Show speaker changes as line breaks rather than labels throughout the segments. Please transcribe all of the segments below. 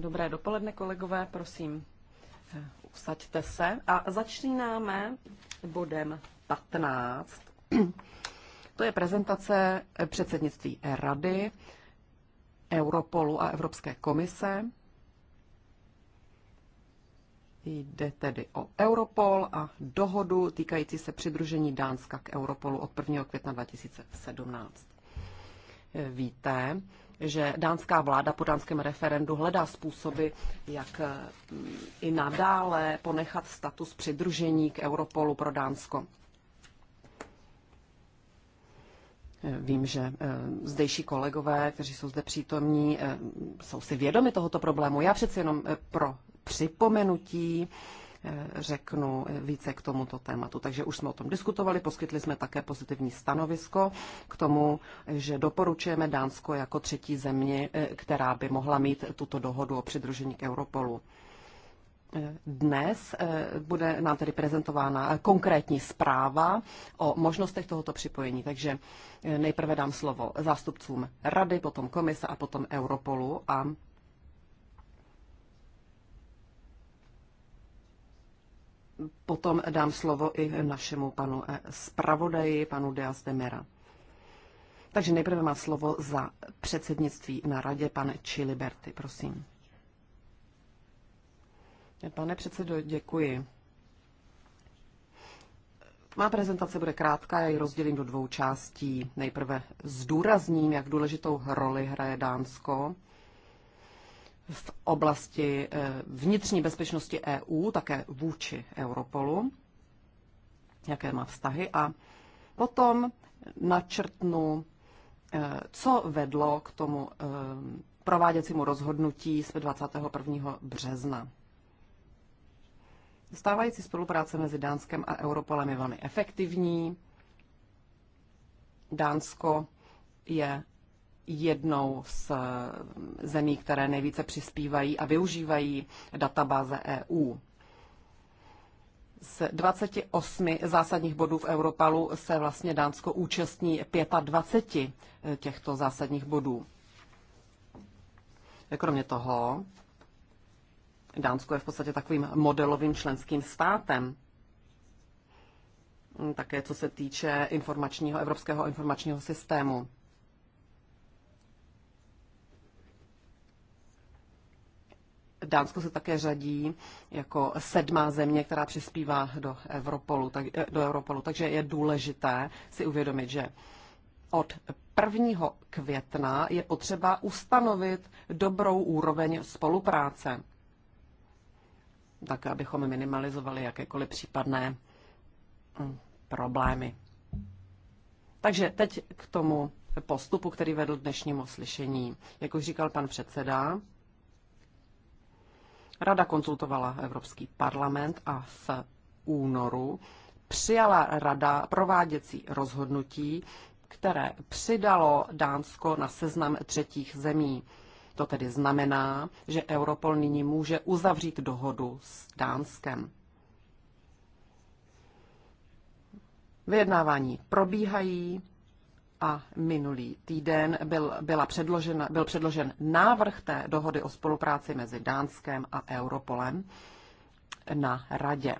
Dobré dopoledne, kolegové, prosím, eh, usaďte se. A začínáme bodem 15. To je prezentace eh, předsednictví Rady, Europolu a Evropské komise. Jde tedy o Europol a dohodu týkající se přidružení Dánska k Europolu od 1. května 2017. Eh, víte, že dánská vláda po dánském referendu hledá způsoby, jak eh, i nadále ponechat status přidružení k Europolu pro Dánsko. Eh, vím, že eh, zdejší kolegové, kteří jsou zde přítomní, jsou si vědomi tohoto problému. Já přeci jenom pro připomenutí řeknu více k tomuto tématu. Takže už jsme o tom diskutovali, poskytli jsme také pozitivní stanovisko k tomu, že doporučujeme Dánsko jako třetí země, eh, která by mohla mít tuto dohodu o přidružení k Europolu. Eh, dnes eh, bude nám tedy prezentována konkrétní zpráva o možnostech tohoto připojení. Takže nejprve dám slovo zástupcům Rady, potom Komise a potom Europolu a potom dám slovo i našemu panu eh, zpravodaji, panu Deas Demera. Takže nejprve má slovo za předsednictví na radě pan Čiliberty, prosím. Pane předsedo, děkuji. Má prezentace bude krátká, já ji rozdělím do dvou částí. Nejprve zdůrazním, jak důležitou roli hraje Dánsko v oblasti eh, vnitřní bezpečnosti EU, také vůči Europolu, jaké má vztahy a potom načrtnu, eh, co vedlo k tomu eh, prováděcímu rozhodnutí z 21. března. Stávající spolupráce mezi Dánskem a Europolem je velmi efektivní. Dánsko je jednou z eh, zemí, které nejvíce přispívají a využívají databáze EU. Z 28 zásadních bodů v Europalu se vlastně Dánsko účastní 25 eh, těchto zásadních bodů. Kromě toho, Dánsko je v podstatě takovým modelovým členským státem. Také co se týče informačního, evropského informačního systému. Dánsko se také řadí jako sedmá země, která přispívá do Europolu, tak, eh, do Europolu. Takže je důležité si uvědomit, že od 1. května je potřeba ustanovit dobrou úroveň spolupráce, tak abychom minimalizovali jakékoliv případné hm, problémy. Takže teď k tomu postupu, který vedl dnešnímu slyšení. Jak už říkal pan předseda, Rada konzultovala Evropský parlament a v únoru přijala rada prováděcí rozhodnutí, které přidalo Dánsko na seznam třetích zemí. To tedy znamená, že Europol nyní může uzavřít dohodu s Dánskem. Vyjednávání probíhají, a minulý týden byl, byla předložen, byl předložen návrh té dohody o spolupráci mezi Dánskem a Europolem na radě.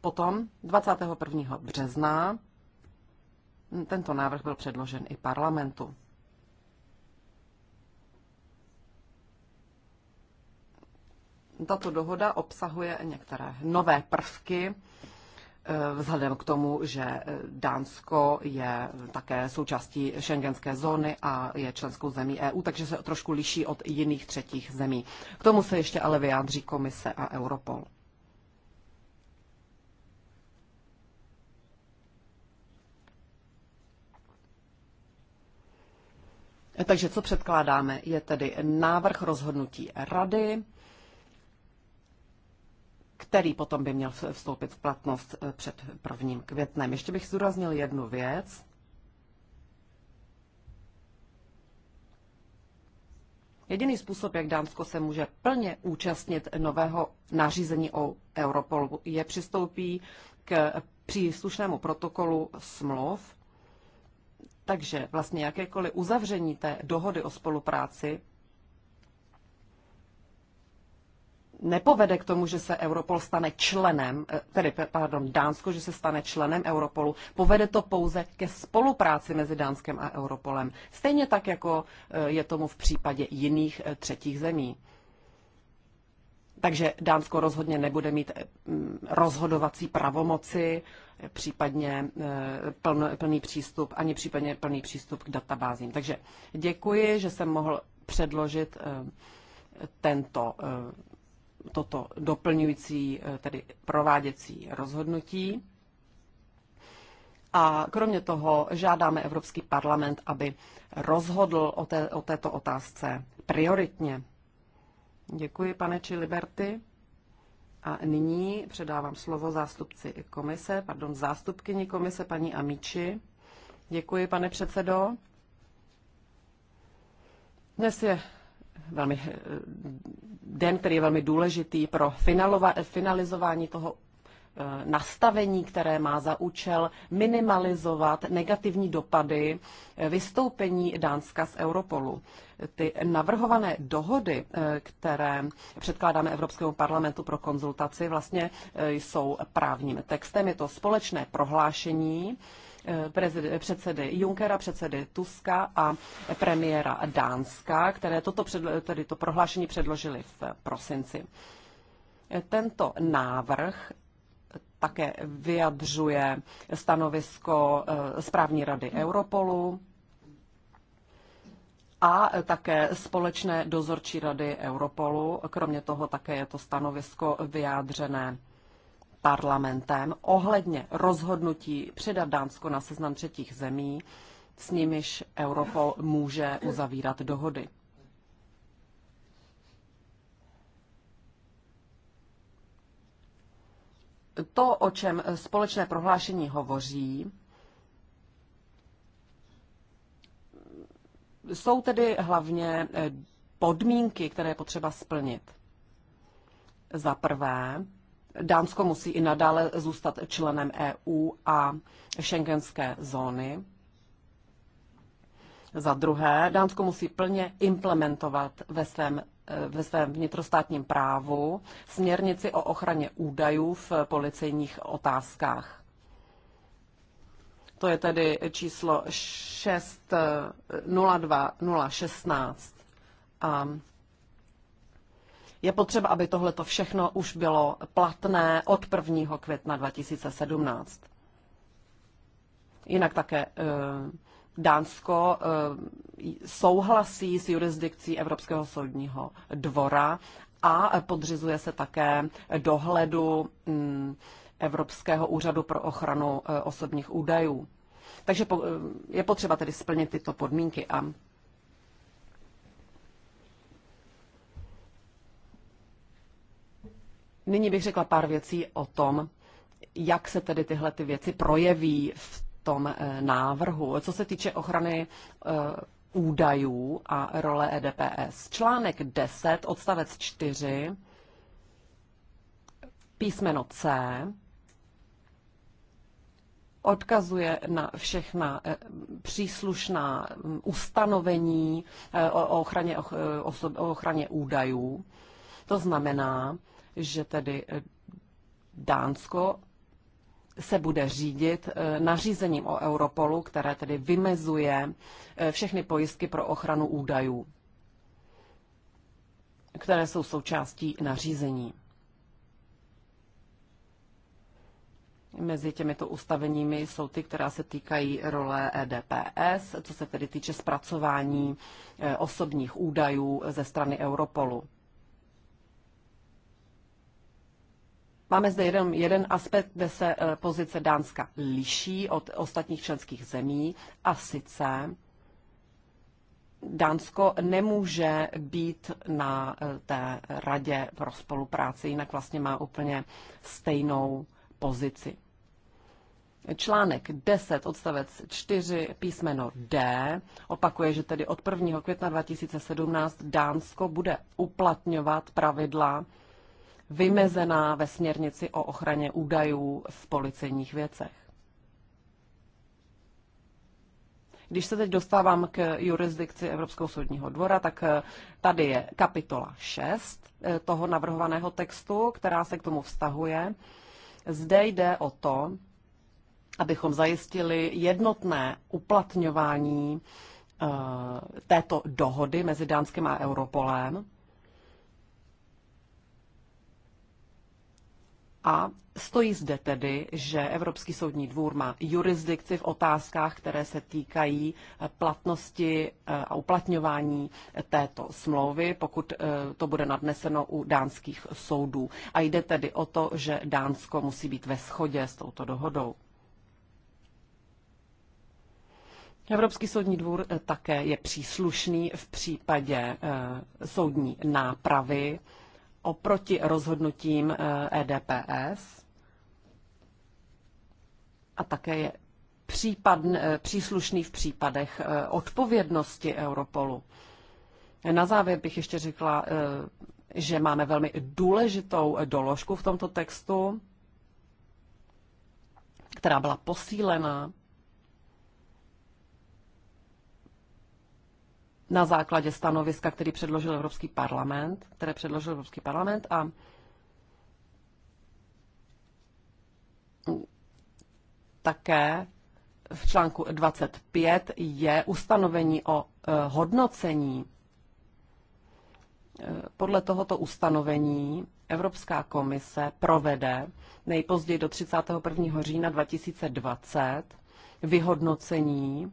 Potom 21. března tento návrh byl předložen i parlamentu. Tato dohoda obsahuje některé nové prvky, Eh, vzhledem k tomu, že eh, Dánsko je také součástí šengenské zóny a je členskou zemí EU, takže se trošku liší od jiných třetích zemí. K tomu se ještě ale vyjádří komise a Europol. Eh, takže co předkládáme, je tedy návrh rozhodnutí Rady který potom by měl vstoupit v platnost eh, před 1. květnem. Ještě bych zdůraznil jednu věc. Jediný způsob, jak Dánsko se může plně účastnit nového nařízení o Europolu, je přistoupí k příslušnému protokolu smluv. Takže vlastně jakékoliv uzavření té dohody o spolupráci nepovede k tomu, že se Europol stane členem, eh, tedy pardon, Dánsko, že se stane členem Europolu, povede to pouze ke spolupráci mezi Dánskem a Europolem. Stejně tak, jako eh, je tomu v případě jiných eh, třetích zemí. Takže Dánsko rozhodně nebude mít rozhodovací pravomoci, případně plný přístup, ani případně plný přístup k databázím. Takže děkuji, že jsem mohl předložit tento toto doplňující, eh, tedy prováděcí rozhodnutí. A kromě toho žádáme Evropský parlament, aby rozhodl o, té, o této otázce prioritně. Děkuji, pane Čiliberty. A nyní předávám slovo zástupci komise, pardon, zástupkyni komise, paní Amíči. Děkuji, pane předsedo. Dnes je velmi, eh, den, který je velmi důležitý pro finalova, finalizování toho eh, nastavení, které má za účel minimalizovat negativní dopady eh, vystoupení Dánska z Europolu. Ty navrhované dohody, které předkládáme Evropskému parlamentu pro konzultaci, vlastně jsou právním textem. Je to společné prohlášení, předsedy Junckera, předsedy Tuska a premiéra Dánska, které toto před, tedy to prohlášení předložili v prosinci. Tento návrh také vyjadřuje stanovisko eh, správní rady Europolu a také společné dozorčí rady Europolu. Kromě toho také je to stanovisko vyjádřené parlamentem ohledně rozhodnutí předat Dánsko na seznam třetích zemí, s nimiž Europol může uzavírat dohody. To, o čem společné prohlášení hovoří, jsou tedy hlavně eh, podmínky, které je potřeba splnit. Za prvé, Dánsko musí i nadále zůstat členem EU a šengenské zóny. Za druhé, Dánsko musí plně implementovat ve svém, eh, ve svém vnitrostátním právu směrnici o ochraně údajů v policejních otázkách. To je tedy číslo 602016. Eh, a je potřeba, aby tohle to všechno už bylo platné od 1. května 2017. Jinak také eh, Dánsko eh, souhlasí s jurisdikcí Evropského soudního dvora a podřizuje se také dohledu mm, Evropského úřadu pro ochranu eh, osobních údajů. Takže je potřeba tedy splnit tyto podmínky. A Nyní bych řekla pár věcí o tom, jak se tedy tyhle ty věci projeví v tom eh, návrhu. Co se týče ochrany eh, údajů a role EDPS. Článek 10, odstavec 4, písmeno C, odkazuje na všechna eh, příslušná mm, ustanovení o ochraně, o ochraně údajů. To znamená, že tedy eh, Dánsko se bude řídit eh, nařízením o Europolu, které tedy vymezuje eh, všechny pojistky pro ochranu údajů, které jsou součástí nařízení. Mezi těmito ustaveními jsou ty, která se týkají role EDPS, co se tedy týče zpracování osobních údajů ze strany Europolu. Máme zde jeden, jeden aspekt, kde se eh, pozice Dánska liší od ostatních členských zemí a sice Dánsko nemůže být na eh, té radě pro spolupráci, jinak vlastně má úplně stejnou pozici. Článek 10 odstavec 4 písmeno D opakuje, že tedy od 1. května 2017 Dánsko bude uplatňovat pravidla vymezená ve směrnici o ochraně údajů v policejních věcech. Když se teď dostávám k jurisdikci Evropského soudního dvora, tak eh, tady je kapitola 6 eh, toho navrhovaného textu, která se k tomu vztahuje. Zde jde o to, abychom zajistili jednotné uplatňování eh, této dohody mezi Dánskem a Europolem. A stojí zde tedy, že Evropský soudní dvůr má jurisdikci v otázkách, které se týkají eh, platnosti eh, a uplatňování této smlouvy, pokud eh, to bude nadneseno u dánských soudů. A jde tedy o to, že Dánsko musí být ve shodě s touto dohodou. Evropský soudní dvůr také je příslušný v případě soudní nápravy oproti rozhodnutím EDPS eh, e a také je případ, eh, příslušný v případech eh, odpovědnosti Europolu. Na závěr bych ještě řekla, že máme velmi důležitou doložku v tomto textu, která byla posílena na základě stanoviska, který předložil Evropský parlament, které předložil Evropský parlament a také v článku 25 je ustanovení o e, hodnocení. E, podle tohoto ustanovení Evropská komise provede nejpozději do 31. října 2020 vyhodnocení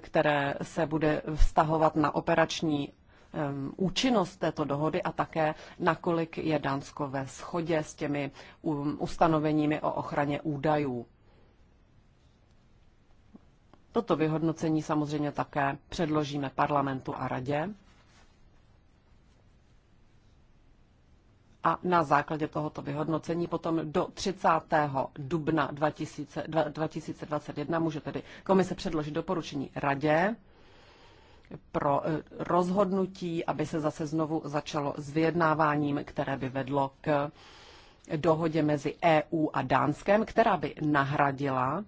které se bude vztahovat na operační účinnost této dohody a také, nakolik je Dánsko ve shodě s těmi um, ustanoveními o ochraně údajů. Toto vyhodnocení samozřejmě také předložíme parlamentu a radě. a na základě tohoto vyhodnocení potom do 30. dubna 2021 může tedy komise předložit doporučení radě pro e, rozhodnutí, aby se zase znovu začalo s vyjednáváním, které by vedlo k dohodě mezi EU a Dánskem, která by nahradila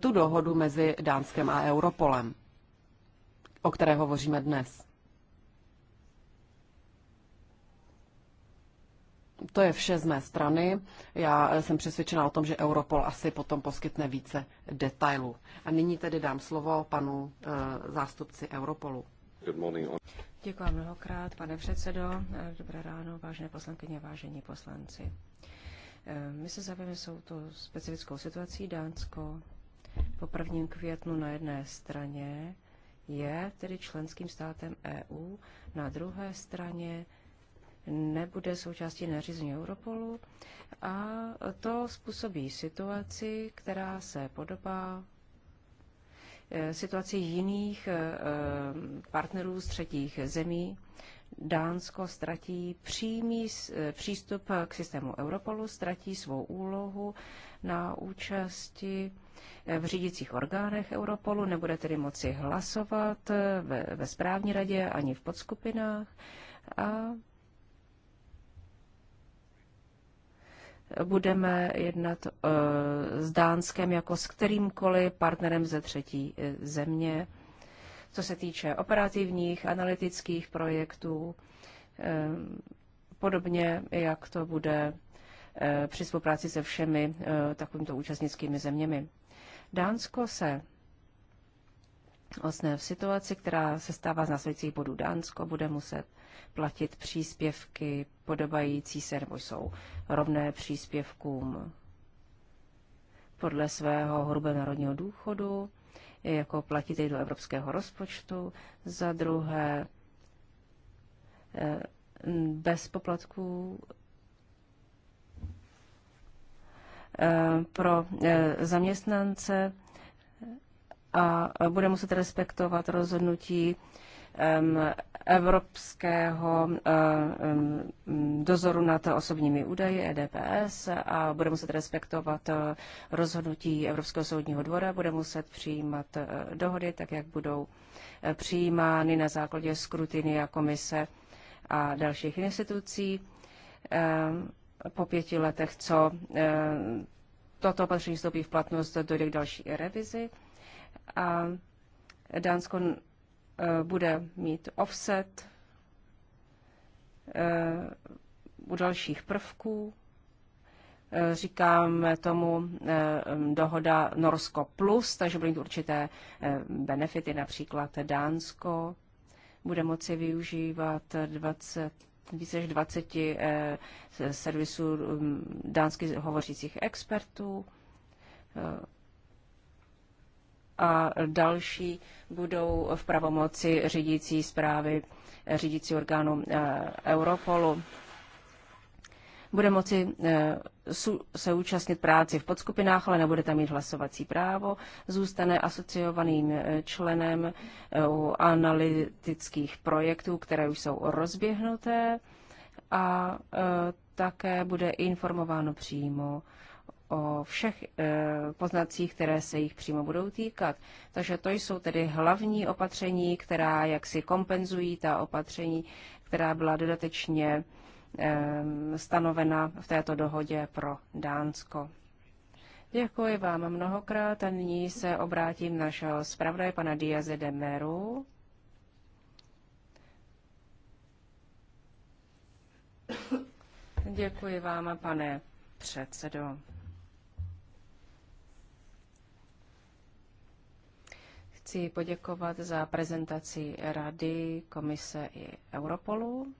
tu dohodu mezi Dánskem a Europolem, o které hovoříme dnes. To je vše z mé strany. Já jsem přesvědčena o tom, že Europol asi potom poskytne více detailů. A nyní tedy dám slovo panu eh, zástupci Europolu.
Děkuji mnohokrát, pane předsedo. Eh, dobré ráno, vážené poslankyně, vážení poslanci. Eh, my se zabýváme jsou to specifickou situací Dánsko. Po prvním květnu na jedné straně je tedy členským státem EU, na druhé straně nebude součástí nařízení Europolu a to způsobí situaci, která se podobá eh, situaci jiných eh, eh, partnerů z třetích zemí. Dánsko ztratí přímý přístup k systému Europolu, ztratí svou úlohu na účasti v řídicích orgánech Europolu, nebude tedy moci hlasovat ve, ve správní radě ani v podskupinách a budeme jednat eh, s Dánskem jako s kterýmkoliv partnerem ze třetí eh, země, co se týče operativních, analytických projektů, eh, podobně jak to bude při spolupráci se všemi takovýmto účastnickými zeměmi. Dánsko se vlastně v situaci, která se stává z následujících bodů. Dánsko bude muset platit příspěvky podobající se nebo jsou rovné příspěvkům podle svého hrubého národního důchodu, jako platit do evropského rozpočtu, za druhé eh, bez poplatků eh, pro eh, zaměstnance a bude muset respektovat rozhodnutí evropského eh, dozoru nad osobními údaji EDPS a bude muset respektovat eh, rozhodnutí Evropského soudního dvora, bude muset přijímat eh, dohody, tak jak budou přijímány na základě skrutiny a komise a dalších institucí. Po pěti letech, co toto opatření vstoupí v platnost, dojde k další revizi. A Dánsko Eh, bude mít offset eh, u dalších prvků. Eh, říkáme tomu dohoda Norsko plus, takže budou mít určité benefity, například Dánsko bude moci využívat 20, více než 20 servisů mm, dánsky hovořících expertů a další budou v pravomoci řídící zprávy řídící orgánu eh, Europolu. Bude moci eh, se účastnit práci v podskupinách, ale nebude tam mít hlasovací právo. Zůstane asociovaným eh, členem u analytických projektů, které už jsou rozběhnuté a také bude informováno přímo o všech e, poznacích, které se jich přímo budou týkat. Takže to jsou tedy hlavní opatření, která jaksi kompenzují ta opatření, která byla dodatečně e, stanovena v této dohodě pro Dánsko. Děkuji vám mnohokrát a nyní se obrátím našeho zpravodaje pana Diaze de Meru. Děkuji vám, pane předsedo. Chci poděkovat za prezentaci Rady, Komise i Europolu.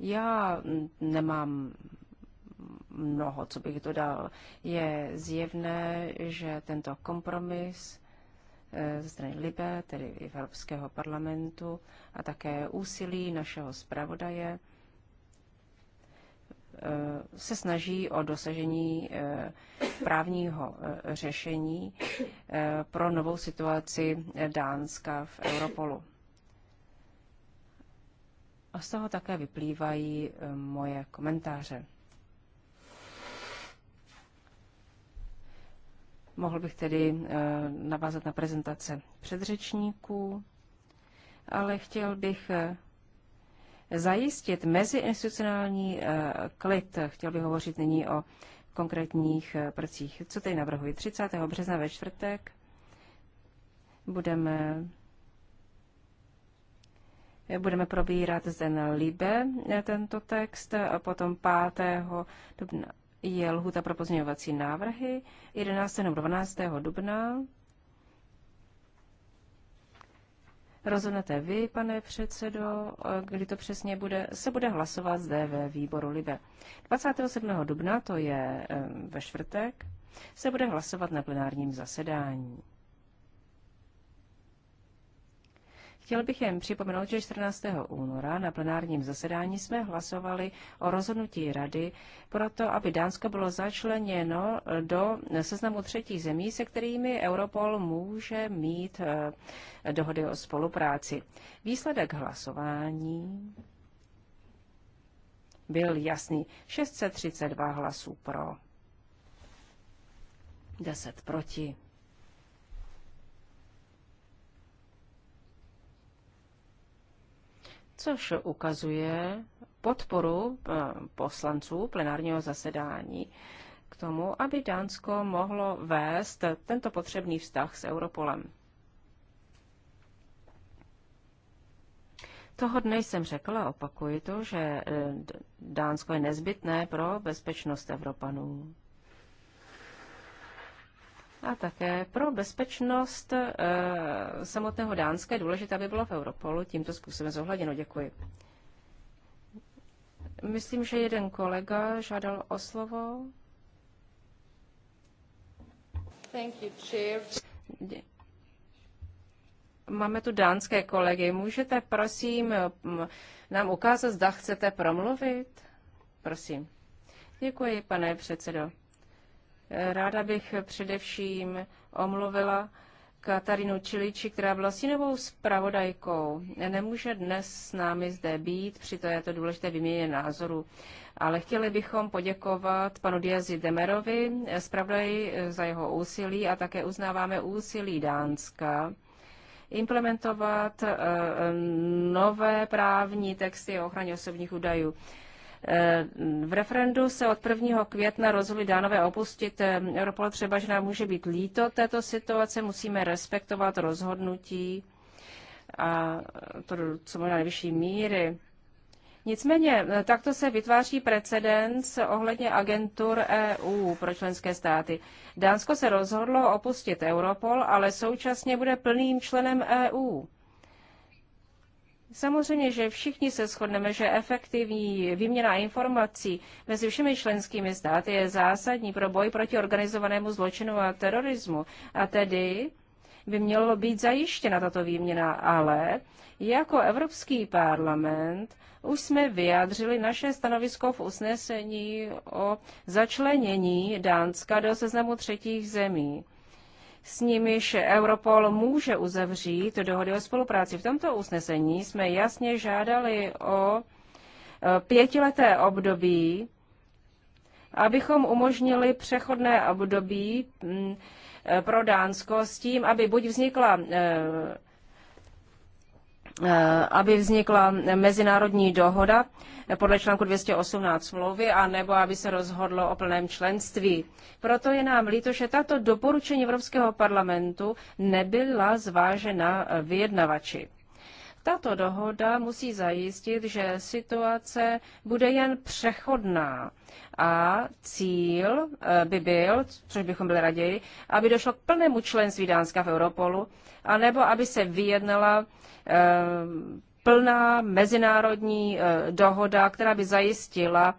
Já nemám mnoho, co bych dodal. Je zjevné, že tento kompromis eh, ze strany Libe, tedy Evropského parlamentu, a také úsilí našeho zpravodaje, Eh, se snaží o dosažení eh, právního eh, řešení pro novou situaci Dánska v Europolu. A z toho také vyplývají moje komentáře. Mohl bych tedy navázat na prezentace předřečníků, ale chtěl bych zajistit meziinstitucionální eh, klid. Chtěl bych hovořit nyní o konkrétních eh, prcích. Co tady navrhuji? 30. března ve čtvrtek budeme Budeme probírat zde na Libe eh, tento text, a potom 5. dubna je lhuta pro pozměňovací návrhy, 11. nebo 12. dubna Rozhodnete vy, pane předsedo, kdy to přesně bude, se bude hlasovat zde ve výboru LIBE. 27. dubna, to je ve čtvrtek, se bude hlasovat na plenárním zasedání. Chtěl bych jen připomenout, že 14. února na plenárním zasedání jsme hlasovali o rozhodnutí Rady proto, aby Dánsko bylo začleněno do seznamu třetí zemí, se kterými Europol může mít eh, dohody o spolupráci. Výsledek hlasování byl jasný. 632 hlasů pro, 10 proti. což ukazuje podporu eh, poslanců plenárního zasedání k tomu, aby Dánsko mohlo vést tento potřebný vztah s Europolem. Toho dne jsem řekla, opakuji to, že eh, Dánsko je nezbytné pro bezpečnost Evropanů a také pro bezpečnost e, samotného Dánska je důležité, aby bylo v Europolu tímto způsobem zohleděno. Děkuji. Myslím, že jeden kolega žádal o slovo.
Thank you, chair.
Máme tu dánské kolegy. Můžete, prosím, nám ukázat, zda chcete promluvit? Prosím. Děkuji, pane předsedo. Ráda bych především omluvila Katarinu Čiliči, která byla synovou zpravodajkou. Nemůže dnes s námi zde být při to důležité vyměně názoru, ale chtěli bychom poděkovat panu Diazi Demerovi, zpravodaji za jeho úsilí a také uznáváme úsilí Dánska implementovat eh, eh, nové právní texty o ochraně osobních údajů. Eh, v referendu se od 1. května rozhodli dánové opustit eh, Europol, třeba, že nám může být líto této situace, musíme respektovat rozhodnutí a to co možná nejvyšší míry. Nicméně eh, takto se vytváří precedens ohledně agentur EU pro členské státy. Dánsko se rozhodlo opustit Europol, ale současně bude plným členem EU. Samozřejmě, že všichni se shodneme, že efektivní výměna informací mezi všemi členskými státy je zásadní pro boj proti organizovanému zločinu a terorismu. A tedy by mělo být zajištěna tato výměna, ale jako Evropský parlament už jsme vyjádřili naše stanovisko v usnesení o začlenění Dánska do seznamu třetích zemí s nimiž Europol může uzavřít dohody o spolupráci. V tomto usnesení jsme jasně žádali o e, pětileté období, abychom umožnili přechodné období mm, e, pro Dánsko s tím, aby buď vznikla e, Eh, aby vznikla mezinárodní dohoda eh, podle článku 218 smlouvy, anebo aby se rozhodlo o plném členství. Proto je nám líto, že tato doporučení Evropského parlamentu nebyla zvážena eh, vyjednavači. Tato dohoda musí zajistit, že situace bude jen přechodná a cíl eh, by byl, což bychom byli raději, aby došlo k plnému členství Dánska v Europolu, anebo aby se vyjednala eh, plná mezinárodní eh, dohoda, která by zajistila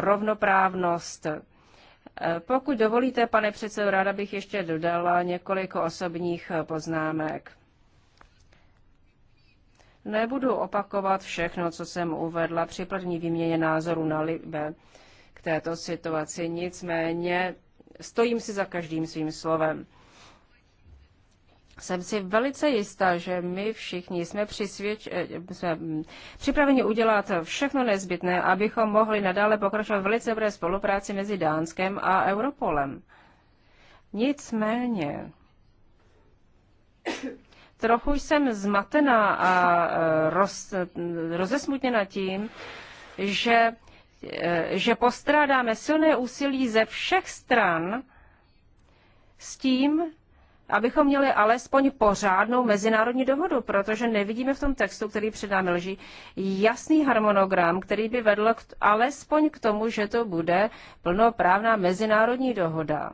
rovnoprávnost pokud dovolíte, pane předsedo, ráda bych ještě dodala několik osobních poznámek. Nebudu opakovat všechno, co jsem uvedla při první výměně názoru na Libe k této situaci, nicméně stojím si za každým svým slovem. Jsem si velice jistá, že my všichni jsme, přisvědč, eh, jsme připraveni udělat všechno nezbytné, abychom mohli nadále pokračovat v velice dobré spolupráci mezi Dánskem a Europolem. Nicméně, trochu jsem zmatená a e, roz, rozesmutněna tím, že, e, že postrádáme silné úsilí ze všech stran s tím, abychom měli alespoň pořádnou mezinárodní dohodu, protože nevidíme v tom textu, který před námi leží, jasný harmonogram, který by vedl k, alespoň k tomu, že to bude plnoprávná mezinárodní dohoda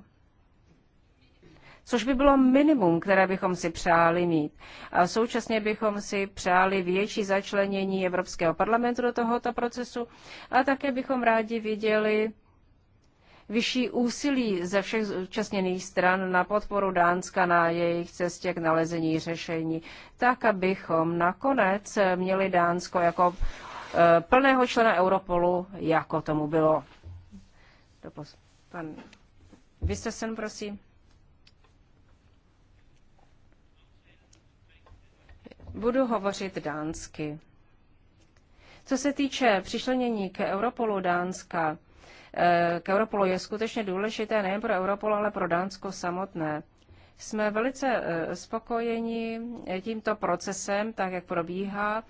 což by bylo minimum, které bychom si přáli mít. A současně bychom si přáli větší začlenění Evropského parlamentu do tohoto procesu a také bychom rádi viděli vyšší úsilí ze všech zúčastněných stran na podporu Dánska na jejich cestě k nalezení řešení, tak abychom nakonec měli Dánsko jako e, plného člena Europolu, jako tomu bylo. Pan Vistesen, prosím. Budu hovořit dánsky. Co se týče přišlenění k Europolu Dánska, eh, k Europolu je skutečně důležité nejen pro Europol, ale pro Dánsko samotné. Jsme velice eh, spokojeni tímto procesem, tak jak probíhá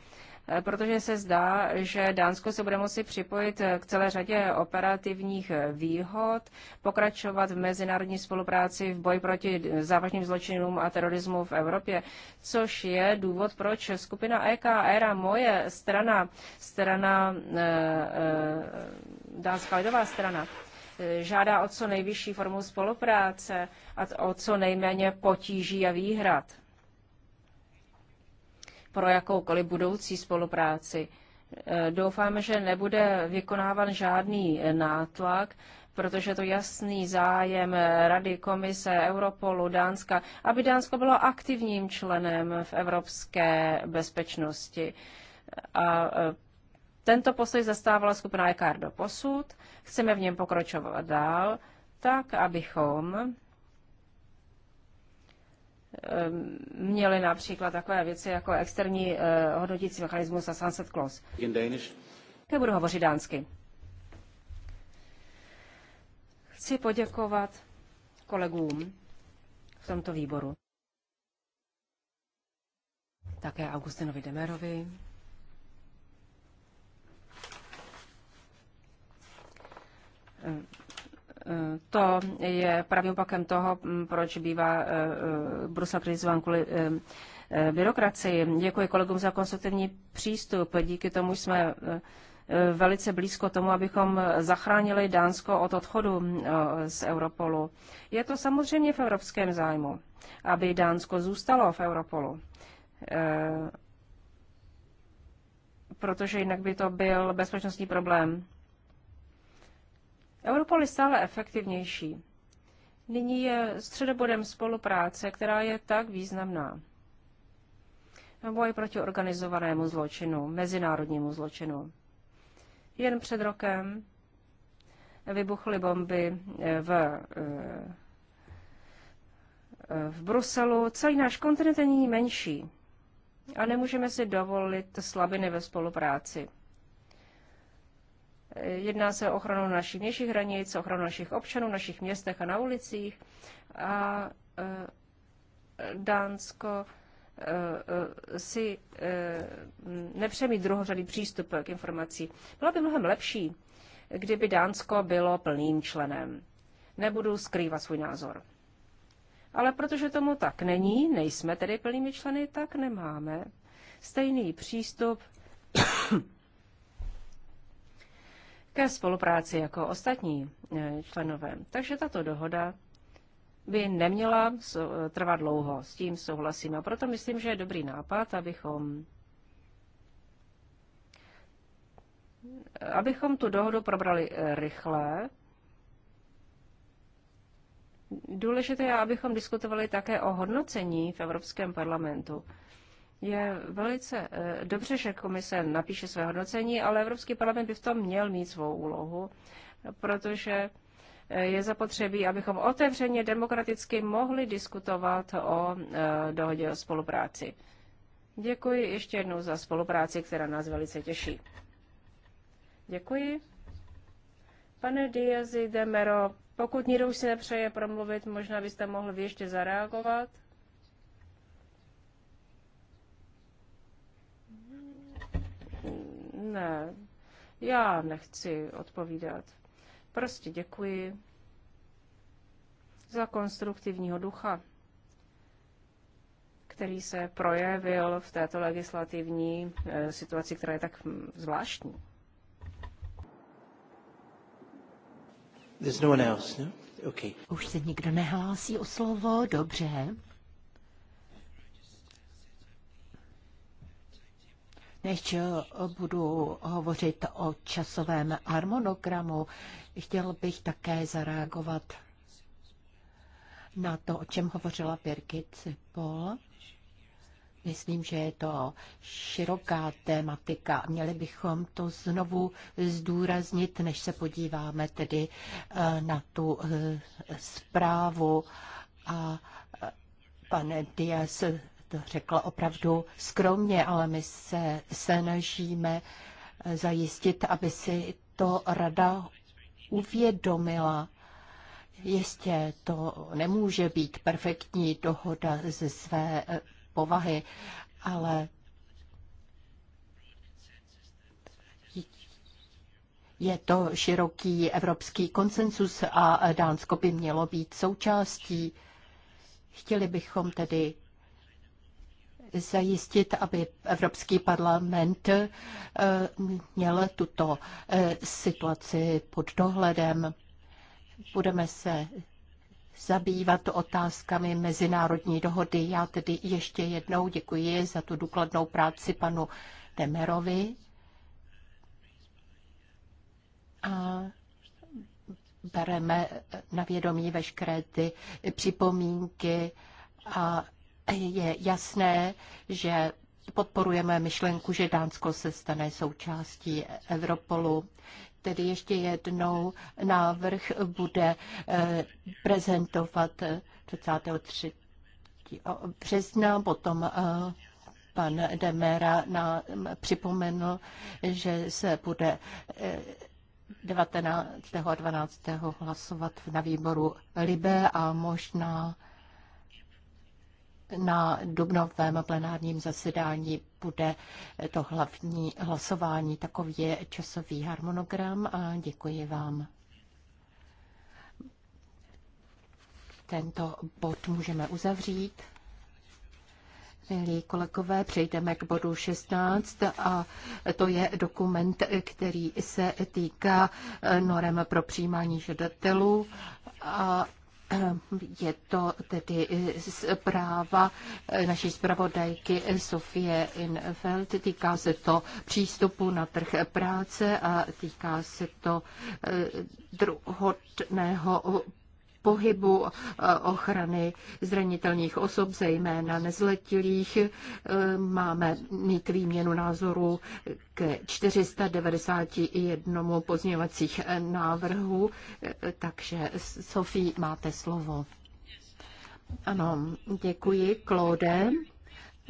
Eh, protože se zdá, že Dánsko se bude moci připojit eh, k celé řadě operativních eh, výhod, pokračovat v mezinárodní spolupráci v boji proti závažným zločinům a terorismu v Evropě, což je důvod, proč skupina EKR a moje strana, strana Dánská lidová strana, žádá o co nejvyšší formu spolupráce a o co nejméně potíží a výhrad pro jakoukoliv budoucí spolupráci. E, doufáme, že nebude vykonávan žádný nátlak, protože to jasný zájem Rady, Komise, Europolu, Dánska, aby Dánsko bylo aktivním členem v evropské bezpečnosti. A e, tento postoj zastávala skupina EKR do posud. Chceme v něm pokročovat dál, tak abychom Ehm, měli například takové věci jako externí eh, hodnotící mechanismus a sunset clause. In Danish. Já budu hovořit dánsky. Chci poděkovat kolegům v tomto výboru. Také Augustinovi Demerovi. Um to je pravým opakem toho, proč bývá e, e, Brusel kritizován kvůli e, byrokracii. Děkuji kolegům za konstruktivní přístup. Díky tomu jsme velice blízko tomu, abychom zachránili Dánsko od odchodu z Europolu. Je to samozřejmě v evropském zájmu, aby Dánsko zůstalo v Europolu, protože jinak by to byl bezpečnostní problém Europol je stále efektivnější. Nyní je středobodem spolupráce, která je tak významná. Boj proti organizovanému zločinu, mezinárodnímu zločinu. Jen před rokem vybuchly bomby eh, v, eh, v Bruselu. Celý náš kontinent není menší a nemůžeme si dovolit slabiny ve spolupráci. Jedná se o ochranu našich vnějších hranic, ochranu našich občanů, našich městech a na ulicích. A e, Dánsko e, e, si nepřemí druhořadý přístup k informací. Bylo by mnohem lepší, kdyby Dánsko bylo plným členem. Nebudu skrývat svůj názor. Ale protože tomu tak není, nejsme tedy plnými členy, tak nemáme stejný přístup ke spolupráci jako ostatní eh, členové. Takže tato dohoda by neměla eh, trvat dlouho. S tím souhlasím. A proto myslím, že je dobrý nápad, abychom abychom tu dohodu probrali eh, rychle. Důležité je, abychom diskutovali také o hodnocení v Evropském parlamentu. Je velice eh, dobře, že komise napíše své hodnocení, ale Evropský parlament by v tom měl mít svou úlohu, protože eh, je zapotřebí, abychom otevřeně demokraticky mohli diskutovat o eh, dohodě o spolupráci. Děkuji ještě jednou za spolupráci, která nás velice těší. Děkuji. Pane Diazi Mero, pokud někdo už si nepřeje promluvit, možná byste mohl ještě zareagovat. Ne, já nechci odpovídat. Prostě děkuji za konstruktivního ducha, který se projevil v této legislativní eh, situaci, která je tak hm, zvláštní.
There's no one else, no? Okay. Už se
nikdo nehlásí o slovo, dobře. Než budu hovořit o časovém harmonogramu, chtěl bych také zareagovat na to, o čem hovořila Birgit Pol, Myslím, že je to široká tématika. Měli bychom to znovu zdůraznit, než se podíváme tedy eh, na tu eh, zprávu. A eh, pane Dias to řekla opravdu skromně, ale my se snažíme eh, zajistit, aby si to rada uvědomila. Jistě to nemůže být perfektní dohoda ze své eh, povahy, ale Je to široký evropský konsensus a Dánsko by mělo být součástí. Chtěli bychom tedy zajistit, aby Evropský parlament eh, měl tuto eh, situaci pod dohledem. Budeme se zabývat otázkami mezinárodní dohody. Já tedy ještě jednou děkuji za tu důkladnou práci panu Demerovi. A bereme na vědomí veškeré ty připomínky a je jasné, že podporujeme myšlenku, že Dánsko se stane součástí Evropolu. Tedy ještě jednou návrh bude eh, prezentovat 23. Eh, března, potom eh, pan Demera nám připomenul, že se bude 19. a 12. hlasovat na výboru Libe a možná na dubnovém plenárním zasedání bude to hlavní hlasování. Takový je časový harmonogram a děkuji vám. Tento bod můžeme uzavřít. Milí kolegové, přejdeme k bodu 16 a to je dokument, který se týká norem pro přijímání žadatelů a je to tedy zpráva naší zpravodajky Sofie Infeld. Týká se to přístupu na trh práce a týká se to eh, druhotného pohybu eh, ochrany zranitelných osob, zejména nezletilých. Eh, máme mít výměnu názoru k 491 pozměňovacích návrhu, eh, takže Sofí, máte slovo. Ano, děkuji, Claude.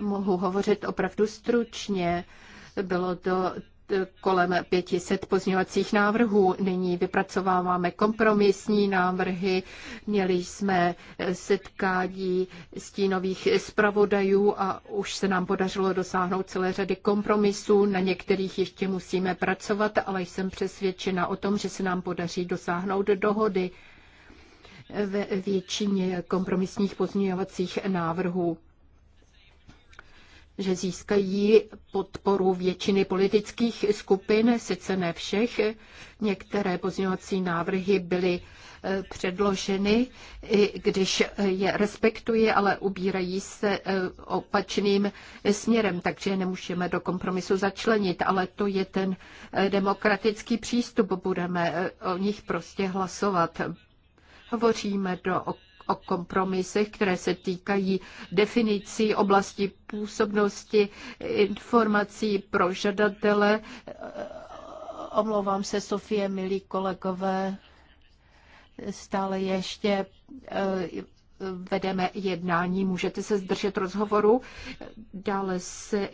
Mohu hovořit opravdu stručně. Bylo to kolem 500 pozměňovacích návrhů. Nyní vypracováváme kompromisní návrhy. Měli jsme setkání stínových zpravodajů a už se nám podařilo dosáhnout celé řady kompromisů. Na některých ještě musíme pracovat, ale jsem přesvědčena o tom, že se nám podaří dosáhnout dohody ve většině kompromisních pozměňovacích návrhů že získají podporu většiny politických skupin, sice ne všech. Některé pozměňovací návrhy byly eh, předloženy, i když je respektuje, ale ubírají se eh, opačným směrem, takže nemůžeme do kompromisu začlenit, ale to je ten eh, demokratický přístup, budeme o nich prostě hlasovat. Hovoříme do, ok- o kompromisech, které se týkají definicí oblasti působnosti informací pro žadatele. Omlouvám se, Sofie, milí kolegové, stále ještě eh, vedeme jednání, můžete se zdržet rozhovoru. Dále se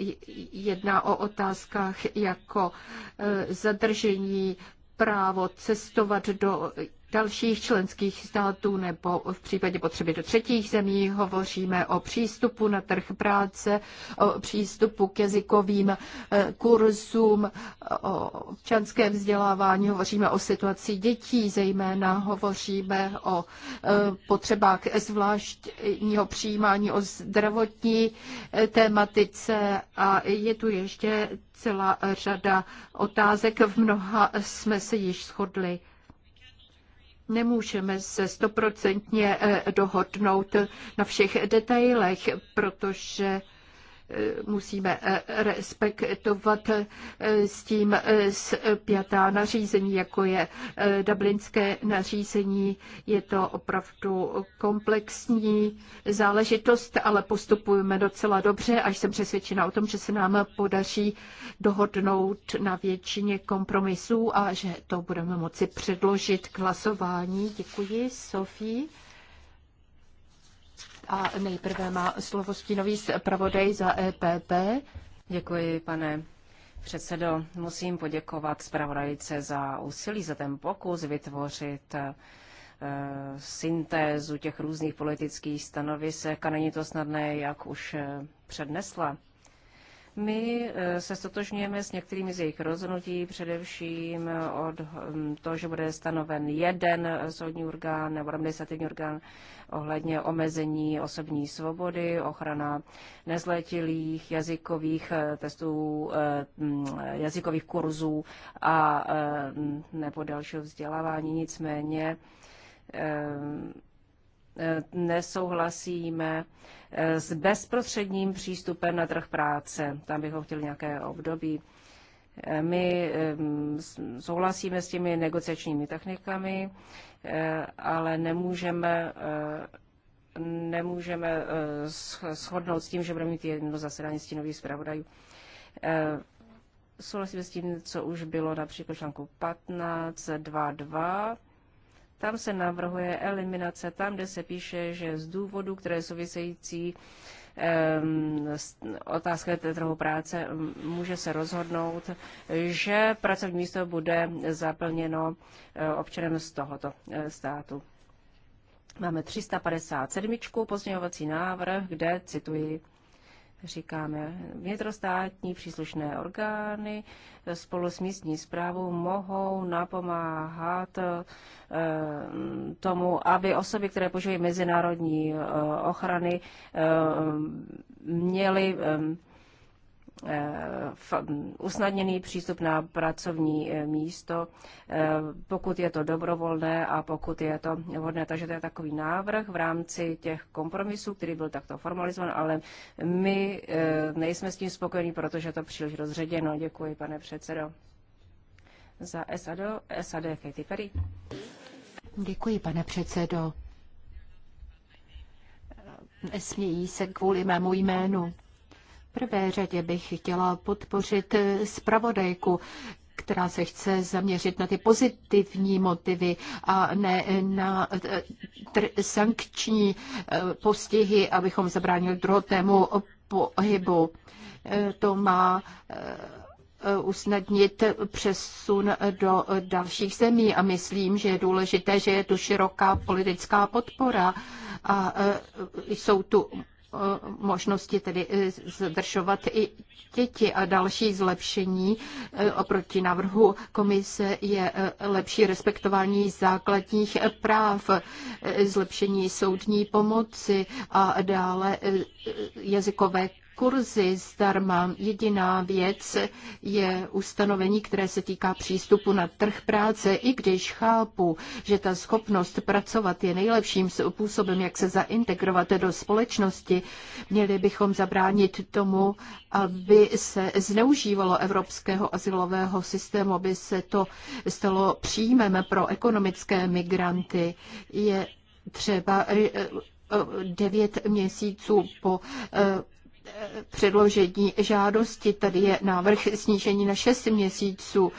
jedná o otázkách jako eh, zadržení právo cestovat do dalších členských států nebo v případě potřeby do třetích zemí. Hovoříme o přístupu na trh práce, o přístupu k jazykovým eh, kurzům, eh, o občanské vzdělávání, hovoříme o situaci dětí, zejména hovoříme o eh, potřebách zvláštního přijímání, o zdravotní tématice a je tu ještě celá řada otázek. V mnoha jsme se již shodli. Nemůžeme se stoprocentně eh, dohodnout na všech detailech, protože musíme respektovat s tím zpětá nařízení, jako je dublinské nařízení. Je to opravdu komplexní záležitost, ale postupujeme docela dobře a jsem přesvědčena o tom, že se nám podaří dohodnout na většině kompromisů a že to budeme moci předložit k hlasování. Děkuji, Sofii.
A nejprve má slovo stínový zpravodaj za EPP. Děkuji, pane předsedo. Musím poděkovat zpravodajce za úsilí, za ten pokus vytvořit eh, syntézu těch různých politických stanovisek a není to snadné, jak už eh, přednesla. My eh, se stotožňujeme s některými z jejich rozhodnutí, především eh, od hm, toho, že bude stanoven jeden eh, soudní orgán nebo administrativní orgán ohledně omezení osobní svobody, ochrana nezletilých, jazykových testů, hm, jazykových kurzů a hm, nebo dalšího vzdělávání. Nicméně nesouhlasíme eh, s bezprostředním přístupem na trh práce. Tam bychom chtěli nějaké období. Eh, my souhlasíme s těmi negociačními technikami, eh, ale nemůžeme nemůžeme shodnout s tím, že budeme mít jedno zasedání stínových zpravodajů. Souhlasíme s tím, co už bylo například článku 15, 2.2, tam se navrhuje eliminace tam, kde se píše, že z důvodu, které související otázka trhu práce, může se rozhodnout, že pracovní místo bude zaplněno e, občanem z tohoto e, státu. Máme 357. pozměňovací návrh, kde, cituji, říkáme, vnitrostátní příslušné orgány spolu s místní zprávou mohou napomáhat eh, tomu, aby osoby, které požívají mezinárodní eh, ochrany, eh, měly Eh, usnadněný přístup na pracovní eh, místo, eh, pokud je to dobrovolné a pokud je to vhodné. Takže to je takový návrh v rámci těch kompromisů, který byl takto formalizovan, ale my nejsme s tím spokojení, protože je to příliš rozředěno. Děkuji, pane předsedo. Za SADO, SAD Katy Perry.
Děkuji, pane předsedo. Nesmějí se kvůli mému jménu prvé řadě bych chtěla podpořit zpravodajku, která se chce zaměřit na ty pozitivní motivy a ne na eh, sankční eh, postihy, abychom zabránili druhotému pohybu. Eh, to má usnadnit přesun do dalších zemí a myslím, že je důležité, že je tu široká politická podpora a jsou tu Eh, možnosti tedy eh, zdržovat i děti a další zlepšení eh, oproti návrhu komise je lepší respektování základních práv, zlepšení soudní pomoci a dále jazykové kurzy zdarma. Jediná věc je ustanovení, které se týká přístupu na trh práce, i když chápu, že ta schopnost pracovat je nejlepším způsobem, jak se zaintegrovat do společnosti. Měli bychom zabránit tomu, aby se zneužívalo evropského asilového systému, aby se to stalo příjmem pro ekonomické migranty. Je třeba eh, eh, devět měsíců po eh, předložení žádosti. Tady je návrh snížení na 6 měsíců.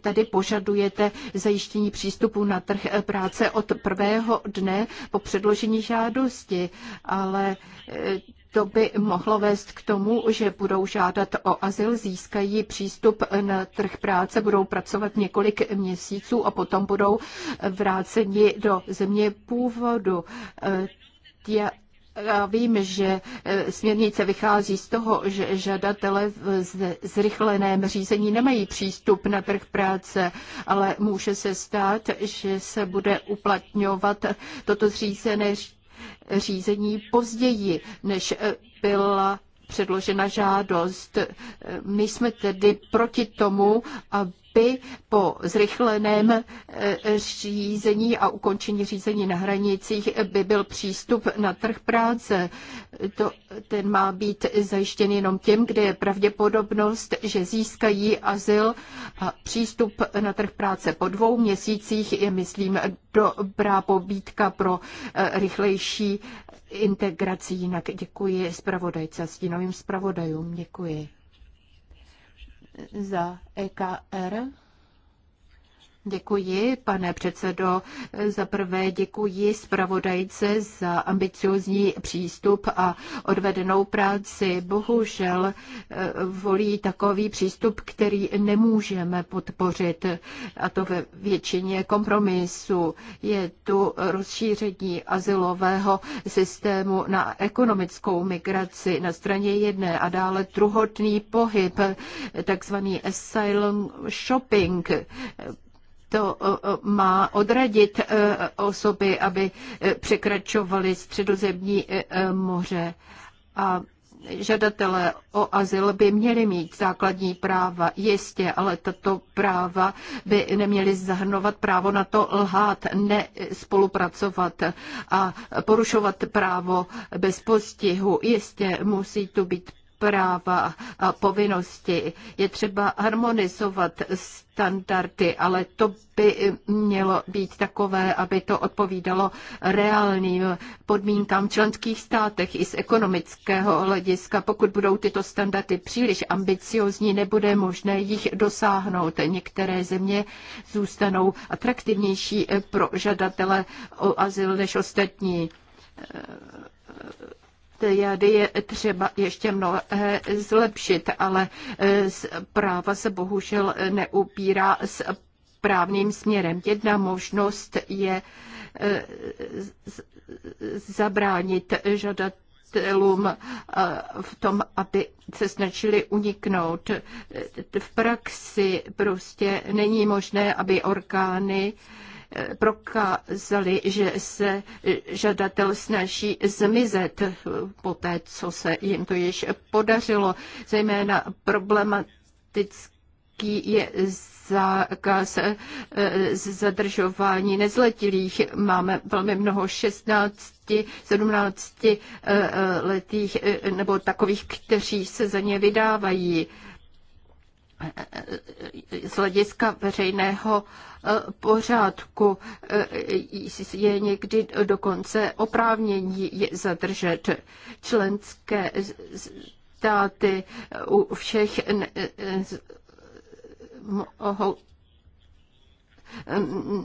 Tady požadujete zajištění přístupu na trh práce od prvého dne po předložení žádosti, ale e, to by mohlo vést k tomu, že budou žádat o azyl, získají přístup na trh práce, budou pracovat několik měsíců a potom budou vráceni do země původu. E, já vím, že e, směrnice vychází z toho, že žadatele v zrychleném řízení nemají přístup na trh práce, ale může se stát, že se bude uplatňovat toto zřízené řízení později, než e, byla předložena žádost. E, my jsme tedy proti tomu, aby by po zrychleném e, řízení a ukončení řízení na hranicích by byl přístup na trh práce. To, ten má být zajištěn jenom těm, kde je pravděpodobnost, že získají azyl a přístup na trh práce po dvou měsících je, myslím, dobrá pobídka pro e, rychlejší integraci. Jinak děkuji zpravodajce a stínovým zpravodajům. Děkuji za EKR. Děkuji, pane předsedo. Za prvé děkuji zpravodajce za ambiciozní přístup a odvedenou práci. Bohužel eh, volí takový přístup, který nemůžeme podpořit, a to ve většině kompromisu. Je tu rozšíření azylového systému na ekonomickou migraci na straně jedné a dále druhotný pohyb, takzvaný asylum shopping to má odradit e, osoby, aby e, překračovaly středozemní e, moře. A žadatelé o azyl by měli mít základní práva, jistě, ale tato práva by neměly zahrnovat právo na to lhát, nespolupracovat a porušovat právo bez postihu. Jistě musí tu být práva a povinnosti. Je třeba harmonizovat standardy, ale to by mělo být takové, aby to odpovídalo reálným podmínkám v členských státech i z ekonomického hlediska. Pokud budou tyto standardy příliš ambiciozní, nebude možné jich dosáhnout. Některé země zůstanou atraktivnější pro žadatele o azyl než ostatní Tady je třeba ještě mnohé zlepšit, ale eh, práva se bohužel neupírá s právným směrem. Jedna možnost je eh, zabránit žadat eh, v tom, aby se snažili uniknout. V praxi prostě není možné, aby orgány prokázali, že se žadatel snaží zmizet po té, co se jim to již podařilo, zejména problematický je zákaz eh, zadržování nezletilých. Máme velmi mnoho 16 17 eh, eh, letých nebo takových, kteří se za ně vydávají z hlediska veřejného eh, pořádku eh, je někdy dokonce oprávnění zadržet členské státy u všech eh, mohou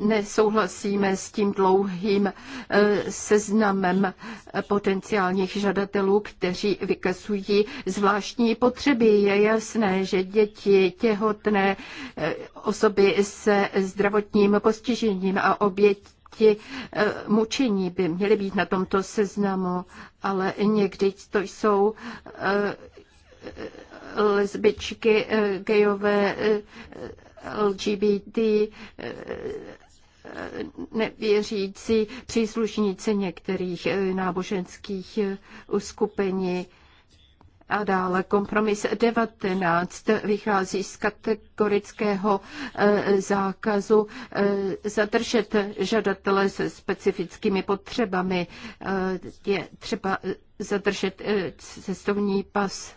nesouhlasíme s tím dlouhým eh, seznamem eh, potenciálních žadatelů, kteří vykazují zvláštní potřeby. Je jasné, že děti, těhotné eh, osoby se zdravotním postižením a oběti oběti mučení by měly být na tomto seznamu, ale někdy to jsou lesbičky, gejové, LGBT eh, nevěřící příslušníci některých eh, náboženských uskupení. Eh, a dále kompromis 19 vychází z kategorického zákazu zadržet žadatele se specifickými potřebami. je třeba zadržet cestovní pas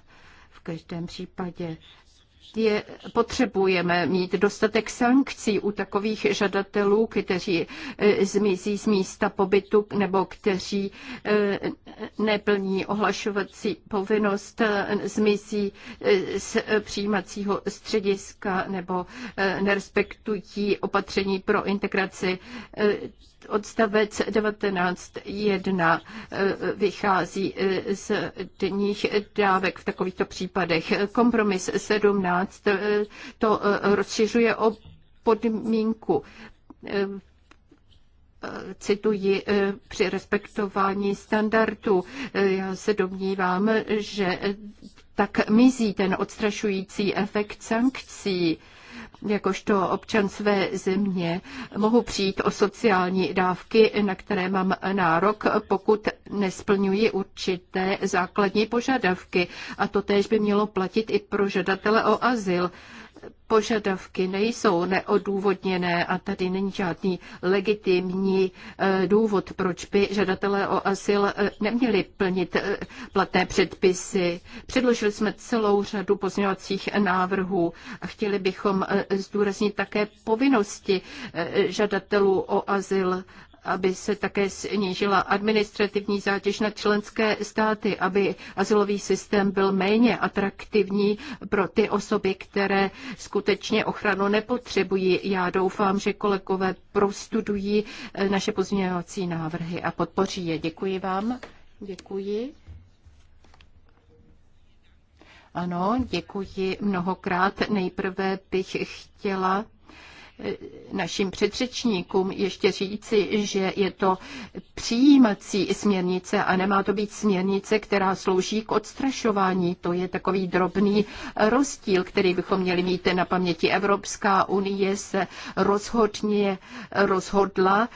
v každém případě je, potřebujeme mít dostatek sankcí u takových žadatelů, kteří e, zmizí z místa pobytu nebo kteří e, neplní ohlašovací povinnost, e, zmizí z přijímacího střediska nebo nerespektují opatření pro integraci odstavec 19.1 eh, vychází eh, z denních dávek v takovýchto případech. Kompromis 17 eh, to rozšiřuje o podmínku cituji, při respektování standardů. Já se domnívám, že tak mizí ten odstrašující efekt sankcí jakožto občan své země mohu přijít o sociální dávky, na které mám nárok, pokud nesplňuji určité základní požadavky. A to též by mělo platit i pro žadatele o azyl požadavky nejsou neodůvodněné a tady není žádný legitimní eh, důvod, proč by žadatelé o asyl eh, neměli plnit eh, platné předpisy. Předložili jsme celou řadu pozměňovacích návrhů a chtěli bychom zdůraznit také povinnosti žadatelů o azyl aby se také snížila administrativní zátěž na členské státy, aby asilový systém byl méně atraktivní pro ty osoby, které skutečně ochranu nepotřebují. Já doufám, že kolegové prostudují eh, naše pozměňovací návrhy a podpoří je. Děkuji vám. Děkuji. Ano, děkuji mnohokrát. Nejprve bych chtěla našim předřečníkům ještě říci, že je to přijímací směrnice a nemá to být směrnice, která slouží k odstrašování. To je takový drobný rozdíl, který bychom měli mít na paměti. Evropská unie se rozhodně rozhodla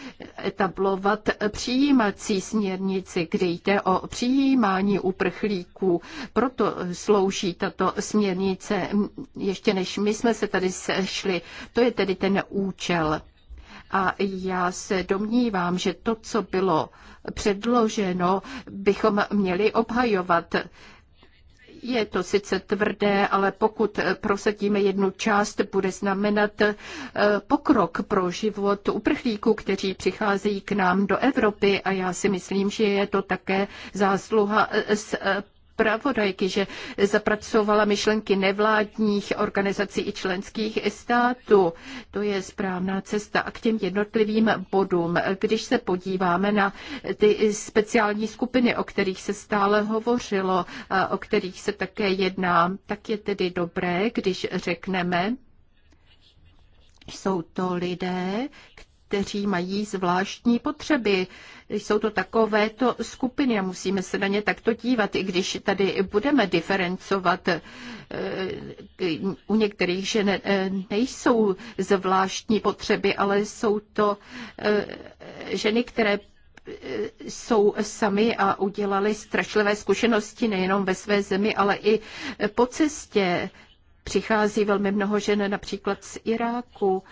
etablovat přijímací směrnici, kde jde o přijímání uprchlíků. Proto slouží tato směrnice ještě než my jsme se tady sešli. To je tedy ten ten účel. A já se domnívám, že to, co bylo předloženo, bychom měli obhajovat. Je to sice tvrdé, ale pokud prosadíme jednu část, bude znamenat eh, pokrok pro život uprchlíků, kteří přicházejí k nám do Evropy a já si myslím, že je to také zásluha z eh, zpravodajky, že zapracovala myšlenky nevládních organizací i členských států. To je správná cesta. A k těm jednotlivým bodům, když se podíváme na ty speciální skupiny, o kterých se stále hovořilo, o kterých se také jedná, tak je tedy dobré, když řekneme, jsou to lidé, kteří mají zvláštní potřeby, jsou to takovéto skupiny a musíme se na ně takto dívat, i když tady budeme diferencovat. Eh, u některých žen eh, nejsou zvláštní potřeby, ale jsou to eh, ženy, které jsou sami a udělali strašlivé zkušenosti nejenom ve své zemi, ale i po cestě. Přichází velmi mnoho žen například z Iráku,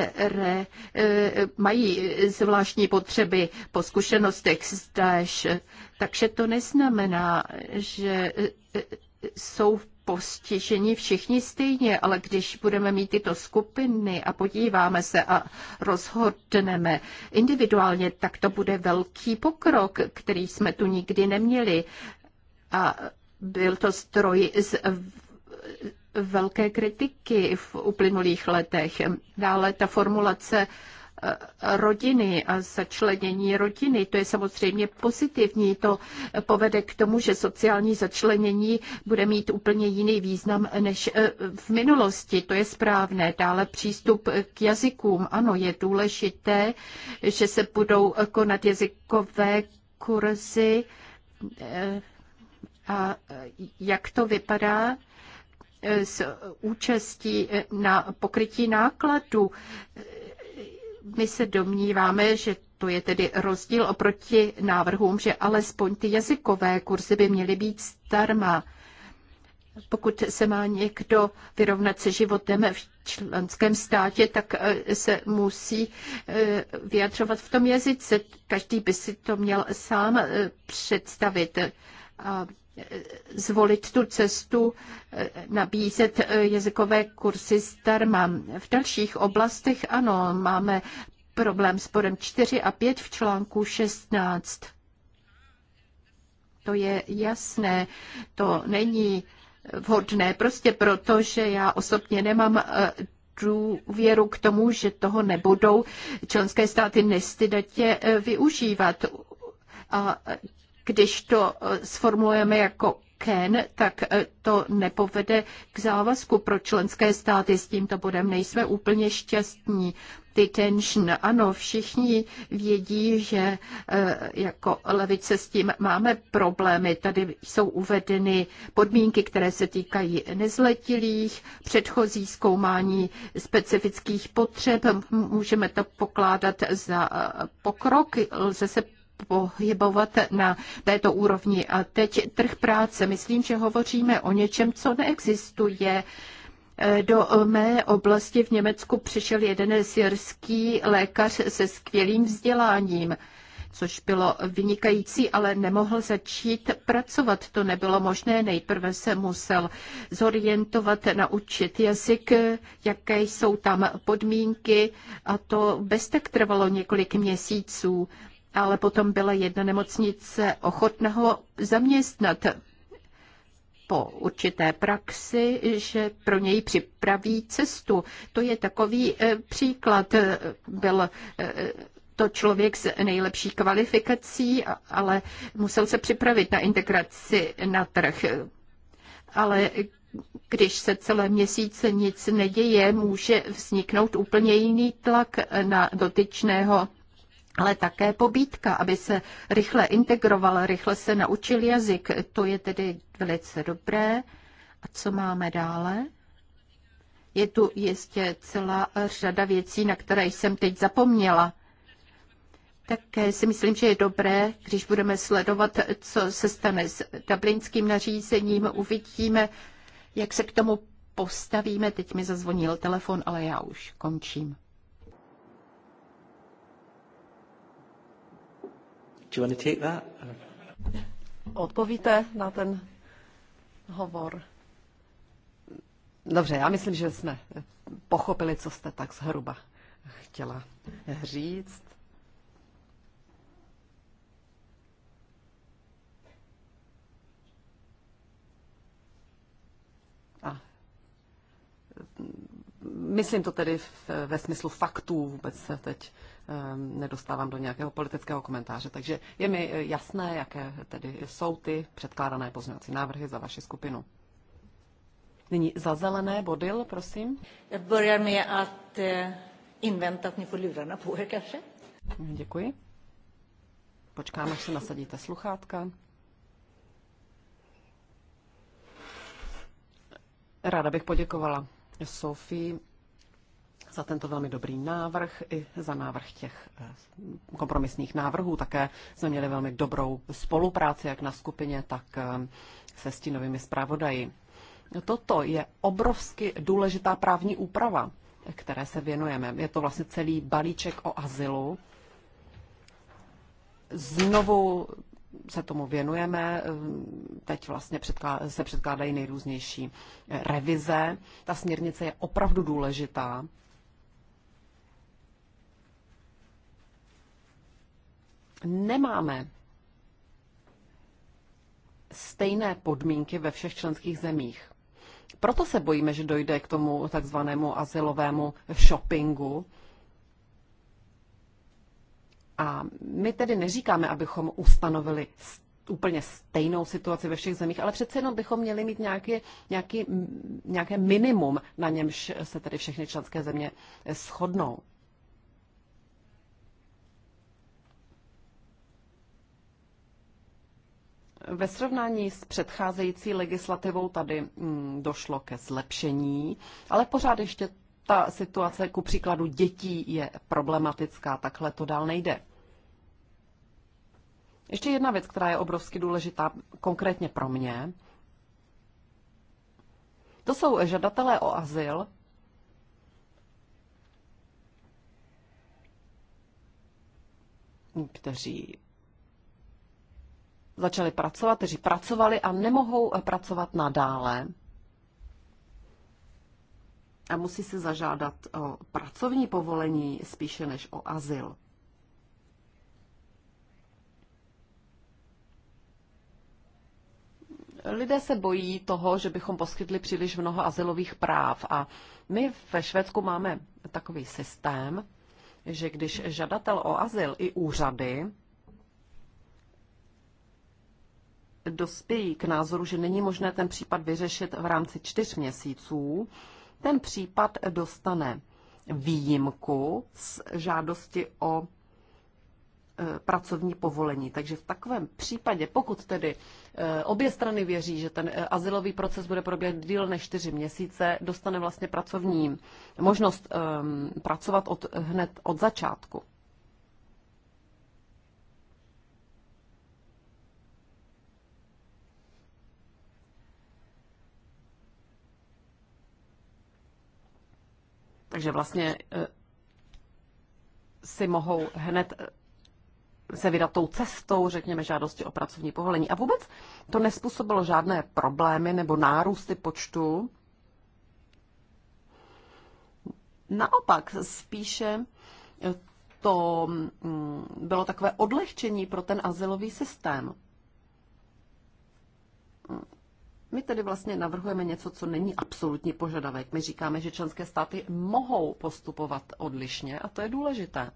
které eh, mají zvláštní potřeby po zkušenostech stáž. E Takže to neznamená, že eh, jsou postiženi všichni stejně, ale když budeme mít tyto skupiny a podíváme se a rozhodneme individuálně, tak to bude velký pokrok, který jsme tu nikdy neměli. A byl to stroj z velké kritiky v uplynulých letech. Dále ta formulace eh, rodiny a začlenění rodiny. To je samozřejmě pozitivní. To povede k tomu, že sociální začlenění bude mít úplně jiný význam než eh, v minulosti. To je správné. Dále přístup k jazykům. Ano, je důležité, že se budou konat jazykové kurzy. Eh, a jak to vypadá? s účastí eh, na pokrytí nákladů. My se domníváme, že to je tedy rozdíl oproti návrhům, že alespoň ty jazykové kurzy by měly být zdarma. Pokud se má někdo vyrovnat se životem v členském státě, tak eh, se musí eh, vyjadřovat v tom jazyce. Každý by si to měl sám představit. A zvolit tu cestu, eh, nabízet eh, jazykové kursy zdarma. V dalších oblastech ano, máme problém s bodem 4 a 5 v článku 16. To je jasné, to není vhodné, prostě proto, že já osobně nemám eh, důvěru k tomu, že toho nebudou členské státy nestydatě využívat. A když to eh, sformulujeme jako Ken, tak eh, to nepovede k závazku pro členské státy. S tímto bodem nejsme úplně šťastní. Detention, ano, všichni vědí, že eh, jako levice s tím máme problémy. Tady jsou uvedeny podmínky, které se týkají nezletilých, předchozí zkoumání specifických potřeb. Můžeme to pokládat za pokrok. Lze se pohybovat na této úrovni. A teď trh práce. Myslím, že hovoříme o něčem, co neexistuje. Do mé oblasti v Německu přišel jeden syrský lékař se skvělým vzděláním což bylo vynikající, ale nemohl začít pracovat. To nebylo možné, nejprve se musel zorientovat, naučit jazyk, jaké jsou tam podmínky a to bez tak trvalo několik měsíců ale potom byla jedna nemocnice ochotná ho zaměstnat po určité praxi, že pro něj připraví cestu. To je takový eh, příklad. Eh, byl eh, to člověk s nejlepší kvalifikací, ale musel se připravit na integraci na trh. Ale když se celé měsíce nic neděje, může vzniknout úplně jiný tlak na dotyčného ale také pobídka, aby se rychle integroval, rychle se naučil jazyk. To je tedy velice dobré. A co máme dále? Je tu jistě celá řada věcí, na které jsem teď zapomněla. Také si myslím, že je dobré, když budeme sledovat, co se stane s dublinským nařízením, uvidíme, jak se k tomu postavíme. Teď mi zazvonil telefon, ale já už končím.
Do you want to take that?
Odpovíte na ten hovor? Dobře, já myslím, že jsme pochopili, co jste tak zhruba chtěla říct. A myslím to tedy v, ve smyslu faktů, vůbec se teď Ehm, nedostávám do nějakého politického komentáře. Takže je mi eh, jasné, jaké tedy jsou ty předkládané pozměňovací návrhy za vaši skupinu. Nyní za zelené bodil, prosím.
Börjar med att eh, invänta att ni får lurarna på er kanske.
Děkuji. Počkáme, až si nasadíte sluchátka. Ráda bych poděkovala Sofii za tento velmi dobrý návrh i za návrh těch eh, kompromisních návrhů. Také jsme měli velmi dobrou spolupráci jak na skupině, tak eh, se stínovými zpravodaji. Toto je obrovsky důležitá právní úprava, které se věnujeme. Je to vlastně celý balíček o azylu. Znovu se tomu věnujeme. Teď vlastně se předkládají nejrůznější eh, revize. Ta směrnice je opravdu důležitá. nemáme stejné podmínky ve všech členských zemích. Proto se bojíme, že dojde k tomu takzvanému asilovému shoppingu. A my tedy neříkáme, abychom ustanovili úplně stejnou situaci ve všech zemích, ale přece jenom bychom měli mít nějaké, nějaký, nějaké minimum, na němž se tedy všechny členské země shodnou. Ve srovnání s předcházející legislativou tady mm, došlo ke zlepšení, ale pořád ještě ta situace ku příkladu dětí je problematická, takhle to dál nejde. Ještě jedna věc, která je obrovsky důležitá konkrétně pro mě. To jsou žadatelé o azyl, kteří začali pracovat, kteří pracovali a nemohou pracovat nadále. A musí se zažádat o pracovní povolení spíše než o azyl. lidé se bojí toho, že bychom poskytli příliš mnoho azylových práv. A my ve Švédsku máme takový systém, že když žadatel o azyl i úřady dospějí k názoru, že není možné ten případ vyřešit v rámci čtyř měsíců, ten případ dostane výjimku z žádosti o e, pracovní povolení. Takže v takovém případě, pokud tedy e, obě strany věří, že ten e, asilový proces bude probíhat díl než čtyři měsíce, dostane vlastně pracovní možnost pracovat od, hned od začátku.
Takže vlastně
eh, si mohou hned eh, se vydat tou cestou, řekněme, žádosti o pracovní povolení. A vůbec to nespůsobilo žádné problémy nebo nárůsty počtu. Naopak, spíše eh, to mm, bylo takové odlehčení pro ten azylový systém. My tedy vlastně navrhujeme něco, co není absolutní požadavek. My říkáme, že členské státy mohou postupovat odlišně a to je důležité.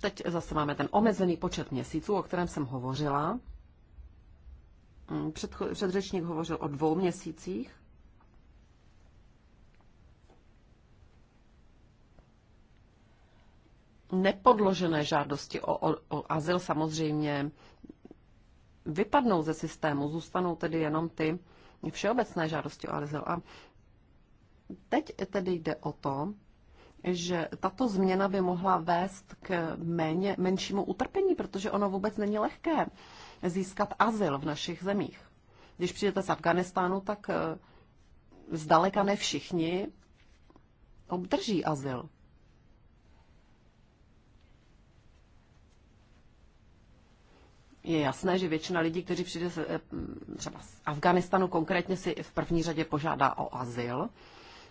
Teď zase máme ten omezený počet měsíců, o kterém jsem hovořila. předřečník hovořil o dvou měsících. nepodložené žádosti o, o, o azyl samozřejmě vypadnou ze systému, zůstanou tedy jenom ty všeobecné žádosti o azyl. A teď tedy jde o to, že tato změna by mohla vést k méně, menšímu utrpení, protože ono vůbec není lehké získat azyl v našich zemích. Když přijdete z Afganistánu, tak eh, zdaleka ne všichni obdrží azyl. Je jasné, že většina lidí, kteří přijde eh, třeba z Afganistanu, konkrétně si v první řadě požádá o azyl,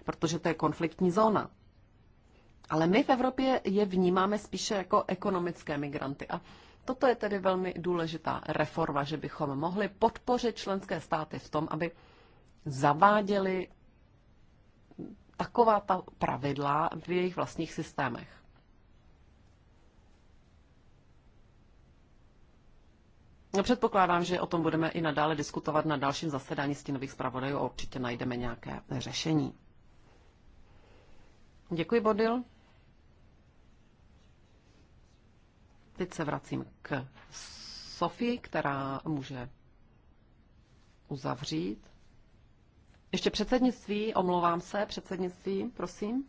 protože to je konfliktní zóna. Ale my v Evropě je vnímáme spíše jako ekonomické migranty. A toto je tedy velmi důležitá reforma, že bychom mohli podpořit členské státy v tom, aby zaváděli taková ta pravidla v jejich vlastních systémech. Předpokládám, že o tom budeme i nadále diskutovat na dalším zasedání stínových zpravodajů a určitě najdeme nějaké řešení. Děkuji, Bodil. Teď se vracím k Sofii, která může uzavřít. Ještě předsednictví, omlouvám se, předsednictví, prosím.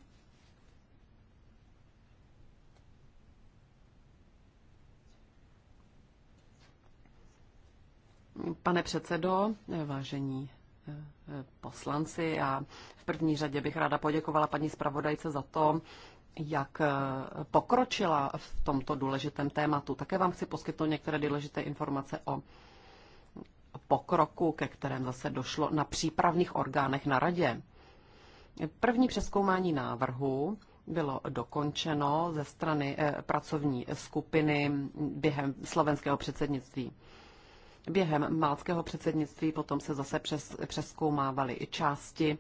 Pane předsedo, vážení eh, poslanci, já v první řadě bych ráda poděkovala paní zpravodajce za to, jak eh, pokročila v tomto důležitém tématu. Také vám chci poskytnout některé důležité informace o pokroku, ke kterém zase došlo na přípravných orgánech na radě. První přeskoumání návrhu bylo dokončeno ze strany eh, pracovní skupiny během slovenského předsednictví. Během maltského předsednictví potom se zase přes, přeskoumávaly i části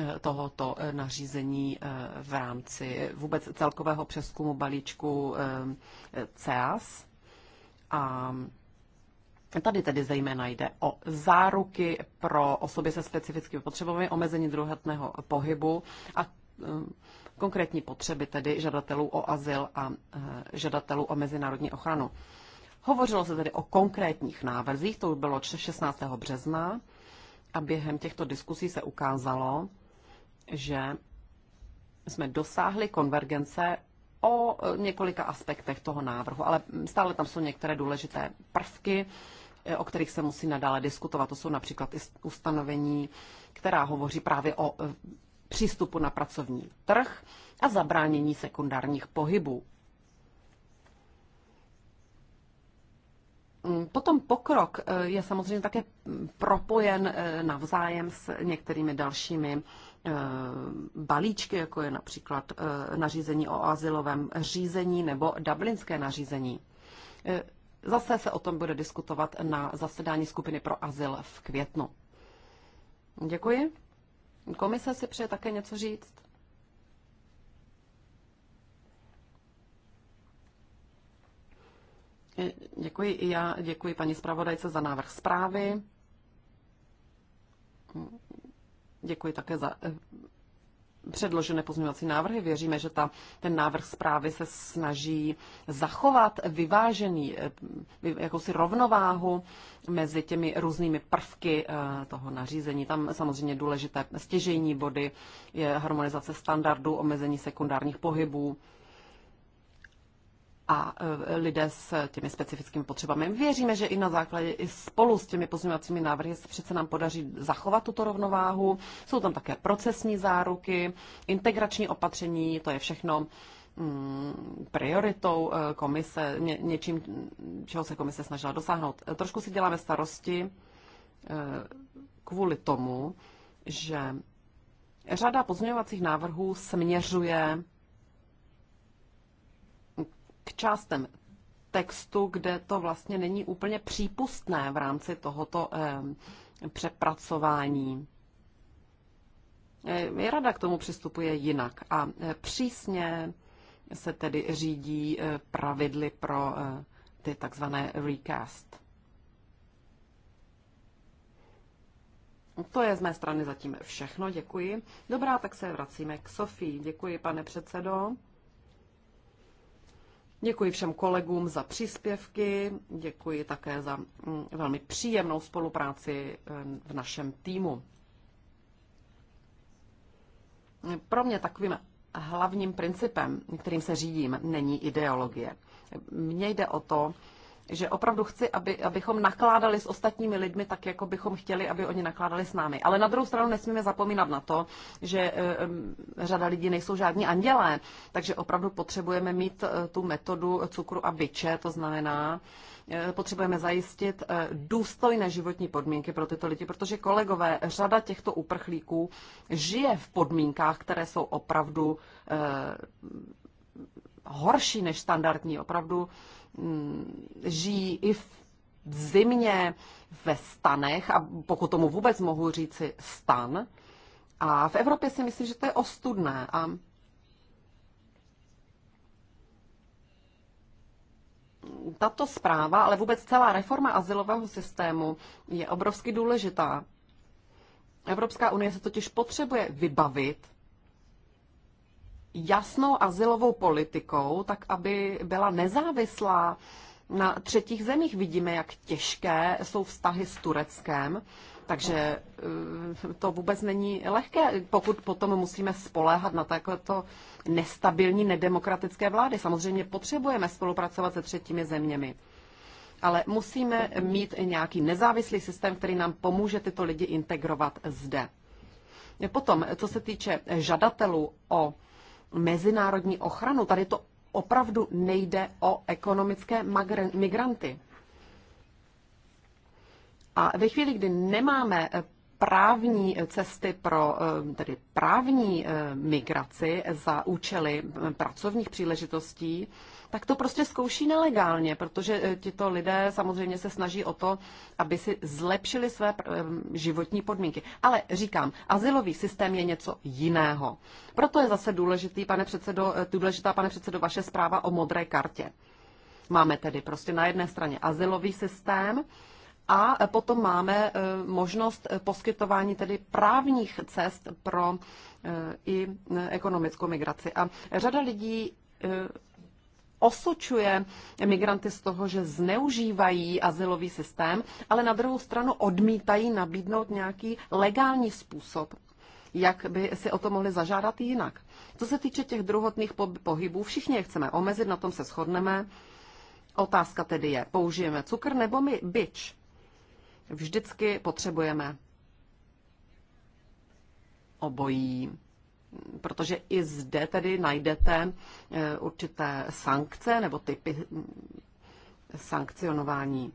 eh, tohoto eh, nařízení eh, v rámci vůbec celkového přeskumu balíčku CEAS. A Tady tedy zejména jde o záruky pro osoby se specifickými potřebami, omezení druhotného pohybu a konkrétní potřeby tedy žadatelů o azyl a žadatelů o mezinárodní ochranu. Hovořilo se tedy o konkrétních návrzích, to bylo 16. března a během těchto diskusí se ukázalo, že jsme dosáhli konvergence o e, několika aspektech toho návrhu, ale stále tam jsou některé důležité prvky, e, o kterých se musí nadále diskutovat. To jsou například i ustanovení, která hovoří právě o e, přístupu na pracovní trh a zabránění sekundárních pohybů. Mm, potom pokrok eh, je samozřejmě také propojen eh, navzájem s některými dalšími eh, balíčky, jako je například nařízení o asilovém řízení nebo dublinské nařízení. Zase se o tom bude diskutovat na zasedání skupiny pro azyl v květnu. Děkuji. Komise si přeje také něco říct? Děkuji i já, děkuji paní zpravodajce za návrh zprávy. Děkuji také za eh, předložené pozměňovací návrhy. Věříme, že ta, ten návrh zprávy se snaží zachovat vyvážený, eh, jakousi rovnováhu mezi těmi různými prvky eh, toho nařízení. Tam samozřejmě důležité stěžejní body je harmonizace standardů, omezení sekundárních pohybů, a e, lidé s těmi specifickými potřebami. Věříme, že i na základě i spolu s těmi pozměňovacími návrhy se přece nám podaří zachovat tuto rovnováhu. Jsou tam také procesní záruky, integrační opatření, to je všechno mm, prioritou e, komise, ně, něčím, čeho se komise snažila dosáhnout. E, trošku si děláme starosti kvůli tomu, že řada pozměňovacích návrhů směřuje k částem textu, kde to vlastně není úplně přípustné v rámci tohoto přepracování. E, rada k tomu přistupuje jinak a e, přísně se tedy řídí e, pravidly pro ty takzvané recast. To je z mé strany zatím všechno, děkuji. Dobrá, tak se vracíme k Sofii. Děkuji, pane předsedo. Děkuji všem kolegům za příspěvky, děkuji také za mm, velmi příjemnou spolupráci v našem týmu. Pro mě takovým hlavním principem, kterým se řídím, není ideologie. Mně jde o to, že opravdu chci, aby, abychom nakládali s ostatními lidmi tak, jako bychom chtěli, aby oni nakládali s námi. Ale na druhou stranu nesmíme zapomínat na to, že eh, eh, řada lidí nejsou žádní andělé, takže opravdu potřebujeme mít eh, tu metodu cukru a byče, to znamená, potřebujeme zajistit důstojné životní podmínky pro tyto lidi, protože kolegové, řada těchto uprchlíků žije v podmínkách, které jsou opravdu horší než standardní, opravdu Mm, žijí i v zimě ve stanech, a pokud tomu vůbec mohu říci stan, a v Evropě si myslím, že to je ostudné. A tato zpráva, ale vůbec celá reforma asilového systému je obrovsky důležitá. Evropská unie se totiž potřebuje vybavit jasnou asilovou politikou, tak aby byla nezávislá na třetích zemích. Vidíme, jak těžké jsou vztahy s Tureckem, takže eh, to vůbec není lehké, pokud potom musíme spoléhat na takovéto nestabilní, nedemokratické vlády. Samozřejmě potřebujeme spolupracovat se třetími zeměmi ale musíme mít nějaký nezávislý systém, který nám pomůže tyto lidi integrovat zde. Potom, co se týče žadatelů o mezinárodní ochranu. Tady to opravdu nejde o ekonomické migranty. A ve chvíli, kdy nemáme eh, právní cesty pro eh, tedy právní eh, migraci za účely pracovních příležitostí, tak to prostě zkouší nelegálně, protože eh, tito lidé samozřejmě se snaží o to, aby si zlepšili své eh, životní podmínky. Ale říkám, asilový systém je něco jiného. Proto je zase důležitý, pane předsedo, eh, důležitá, pane předsedo, vaše zpráva o modré kartě. Máme tedy prostě na jedné straně asilový systém, a potom máme možnost poskytování tedy právních cest pro i ekonomickou migraci. A řada lidí osočuje migranty z toho, že zneužívají asilový systém, ale na druhou stranu odmítají nabídnout nějaký legální způsob, jak by si o to mohli zažádat jinak. Co se týče těch druhotných pohybů, všichni je chceme omezit, na tom se shodneme. Otázka tedy je, použijeme cukr nebo my byč? Vždycky potřebujeme obojí protože i zde tedy najdete eh, určité sankce nebo typy hm, sankcionování.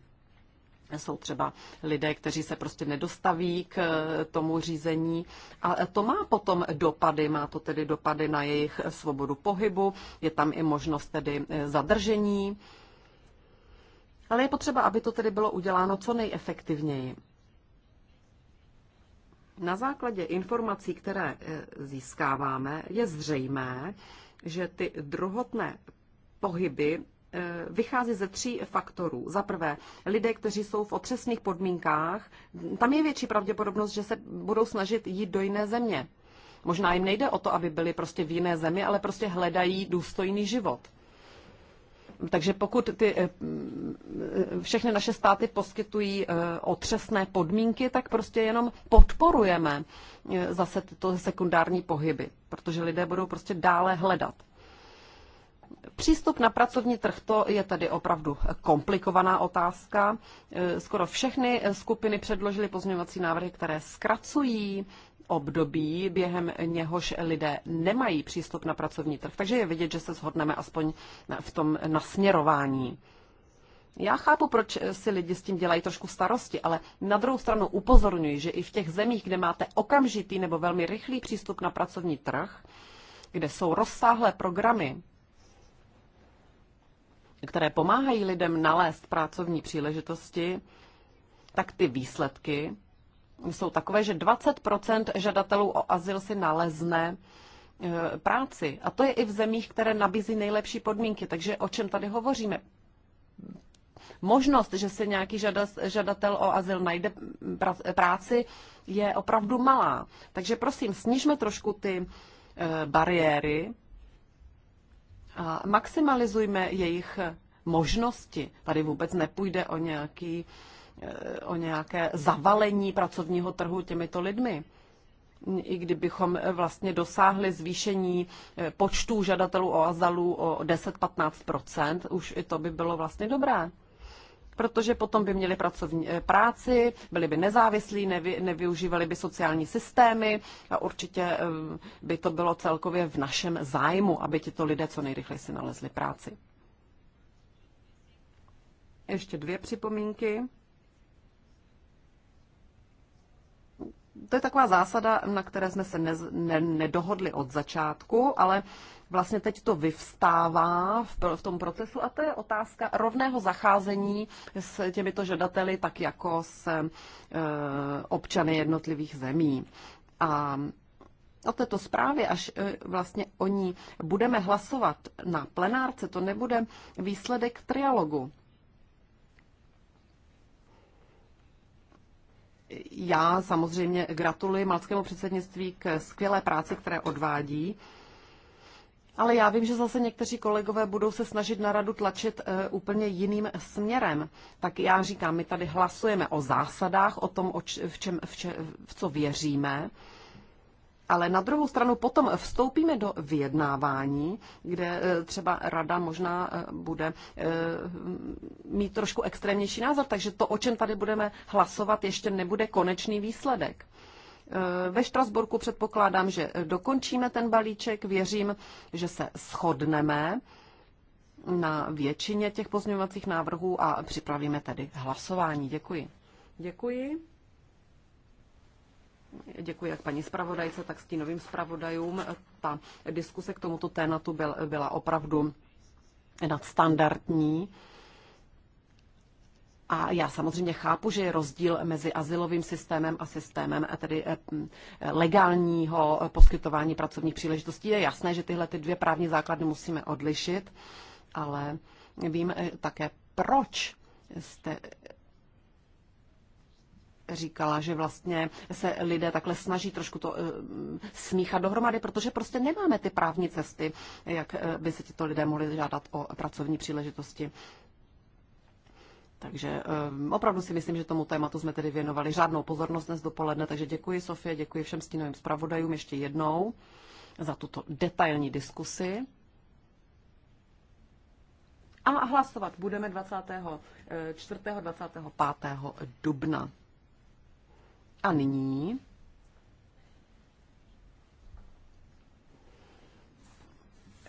Jsou třeba lidé, kteří se prostě nedostaví k eh, tomu řízení. A to má potom dopady, má to tedy dopady na jejich svobodu pohybu, je tam i možnost tedy eh, zadržení. Ale je potřeba, aby to tedy bylo uděláno co nejefektivněji. Na základě informací, které eh, získáváme, je zřejmé, že ty druhotné pohyby eh, vychází ze tří faktorů. Za prvé, lidé, kteří jsou v otřesných podmínkách, tam je větší pravděpodobnost, že se budou snažit jít do jiné země. Možná jim nejde o to, aby byli prostě v jiné zemi, ale prostě hledají důstojný život. Takže pokud ty, eh, mm, všechny naše státy poskytují eh, otřesné podmínky, tak prostě jenom podporujeme eh, zase tyto sekundární pohyby, protože lidé budou prostě dále hledat. Přístup na pracovní trh, to je tady opravdu komplikovaná otázka. Skoro všechny skupiny předložily pozměňovací návrhy, které zkracují období, během něhož lidé nemají přístup na pracovní trh. Takže je vidět, že se shodneme aspoň v tom nasměrování. Já chápu, proč si lidi s tím dělají trošku starosti, ale na druhou stranu upozorňuji, že i v těch zemích, kde máte okamžitý nebo velmi rychlý přístup na pracovní trh, kde jsou rozsáhlé programy, které pomáhají lidem nalézt pracovní příležitosti, tak ty výsledky jsou takové, že 20 žadatelů o azyl si nalezne e, práci. A to je i v zemích, které nabízí nejlepší podmínky. Takže o čem tady hovoříme? Možnost, že se nějaký žadatel o azyl najde práci, je opravdu malá. Takže prosím, snižme trošku ty e, bariéry a maximalizujme jejich možnosti. Tady vůbec nepůjde o nějaký uh, Eh, o nějaké zavalení pracovního trhu těmito lidmi. I kdybychom eh, vlastně dosáhli zvýšení eh, počtu žadatelů o azalu o 10-15%, už i to by bylo vlastně dobré protože potom by měli pracovní práci, byli by nezávislí, nevy, nevyužívali by sociální systémy a určitě by to bylo celkově v našem zájmu, aby tito lidé co nejrychleji si nalezli práci. Ještě dvě připomínky. to je taková zásada, na které jsme se ne, ne, nedohodli od začátku, ale vlastně teď to vyvstává v, v tom procesu a to je otázka rovného zacházení s těmito žadateli, tak jako s e, občany jednotlivých zemí. A o této zprávě, až e, vlastně o ní budeme hlasovat na plenárce, to nebude výsledek trialogu. já samozřejmě gratuluji malskému předsednictví k skvělé práci, které odvádí. Ale já vím, že zase někteří kolegové budou se snažit na radu tlačit e, úplně jiným směrem. Tak já říkám, my tady hlasujeme o zásadách, o tom, o č, v, čem, v, če, v co věříme. Ale na druhou stranu potom vstoupíme do vyjednávání, kde e, třeba rada možná e, bude e, mít trošku extrémnější názor, takže to, o čem tady budeme hlasovat, ještě nebude konečný výsledek. Ve Štrasburku předpokládám, že dokončíme ten balíček, věřím, že se shodneme na většině těch pozměňovacích návrhů a připravíme tedy hlasování. Děkuji. Děkuji. Děkuji jak paní zpravodajce, tak stínovým zpravodajům. Ta diskuse k tomuto tématu byla opravdu nadstandardní. A já samozřejmě chápu, že je rozdíl mezi asilovým systémem a systémem a tedy eh, legálního poskytování pracovních příležitostí. Je jasné, že tyhle ty dvě právní základy musíme odlišit, ale vím eh, také, proč jste říkala, že vlastně se lidé takhle snaží trošku to eh, smíchat dohromady, protože prostě nemáme ty právní cesty, jak eh, by se tyto lidé mohli žádat o pracovní příležitosti. Takže um, opravdu si myslím, že tomu tématu jsme tedy věnovali žádnou pozornost dnes dopoledne, takže děkuji Sofie, děkuji všem stínovým zpravodajům ještě jednou za tuto detailní diskusi. A hlasovat budeme 24. 25. dubna. A nyní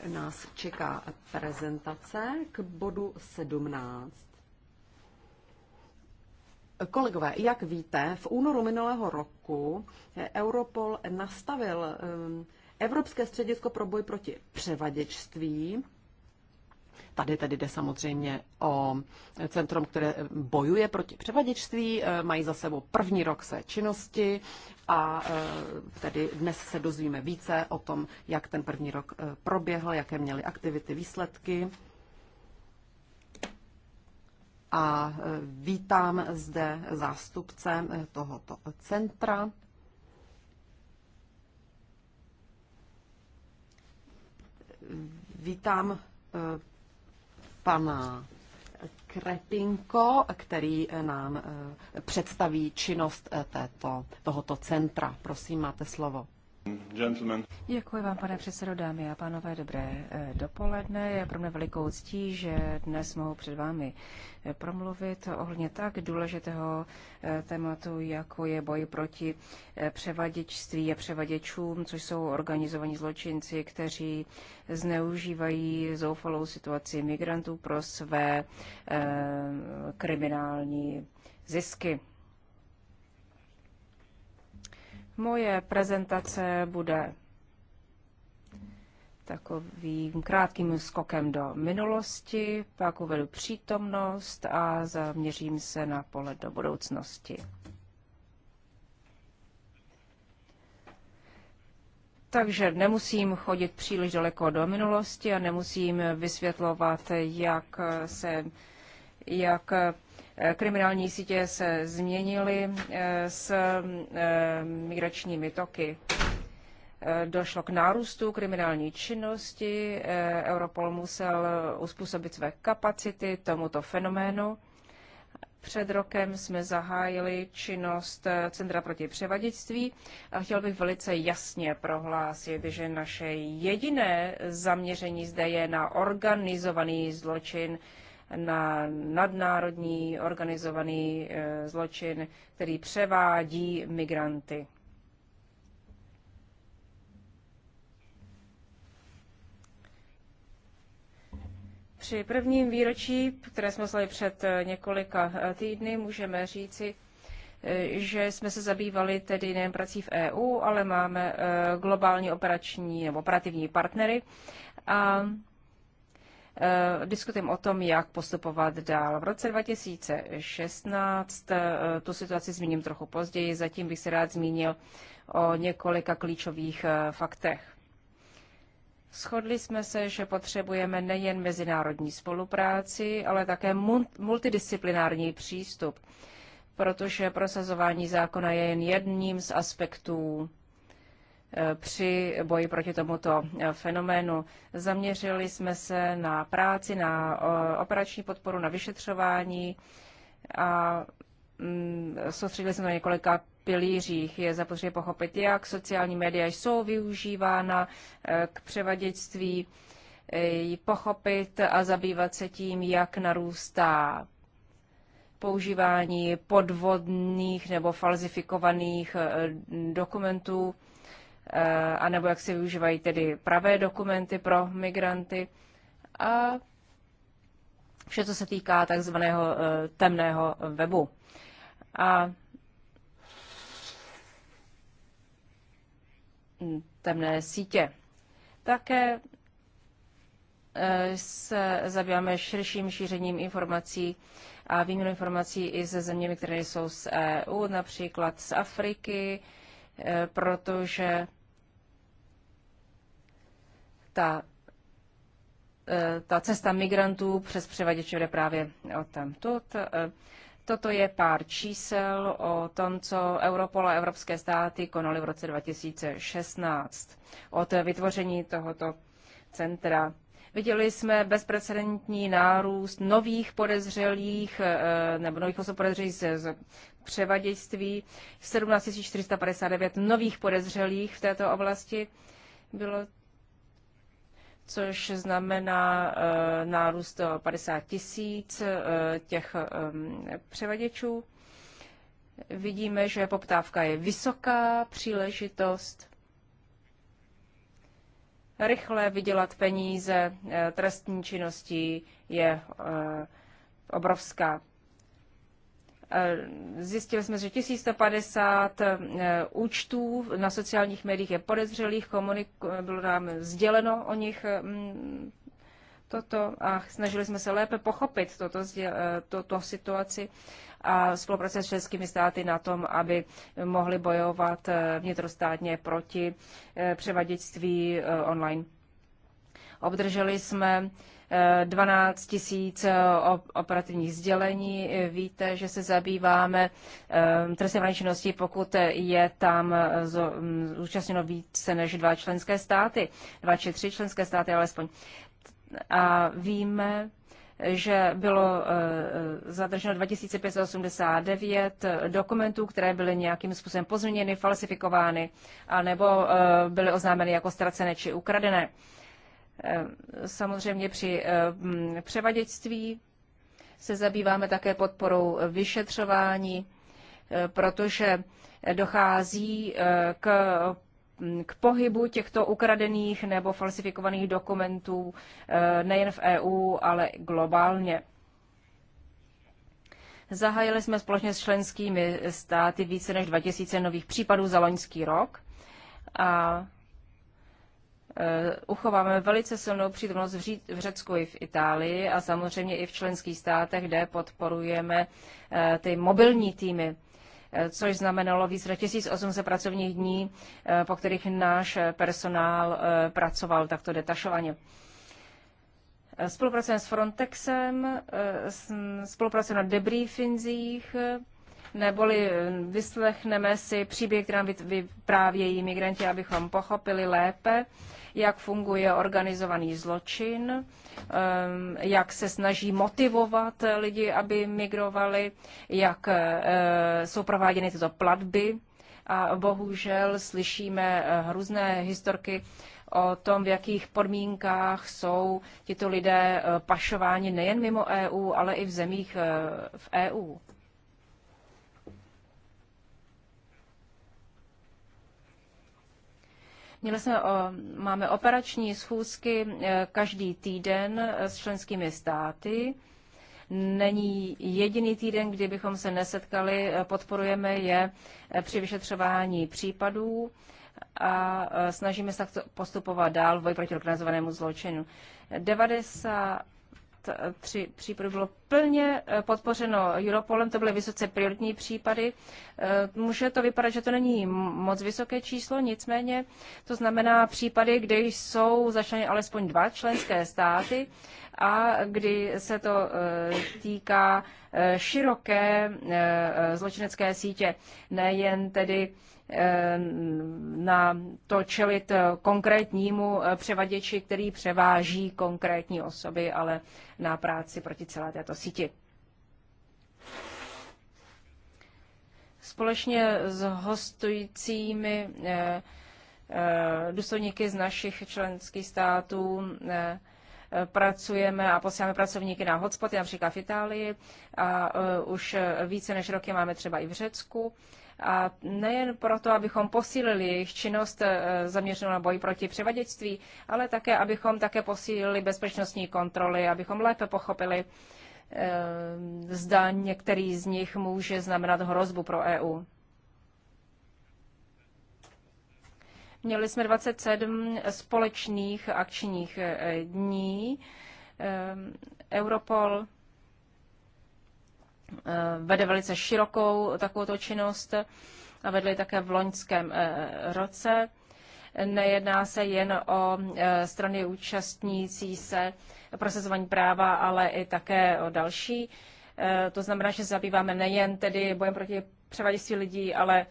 nás čeká prezentace k bodu 17. Kolegové, jak víte, v únoru minulého roku Europol nastavil ehm, Evropské středisko pro boj proti převaděčství Tady tedy jde samozřejmě o centrum, které bojuje proti převaděčství, eh, mají za sebou první rok své činnosti a eh, tedy dnes se dozvíme více o tom, jak ten první rok eh, proběhl, jaké měly aktivity, výsledky. A vítám zde zástupce tohoto centra. Vítám pana Kretinko, který eh, nám eh, představí činnost eh, této, tohoto centra. Prosím, máte
slovo. Děkuji vám, pane předsedo, dámy a pánové, dobré eh, dopoledne. Je pro mě velikou ctí, že dnes mohu před vámi eh, promluvit ohledně tak důležitého eh, tématu, jako je boj proti převaděčství a převaděčům, což jsou organizovaní zločinci, kteří zneužívají zoufalou situaci migrantů pro své eh, kriminální zisky. Moje prezentace bude takovým krátkým skokem do minulosti, pak uvedu přítomnost a zaměřím se na pole do budoucnosti. Takže nemusím chodit příliš daleko do minulosti a nemusím vysvětlovat, jak se, jak Kriminální sítě se změnily eh, s eh, migračními toky. Eh, došlo k nárůstu kriminální činnosti, Europol musel uspůsobit své kapacity tomuto fenoménu. Před rokem jsme zahájili činnost Centra proti převaděčství a chtěl bych velice jasně prohlásit, že naše jediné zaměření zde je na organizovaný zločin, na nadnárodní organizovaný eh, zločin, který převádí migranty. Při prvním výročí, které jsme slavili před eh, několika eh, týdny, můžeme říci, že jsme se zabývali tedy nejen prací v EU, ale máme globální operační nebo operativní partnery. A Eh, diskutujeme o tom, jak postupovat dál. V roce 2016, eh, tu situaci zmíním trochu později, zatím bych se rád zmínil o několika klíčových eh, faktech. Shodli jsme se, že potřebujeme nejen mezinárodní spolupráci, ale také multidisciplinární přístup, protože prosazování zákona je jen jedním z aspektů při boji proti tomuto fenoménu. Zaměřili jsme se na práci, na operační podporu, na vyšetřování a mm, soustředili jsme na několika pilířích. Je zapotřebí pochopit, jak sociální média jsou využívána e, k převaděctví, e, pochopit a zabývat se tím, jak narůstá používání podvodných nebo falzifikovaných e, dokumentů Eh, anebo jak se využívají tedy pravé dokumenty pro migranty a vše, co se týká takzvaného eh, temného webu. A temné sítě. Také eh, se zabýváme širším šířením informací a výměnou informací i ze zeměmi, které jsou z EU, například z Afriky, protože ta, eh, ta cesta migrantů přes převaděče jde právě o tamtud. Eh, toto je pár čísel o tom, co Europol a evropské státy konaly v roce 2016 od vytvoření tohoto centra. Viděli jsme bezprecedentní nárůst nových podezřelých eh, nebo nových osob podezřelých z, z převaděčství, 17 459 nových podezřelých v této oblasti bylo což znamená eh, nárůst 50 tisíc eh, těch převaděčů. Vidíme, že poptávka je vysoká příležitost rychle vydělat peníze eh, trestní činnosti je obrovská. Eh, zjistili jsme, že 1150 eh, účtů na sociálních médiích je podezřelých, bylo nám sděleno o nich mm, toto a snažili jsme se lépe pochopit toto, eh, toto situaci a spolupracovat s českými státy na tom, aby mohli bojovat vnitrostátně proti převaděčství online. Obdrželi jsme 12 tisíc eh, operativních sdělení. Víte, že se zabýváme eh, trestné činností, pokud je tam eh, zúčastněno více než dva členské státy, dva či tři členské státy alespoň. A víme, že bylo zadrženo 2589 dokumentů, které byly nějakým způsobem pozměněny, falsifikovány, anebo byly oznámeny jako ztracené či ukradené. Eh, samozřejmě při eh, převaděčství se zabýváme také podporou vyšetřování, eh, protože dochází k, k pohybu těchto ukradených nebo falsifikovaných dokumentů nejen v EU, ale globálně. Zahájili jsme společně s členskými státy více než 2000 nových případů za loňský rok a Eh, uchováme velice silnou přítomnost v Řecku i v Itálii a samozřejmě i v členských státech, kde podporujeme eh, ty mobilní týmy eh, což znamenalo více než 1800 pracovních dní, po kterých náš personál pracoval takto detašovaně. Spolupracujeme s Frontexem, spolupracujeme na debriefinzích neboli eh, vyslechneme si příběh, který nám vyprávějí migranti, abychom pochopili lépe, jak funguje organizovaný zločin, eh, jak se snaží motivovat lidi, aby migrovali, jak eh, jsou prováděny tyto platby. A bohužel slyšíme hrůzné historky o tom, v jakých podmínkách jsou tito lidé pašováni nejen mimo EU, ale i v zemích v EU. Měli jsme, máme operační schůzky e, každý týden e, s členskými státy. Není jediný týden, kdy bychom se nesetkali, e, podporujeme je při vyšetřování případů a snažíme se postupovat dál v boji proti organizovanému zločinu. 93 případů případy bylo plně podpořeno Europolem, to byly vysoce prioritní případy Eh, může to vypadat, že to není moc vysoké číslo, nicméně to znamená případy, kdy jsou začleny alespoň dva členské státy a kdy se to eh, týká eh, široké zločinecké sítě, nejen tedy na to čelit konkrétnímu převaděči, který převáží konkrétní osoby, ale na práci proti celé této síti. společně s hostujícími eh, eh, důstojníky z našich členských států eh, pracujeme a posíláme pracovníky na hotspoty, například v Itálii, a už více než roky máme třeba i v Řecku. A nejen proto, abychom posílili jejich činnost zaměřenou na boj proti převaděčství, ale také, abychom také posílili bezpečnostní kontroly, abychom lépe pochopili, Ehm, zda některý z nich může znamenat hrozbu pro EU. Měli jsme 27 společných akčních eh, dní. Ehm, Europol eh, vede velice širokou takovou činnost a vedli také v loňském eh, roce. Nejedná se jen o e, strany účastnící se procesování práva, ale i také o další. E, to znamená, že zabýváme nejen tedy bojem proti převaděství lidí, ale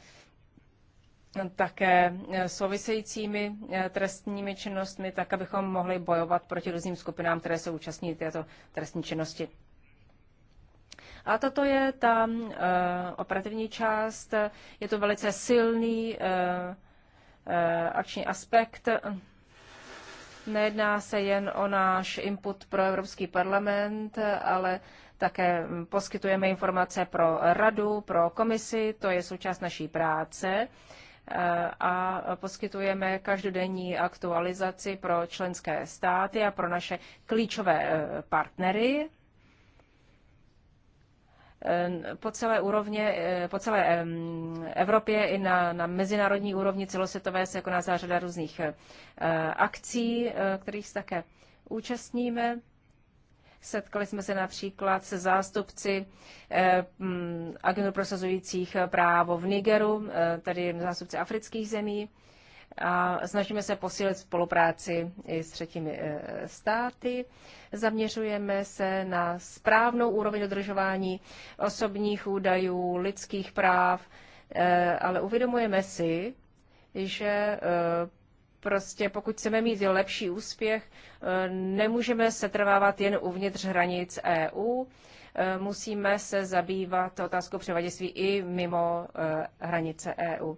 také e, souvisejícími trestními činnostmi, tak abychom mohli bojovat proti různým skupinám, které se účastní této trestní činnosti. A toto je ta uh, operativní část. Je to velice silný uh, Eh, akční aspekt. Nejedná se jen o náš input pro Evropský parlament, ale také poskytujeme informace pro radu, pro komisi, to je součást naší práce eh, a poskytujeme každodenní aktualizaci pro členské státy a pro naše klíčové eh, partnery Eh, po celé úrovně, eh, po celé Evropě i na, na mezinárodní úrovni celosvětové se koná celá řada různých eh, akcí, kterých se také účastníme. Setkali jsme se například se zástupci agentů prosazujících právo v Nigeru, tedy zástupci afrických zemí a snažíme se posílit spolupráci i s třetími eh, státy. Zaměřujeme se na správnou úroveň dodržování osobních údajů, lidských práv, eh, ale uvědomujeme si, že eh, prostě pokud chceme mít lepší úspěch, nemůžeme se trvávat jen uvnitř hranic EU, musíme se zabývat otázkou převaděství i mimo hranice EU.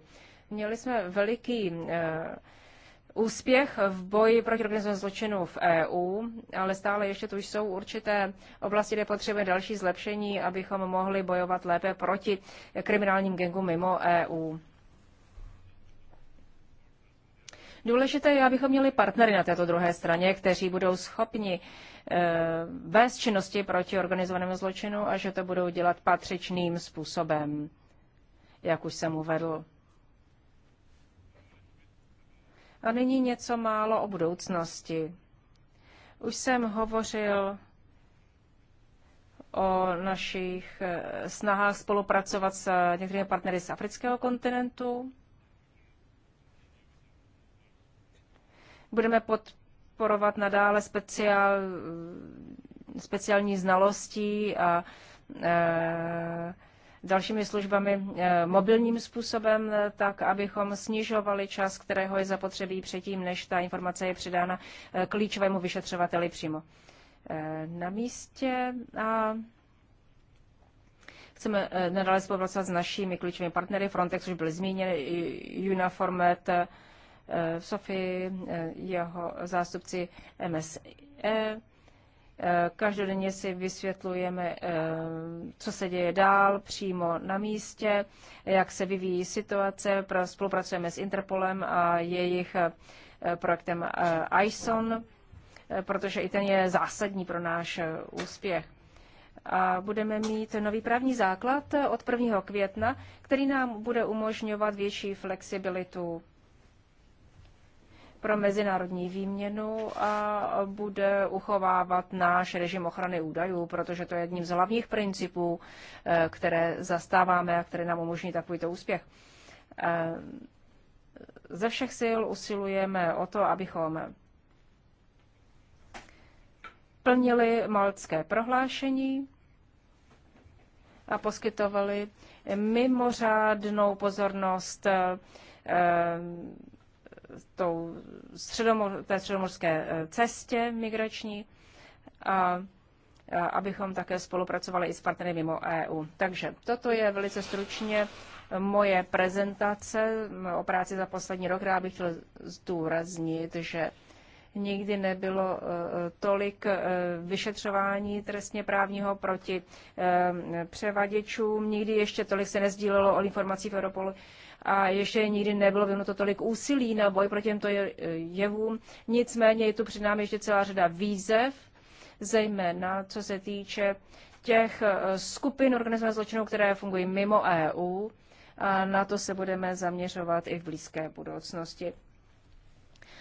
Měli jsme veliký eh, úspěch v boji proti organizovanému zločinu v EU, ale stále ještě tu jsou určité oblasti, kde potřebujeme další zlepšení, abychom mohli bojovat lépe proti kriminálním gengům mimo EU. Důležité je, abychom měli partnery na této druhé straně, kteří budou schopni eh, vést činnosti proti organizovanému zločinu a že to budou dělat patřičným způsobem, jak už jsem uvedl. A nyní něco málo o budoucnosti. Už jsem hovořil o našich eh, snahách spolupracovat s eh, některými partnery z afrického kontinentu. Budeme podporovat nadále speciál, eh, speciální znalostí a e, dalšími službami eh, mobilním způsobem, eh, tak abychom snižovali čas, kterého je zapotřebí předtím, než ta informace je předána eh, klíčovému vyšetřovateli přímo na místě. A chceme nadále spolupracovat s našimi klíčovými partnery. Frontex už byl zmíněn, Uniformet, Sofii, jeho zástupci MSE Eh, každodenně si vysvětlujeme, eh, co se děje dál přímo na místě, jak se vyvíjí situace. Spolupracujeme s Interpolem a jejich eh, projektem ISON, protože i ten je zásadní pro náš úspěch. A budeme mít nový právní základ od 1. května, který nám bude umožňovat větší flexibilitu pro mezinárodní výměnu a bude uchovávat náš režim ochrany údajů, protože to je jedním z hlavních principů, eh, které zastáváme a které nám umožní takovýto úspěch. Eh, ze všech sil usilujeme o to, abychom plnili malcké prohlášení a poskytovali mimořádnou pozornost eh, tou středomor, té středomorské eh, cestě migrační a, a abychom také spolupracovali i s partnery mimo EU. Takže toto je velice stručně moje prezentace o práci za poslední rok. Já bych chtěl zdůraznit, že nikdy nebylo eh, tolik eh, vyšetřování trestně právního proti převaděčům, nikdy ještě tolik se nezdílelo o informací v Europolu a ještě nikdy nebylo vynuto tolik úsilí na boj proti těmto jevům. Nicméně je tu před námi ještě celá řada výzev, zejména co se týče těch eh, skupin organizovaných zločinů, které fungují mimo EU. A na to se budeme zaměřovat i v blízké budoucnosti.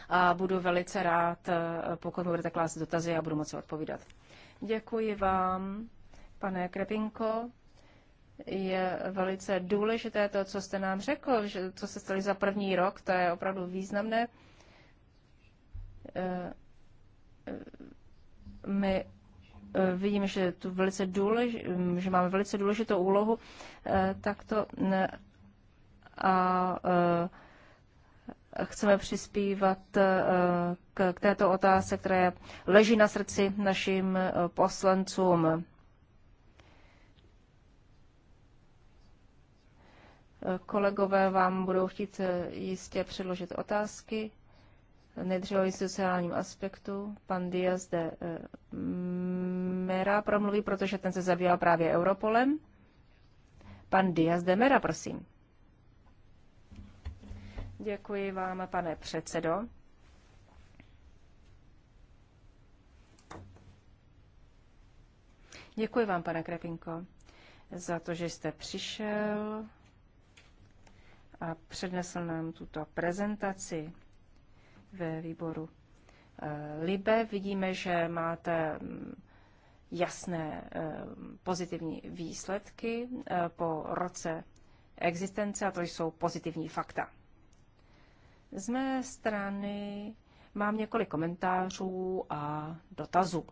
A budu velice rád, eh, pokud budete klást dotazy a budu moci odpovídat. Děkuji vám, pane Krepinko je velice důležité to, co jste nám řekl, že co se stali za první rok, to je opravdu významné. Eh, eh, my eh, vidíme, že, tu velice důlež, že máme velice důležitou úlohu, tak to a chceme přispívat k této otázce, která leží na srdci našim poslancům. Kolegové vám budou chtít eh, jistě předložit otázky. Nejdříve o sociálním aspektu. Pan Diaz de eh, Mera promluví, protože ten se zabýval právě Europolem. Pan Diaz de Mera, prosím. Děkuji vám, pane předsedo. Děkuji vám, pane Krepinko, za to, že jste přišel a přednesl nám tuto prezentaci ve výboru eh, Libe. Vidíme, že máte mm, jasné eh, pozitivní výsledky eh, po roce existence a to jsou pozitivní fakta. Z mé strany mám několik komentářů a dotazů.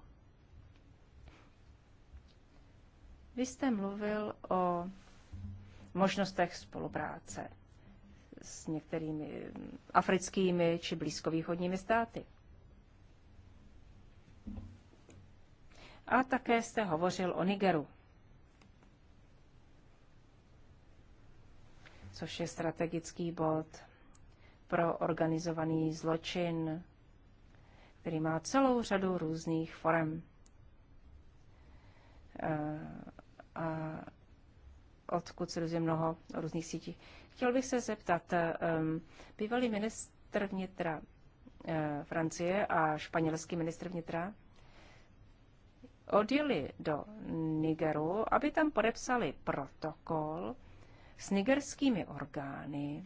Vy jste mluvil o možnostech spolupráce s některými africkými či blízkovýchodními státy. A také jste hovořil o Nigeru, což je strategický bod pro organizovaný zločin, který má celou řadu různých forem. Eh, a odkud se rozvíjí mnoho různých sítí. Chtěl bych se zeptat, bývalý ministr vnitra eh, Francie a španělský ministr vnitra odjeli do Nigeru, aby tam podepsali protokol s nigerskými orgány,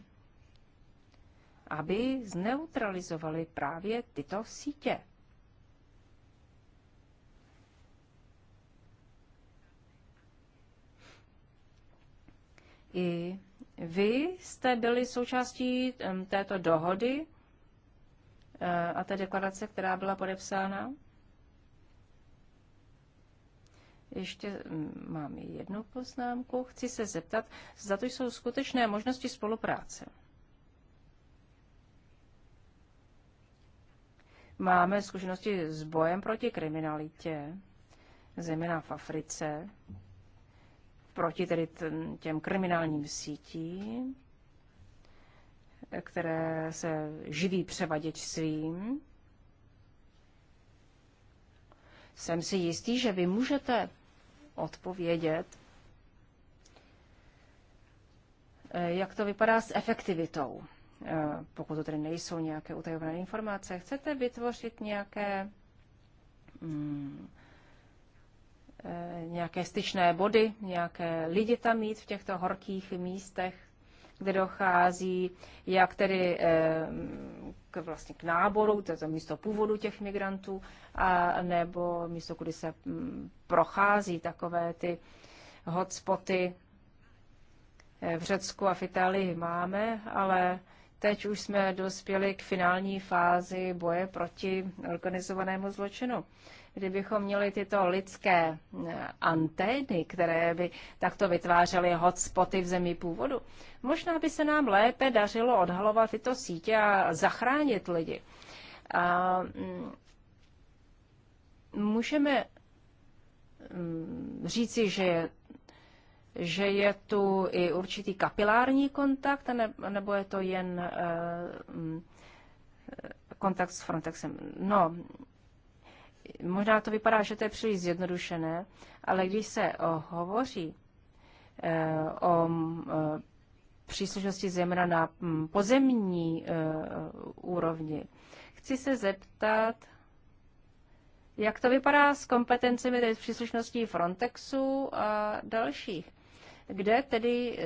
aby zneutralizovali právě tyto sítě. I vy jste byli součástí této dohody eh, a té deklarace, která byla podepsána? Ještě mm, mám jednu poznámku. Chci se zeptat, zda to jsou skutečné možnosti spolupráce. Máme zkušenosti s bojem proti kriminalitě, zejména v Africe proti tedy těm kriminálním sítím, které se živí převaděčstvím. Jsem si jistý, že vy můžete odpovědět, eh, jak to vypadá s efektivitou, eh, pokud to tedy nejsou nějaké utajované informace. Chcete vytvořit nějaké hmm, Eh, nějaké styčné body, nějaké lidi tam mít v těchto horkých místech, kde dochází jak tedy eh, k, vlastně k náboru, to je to místo původu těch migrantů, a, nebo místo, kudy se hm, prochází takové ty hotspoty eh, v Řecku a v Itálii máme, ale teď už jsme dospěli k finální fázi boje proti organizovanému zločinu kdybychom měli tyto lidské eh, antény, které by takto vytvářely hotspoty v zemi původu, možná by se nám lépe dařilo odhalovat tyto sítě a zachránit lidi. A mm, můžeme mm, říci, že je, že je tu i určitý kapilární kontakt, nebo je to jen eh, mm, eh, kontakt s Frontexem. No, Možná to vypadá, že to je příliš zjednodušené, ale když se hovoří eh, o eh, příslušnosti Zemra na pozemní eh, úrovni, chci se zeptat, jak to vypadá s kompetencemi, tedy s příslušností Frontexu a dalších? Kde tedy e,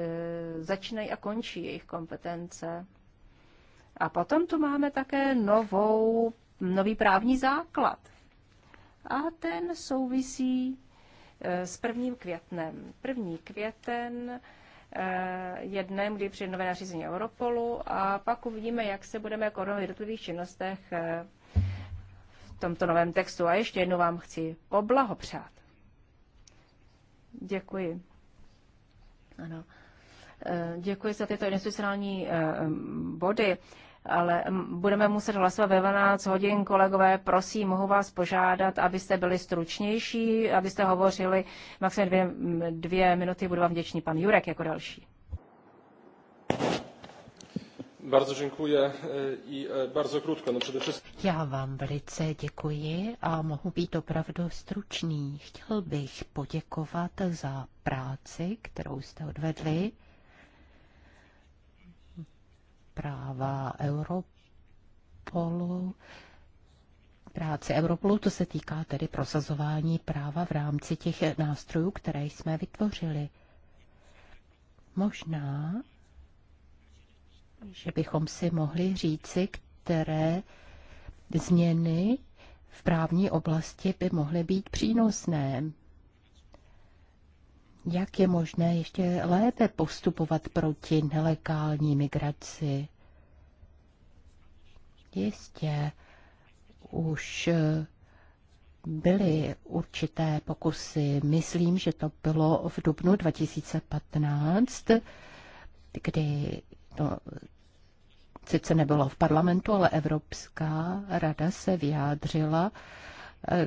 začínají a končí jejich kompetence? A potom tu máme také novou, nový právní základ a ten souvisí eh, s prvním květnem. První květen eh, je dnem, kdy přijde nové nařízení Europolu a pak uvidíme, jak se budeme konat jako v jednotlivých činnostech eh, v tomto novém textu. A ještě jednou vám chci poblahopřát. Děkuji. Ano. Děkuji za tyto institucionální body ale budeme muset hlasovat ve 12 hodin. Kolegové, prosím, mohu vás požádat, abyste byli stručnější, abyste hovořili maximálně dvě, dvě minuty. Budu vám vděčný pan Jurek jako další.
Bardzo dziękuję e, i e, bardzo krótko. No przede wszystkim...
Já vám velice děkuji a mohu být opravdu stručný. Chtěl bych poděkovat za práci, kterou jste odvedli práva Europolu, práce Europolu, to se týká tedy prosazování práva v rámci těch nástrojů, které jsme vytvořili. Možná, že bychom si mohli říci, které změny v právní oblasti by mohly být přínosné jak je možné ještě lépe postupovat proti nelegální migraci. Jistě už eh, byly určité pokusy. Myslím, že to bylo v dubnu 2015, kdy to sice nebylo v parlamentu, ale Evropská rada se vyjádřila,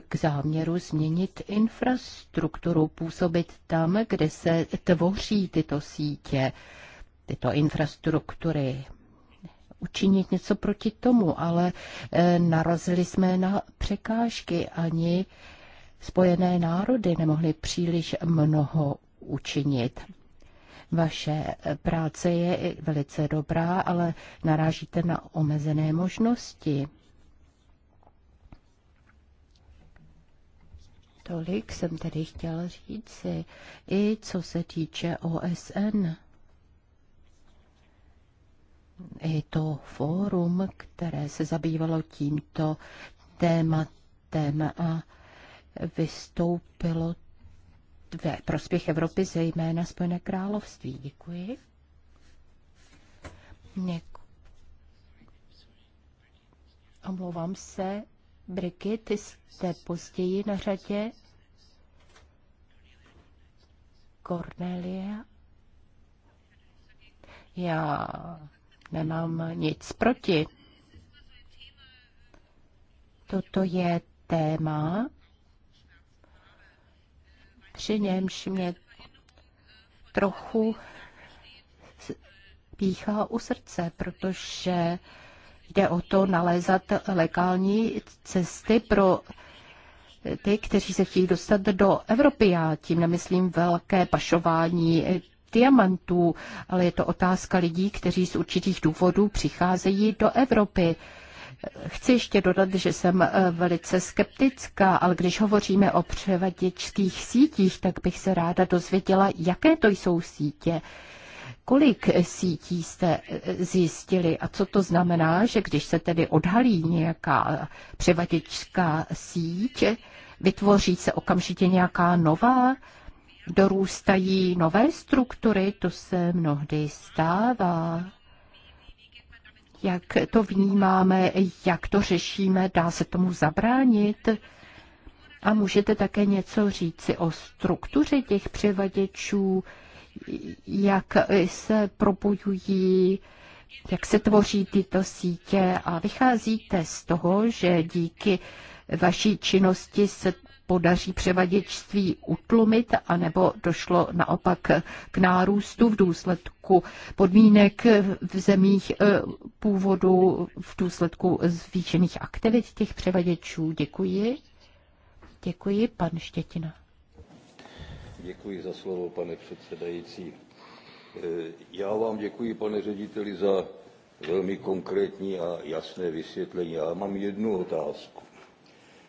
k záměru změnit infrastrukturu, působit tam, kde se tvoří tyto sítě, tyto infrastruktury, učinit něco proti tomu, ale eh, narazili jsme na překážky. Ani spojené národy nemohly příliš mnoho učinit. Vaše eh, práce je velice dobrá, ale narážíte na omezené možnosti. Tolik jsem tedy chtěl říci, i co se týče OSN. I to fórum, které se zabývalo tímto tématem a vystoupilo ve prospěch Evropy, zejména Spojené království. Děkuji. Něk... Omlouvám se, ty jste později na řadě. Cornelia. Já nemám nic proti. Toto je téma, při němž mě trochu píchá u srdce, protože Jde o to nalézat legální cesty pro ty, kteří se chtějí dostat do Evropy. Já tím nemyslím velké pašování diamantů, ale je to otázka lidí, kteří z určitých důvodů přicházejí do Evropy. Chci ještě dodat, že jsem velice skeptická, ale když hovoříme o převaděčských sítích, tak bych se ráda dozvěděla, jaké to jsou sítě, Kolik sítí jste eh, zjistili a co to znamená, že když se tedy odhalí nějaká převaděčská síť, vytvoří se okamžitě nějaká nová, dorůstají nové struktury, to se mnohdy stává. Jak to vnímáme, jak to řešíme, dá se tomu zabránit? A můžete také něco říci o struktuře těch převaděčů, jak se propojují, jak se tvoří tyto sítě a vycházíte z toho, že díky vaší činnosti se podaří převaděčství utlumit, anebo došlo naopak k nárůstu v důsledku podmínek v zemích eh, původu, v důsledku zvýšených aktivit těch převaděčů. Děkuji. Děkuji, pan Štětina. Děkuji za slovo, pane předsedající. Eh, já vám děkuji, pane řediteli, za velmi konkrétní a jasné vysvětlení. Já mám jednu otázku.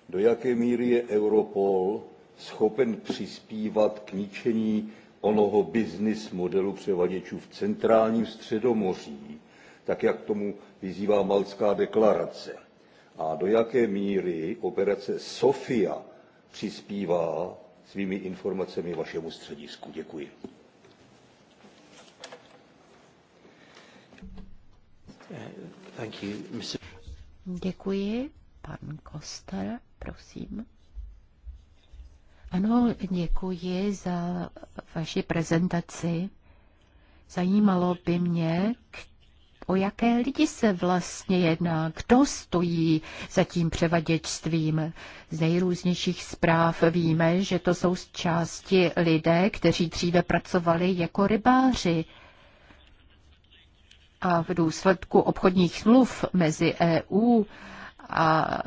Do jaké míry je Europol schopen přispívat k ničení onoho business modelu
převaděčů v centrálním středomoří, tak jak tomu vyzývá Malská deklarace? A do jaké míry operace Sofia
přispívá svými informacemi vašemu středisku. Děkuji. Děkuji. Pan Koster, prosím. Ano, děkuji za vaši prezentaci. Zajímalo by mě, k O jaké lidi se vlastně jedná? Kdo stojí za tím převaděčstvím? Z nejrůznějších zpráv víme, že to jsou z části lidé, kteří dříve pracovali jako rybáři. A v důsledku obchodních smluv mezi EU a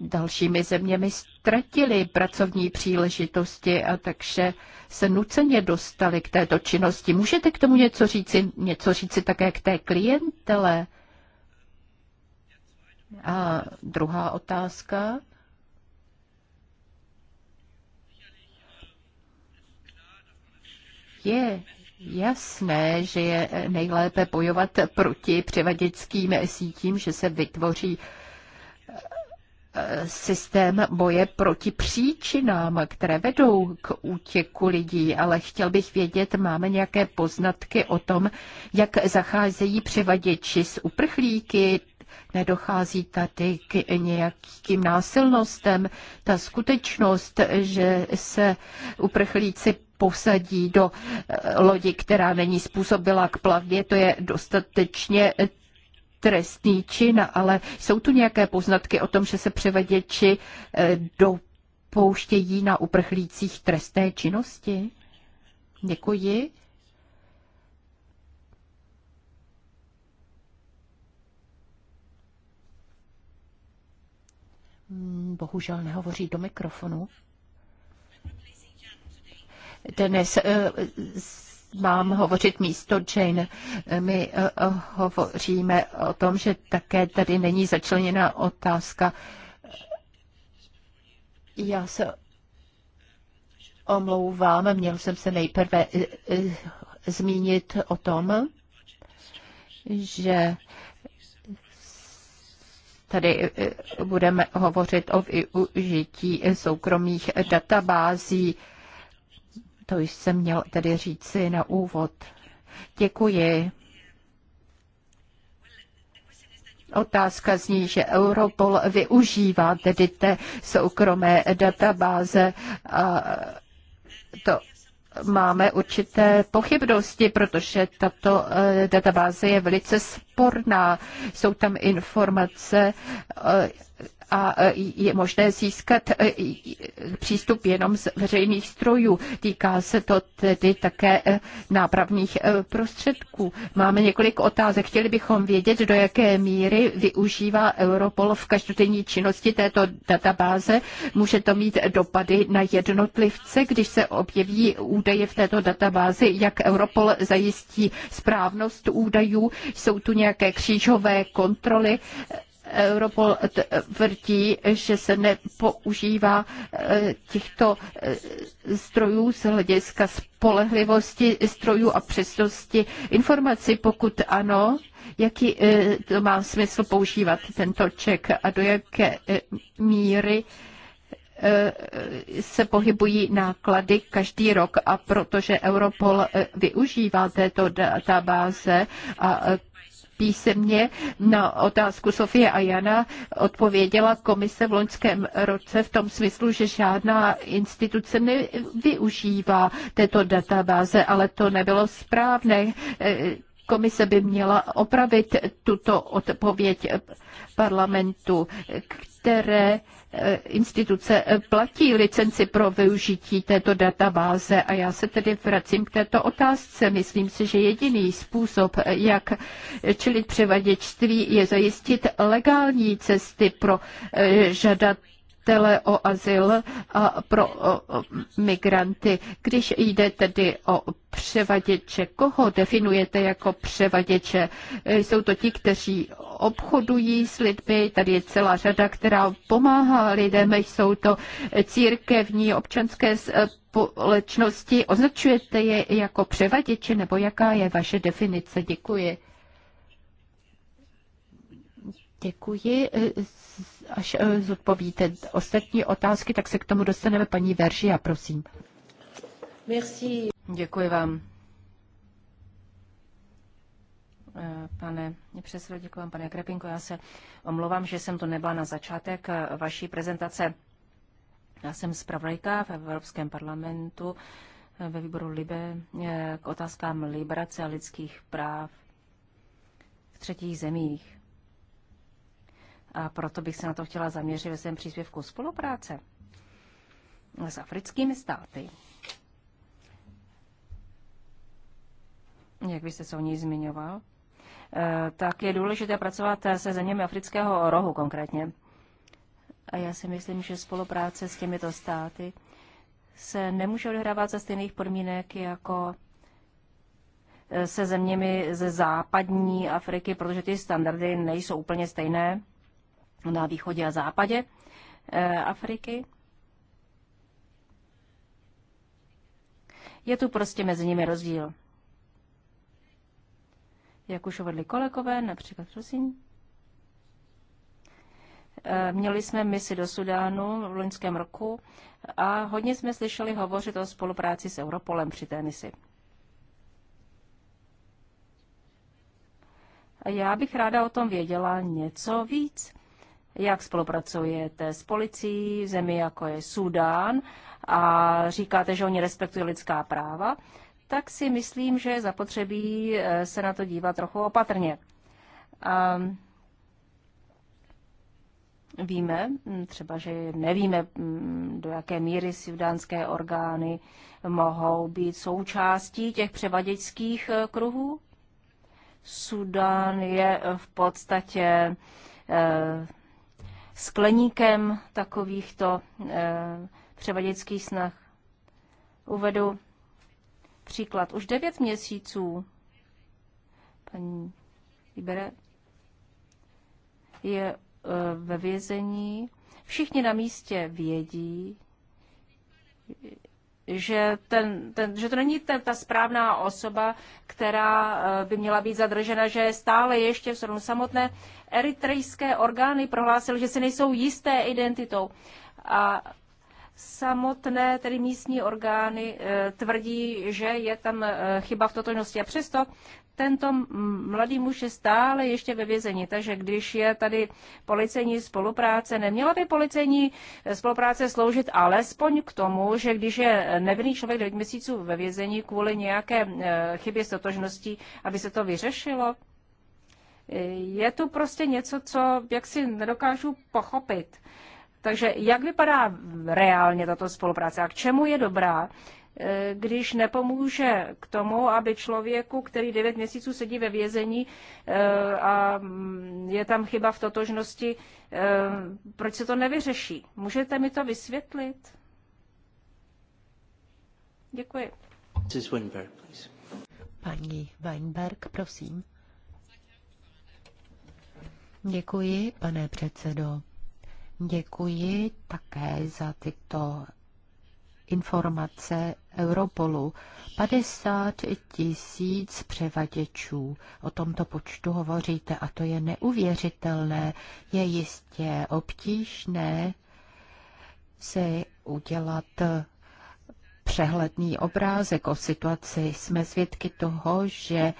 dalšími zeměmi ztratili pracovní příležitosti a takže se nuceně dostali k této činnosti. Můžete k tomu něco říci, něco říci také k té klientele? A druhá otázka. Je jasné, že je nejlépe bojovat proti převaděčským sítím, že se vytvoří Eh, systém boje proti příčinám, které vedou k útěku lidí, ale chtěl bych vědět, máme nějaké poznatky o tom, jak zacházejí převaděči s uprchlíky, nedochází tady k nějakým násilnostem. Ta skutečnost, že se uprchlíci posadí do eh, lodi, která není způsobila k plavbě, to je dostatečně trestný čin, ale jsou tu nějaké poznatky o tom, že se převaděči eh, dopouštějí na uprchlících trestné činnosti? Děkuji. Hmm, bohužel nehovoří do mikrofonu. Dnes eh, mám hovořit místo Jane. My eh, hovoříme o tom, že také tady není začleněna otázka. Já se omlouvám, měl jsem se nejprve eh, eh, zmínit o tom, že tady budeme hovořit o využití soukromých databází to jsem měl tedy říci na úvod. Děkuji. Otázka zní, že Europol využívá tedy té soukromé databáze a to máme určité pochybnosti, protože tato eh, databáze je velice sporná. Jsou tam informace eh, a e, je možné získat e, přístup jenom z veřejných strojů. Týká se to tedy také e, nápravných prostředků. Máme několik otázek. Chtěli bychom vědět, do jaké míry využívá Europol v každodenní činnosti této databáze. Může to mít dopady na jednotlivce, když se objeví údaje v této databázi, jak Europol zajistí správnost údajů. Jsou tu nějaké křížové kontroly Europol tvrdí, že se nepoužívá e, těchto strojů e, z hlediska spolehlivosti strojů a přesnosti informací. Pokud ano, jaký e, to má smysl používat tento ček a do jaké míry se pohybují náklady každý rok a protože Europol využívá této databáze a písemně na otázku Sofie a Jana odpověděla komise v loňském roce v tom smyslu, že žádná instituce nevyužívá této databáze, ale to nebylo správné. E, komise by měla opravit tuto odpověď parlamentu, které Eh, instituce eh, platí licenci pro využití této databáze a já se tedy vracím k této otázce. Myslím si, že jediný způsob, eh, jak čelit převaděčství, je zajistit legální cesty pro žadat žadatele o azyl a pro migranty. Když jde tedy o převaděče, koho definujete jako převaděče? Jsou to ti, kteří obchodují s lidmi, tady je celá řada, která pomáhá lidem, jsou to církevní, občanské společnosti. Označujete je jako převaděče nebo jaká je vaše definice? Děkuji. Děkuji až eh, zodpovíte ostatní otázky, tak se k tomu dostaneme paní já prosím.
Merci. Děkuji vám. Eh, pane přesvěd, děkuji vám, pane Krepinko. Já se omlouvám, že jsem to nebyla na začátek eh, vaší prezentace. Já jsem zpravodajka v Evropském parlamentu ve výboru Libe k otázkám liberace a lidských práv v třetích zemích a proto bych se na to chtěla zaměřit ve svém příspěvku spolupráce s africkými státy. Jak byste se o ní zmiňoval? Eh, tak je důležité pracovat se zeměmi afrického rohu konkrétně. A já si myslím, že spolupráce s těmito státy se nemůže odehrávat za stejných podmínek jako eh, se zeměmi ze západní Afriky, protože ty standardy nejsou úplně stejné na východě a západě eh, Afriky. Je tu prostě mezi nimi rozdíl. Jak už uvedli kolegové, například prosím. Eh, měli jsme misi do Sudánu v loňském roku a hodně jsme slyšeli hovořit o spolupráci s Europolem při té misi. Já bych ráda o tom věděla něco víc jak spolupracujete s policií v zemi, jako je Sudán, a říkáte, že oni respektují lidská práva, tak si myslím, že zapotřebí eh, se na to dívat trochu opatrně. A ehm, víme, hm, třeba, že nevíme, hm, do jaké míry sudánské orgány mohou být součástí těch převaděčských eh, kruhů. Sudán je v podstatě eh, skleníkem takovýchto eh, převaděckých snah. Uvedu příklad. Už devět měsíců paní Ibere je eh, ve vězení. Všichni na místě vědí, že, ten, ten, že to není ten, ta správná osoba, která eh, by měla být zadržena, že stále ještě v samotné eritrejské orgány prohlásily, že si nejsou jisté identitou. A samotné tedy místní orgány eh, tvrdí, že je tam eh, chyba v totožnosti. A přesto tento mladý muž je stále ještě ve vězení, takže když je tady policejní spolupráce, neměla by policejní e, spolupráce sloužit alespoň k tomu, že když je nevinný člověk 9 měsíců ve vězení kvůli nějaké e, chybě totožností, aby se to vyřešilo? E, je tu prostě něco, co jak si nedokážu pochopit. Takže jak vypadá reálně tato spolupráce a k čemu je dobrá? Eh, když nepomůže k tomu, aby člověku, který 9 měsíců sedí ve vězení eh, a mm, je tam chyba v totožnosti, eh, proč se to nevyřeší? Můžete mi to vysvětlit? Děkuji. Paní Weinberg, prosím.
Děkuji, pane předsedo. Děkuji také za tyto informace Europolu. 50 tisíc převaděčů. O tomto počtu hovoříte a to je neuvěřitelné. Je jistě obtížné si udělat přehledný obrázek o situaci. Jsme svědky toho, že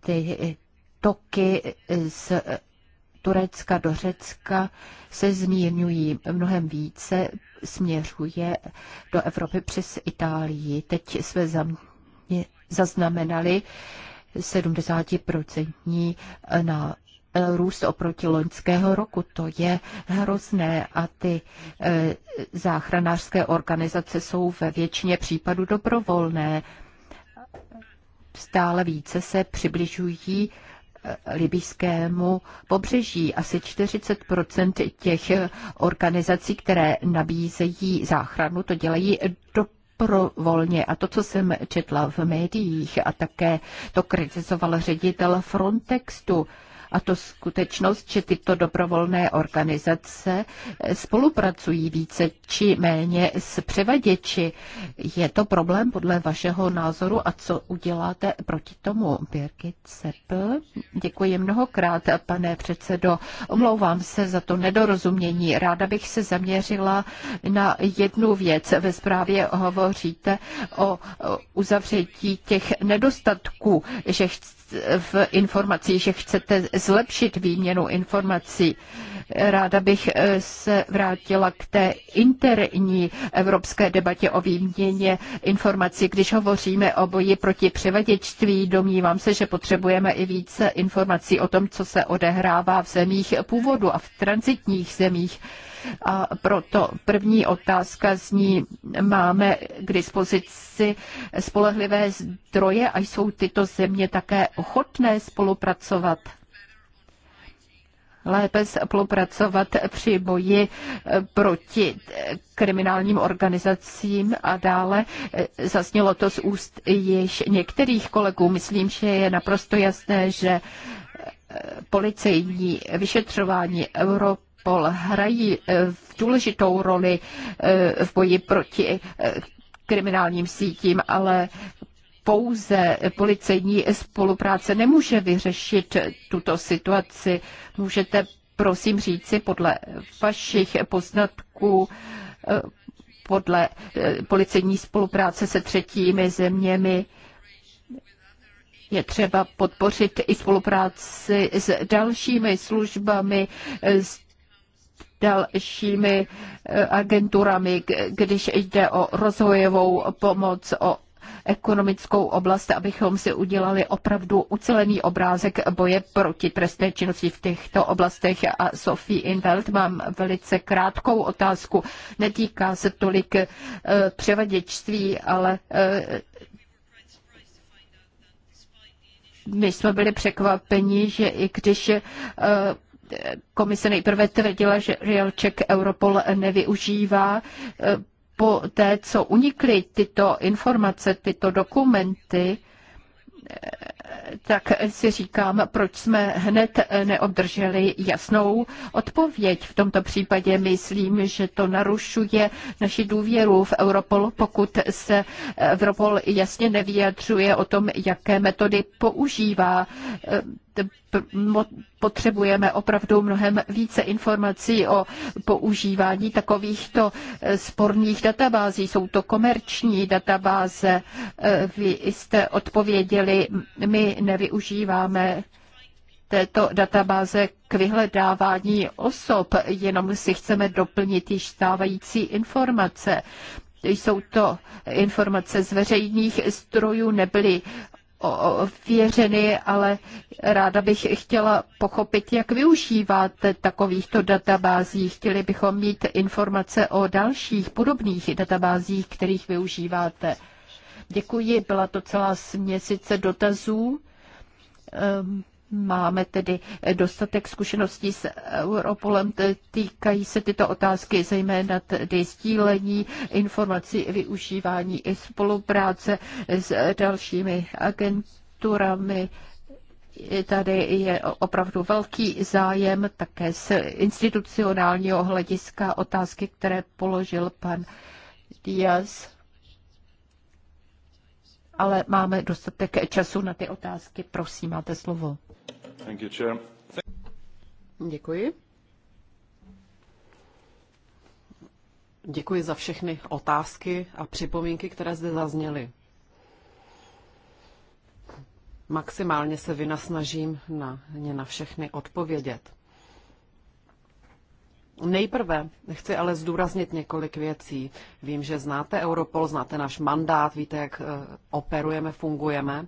ty toky z Turecka do Řecka se zmírňují mnohem více, směřuje do Evropy přes Itálii. Teď jsme zaznamenali 70% eh, na eh, růst oproti loňského roku. To je hrozné a ty eh, záchranářské organizace jsou ve většině případů dobrovolné. Stále více se přibližují libijskému pobřeží. Asi 40 těch organizací, které nabízejí záchranu, to dělají do Provolně. A to, co jsem četla v médiích a také to kritizoval ředitel Frontextu, a to skutečnost, že tyto dobrovolné organizace spolupracují více či méně s převaděči. Je to problém podle vašeho názoru a co uděláte proti tomu? Birgit Seppl, děkuji mnohokrát, pane předsedo. Omlouvám se za to nedorozumění. Ráda bych se zaměřila na jednu věc. Ve zprávě hovoříte o uzavření těch nedostatků, že v informacích, že chcete zlepšit výměnu informací. Ráda bych eh, se vrátila k té interní evropské debatě o výměně informací. Když hovoříme o boji proti převaděčství, domnívám se, že potřebujeme i více informací o tom, co se odehrává v zemích původu a v transitních zemích a proto první otázka zní, máme k dispozici spolehlivé zdroje a jsou tyto země také ochotné spolupracovat? lépe spolupracovat při boji eh, proti eh, kriminálním organizacím a dále. Eh, Zasnělo to z úst již některých kolegů. Myslím, že je naprosto jasné, že policejní vyšetřování Evropy Interpol hrají v eh, důležitou roli eh, v boji proti eh, kriminálním sítím, ale pouze policejní spolupráce nemůže vyřešit tuto situaci. Můžete prosím říci podle vašich poznatků, podle policejní spolupráce se třetími zeměmi, je třeba podpořit i spolupráci s dalšími službami, s dalšími eh, agenturami, když jde o rozvojovou pomoc, o ekonomickou oblast, abychom si udělali opravdu ucelený obrázek boje proti trestné činnosti v těchto oblastech. A Sophie Inveld mám velice krátkou otázku. Netýká se tolik eh, převaděčství, ale eh, my jsme byli překvapeni, že i když komise nejprve tvrdila, že Realček Europol nevyužívá. Eh, po té, co unikly tyto informace, tyto dokumenty, eh, tak si říkám, proč jsme hned neobdrželi jasnou odpověď. V tomto případě myslím, že to narušuje naši důvěru v Europol, pokud se Europol jasně nevyjadřuje o tom, jaké metody používá. Eh, potřebujeme opravdu mnohem více informací o používání takovýchto eh, sporných databází. Jsou to komerční databáze. Eh, vy jste odpověděli, my nevyužíváme této databáze k vyhledávání osob, jenom si chceme doplnit již stávající informace. Jsou to informace z veřejných strojů, nebyly ověřeny, ale ráda bych chtěla pochopit, jak využíváte takovýchto databází. Chtěli bychom mít informace o dalších podobných databázích, kterých využíváte. Děkuji, byla to celá směsice dotazů. Um, Máme tedy dostatek zkušeností s Europolem. Týkají se tyto otázky zejména tedy sdílení informací, využívání i spolupráce s dalšími agenturami. Tady je opravdu velký zájem také z institucionálního hlediska otázky, které položil pan Díaz ale máme dostatek času na ty otázky. Prosím, máte slovo.
Děkuji. Děkuji za všechny otázky a připomínky, které zde zazněly. Maximálně se vynasnažím na ně na všechny odpovědět. Nejprve chci ale zdůraznit několik věcí. Vím, že znáte Europol, znáte náš mandát, víte, jak eh, operujeme, fungujeme.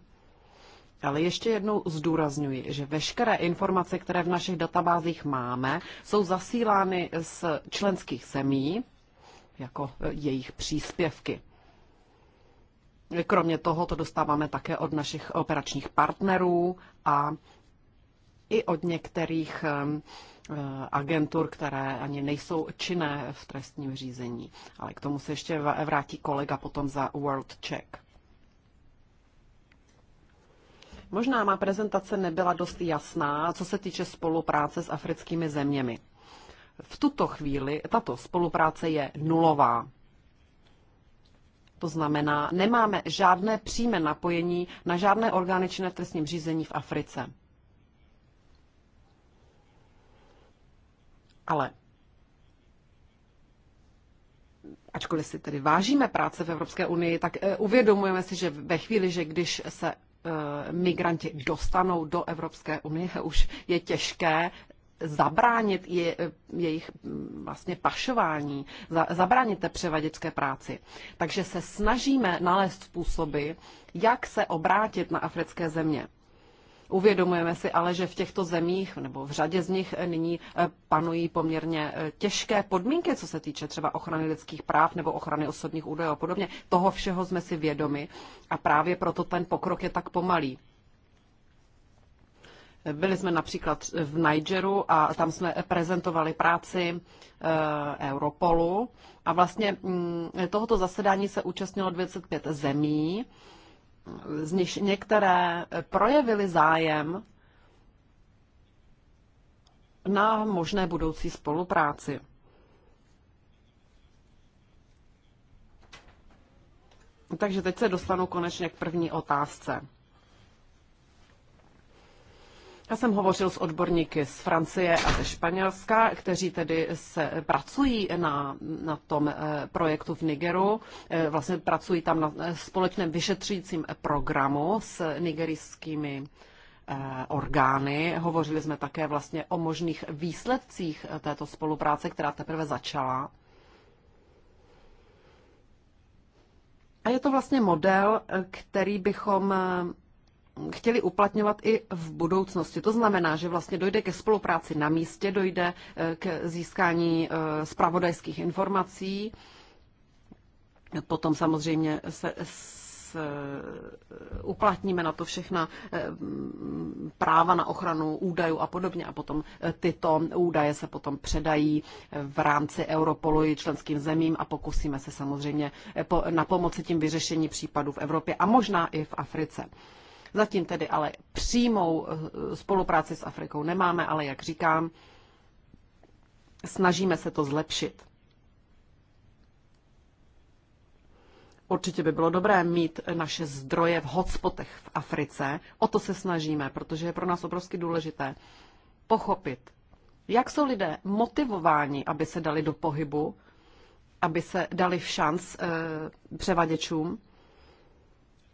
Ale ještě jednou zdůrazňuji, že veškeré informace, které v našich databázích máme, jsou zasílány z členských zemí jako e, jejich příspěvky. Kromě toho to dostáváme také od našich operačních partnerů a i od některých e, e, agentur, které ani nejsou činné v trestním řízení. Ale k tomu se ještě vrátí kolega potom za World Check. Možná má prezentace nebyla dost jasná, co se týče spolupráce s africkými zeměmi. V tuto chvíli tato spolupráce je nulová. To znamená, nemáme žádné přímé napojení na žádné orgány činné v trestním řízení v Africe. Ale ačkoliv si tedy vážíme práce v Evropské unii, tak eh, uvědomujeme si, že ve chvíli, že když se Eh, migranti dostanou do Evropské unie, už je těžké zabránit je, eh, jejich mm, vlastně pašování, za, zabránit té převaděčské práci. Takže se snažíme nalézt způsoby, jak se obrátit na africké země. Uvědomujeme si ale, že v těchto zemích nebo v řadě z nich eh, nyní eh, panují poměrně eh, těžké podmínky, co se týče třeba ochrany lidských práv nebo ochrany osobních údajů a podobně. Toho všeho jsme si vědomi a právě proto ten pokrok je tak pomalý. Byli jsme například v Nigeru a tam jsme prezentovali práci Europolu a vlastně mm, tohoto zasedání se účastnilo 25 zemí z nich některé projevily zájem na možné budoucí spolupráci. Takže teď se dostanu konečně k první otázce. Já jsem hovořil s odborníky z Francie a ze Španělska, kteří tedy se pracují na, na tom eh, projektu v Nigeru. Eh, vlastně pracují tam na eh, společném vyšetřujícím programu s nigerijskými orgány. Hovořili jsme také vlastně o možných výsledcích této spolupráce, která teprve začala. A je to vlastně model, který bychom chtěli uplatňovat i v budoucnosti. To znamená, že vlastně dojde ke spolupráci na místě, dojde eh, k získání spravodajských eh, informací, potom samozřejmě se eh, uplatníme na to všechna práva na ochranu údajů a podobně a potom tyto údaje se potom předají v rámci Europolu i členským zemím a pokusíme se samozřejmě na pomoci tím vyřešení případů v Evropě a možná i v Africe. Zatím tedy ale přímou eh, spolupráci s Afrikou nemáme, ale jak říkám, snažíme se to zlepšit. Určitě by bylo dobré mít naše zdroje v hotspotech v Africe. O to se snažíme, protože je pro nás obrovsky důležité pochopit, jak jsou lidé motivováni, aby se dali do pohybu, aby se dali v šanc e, eh, převaděčům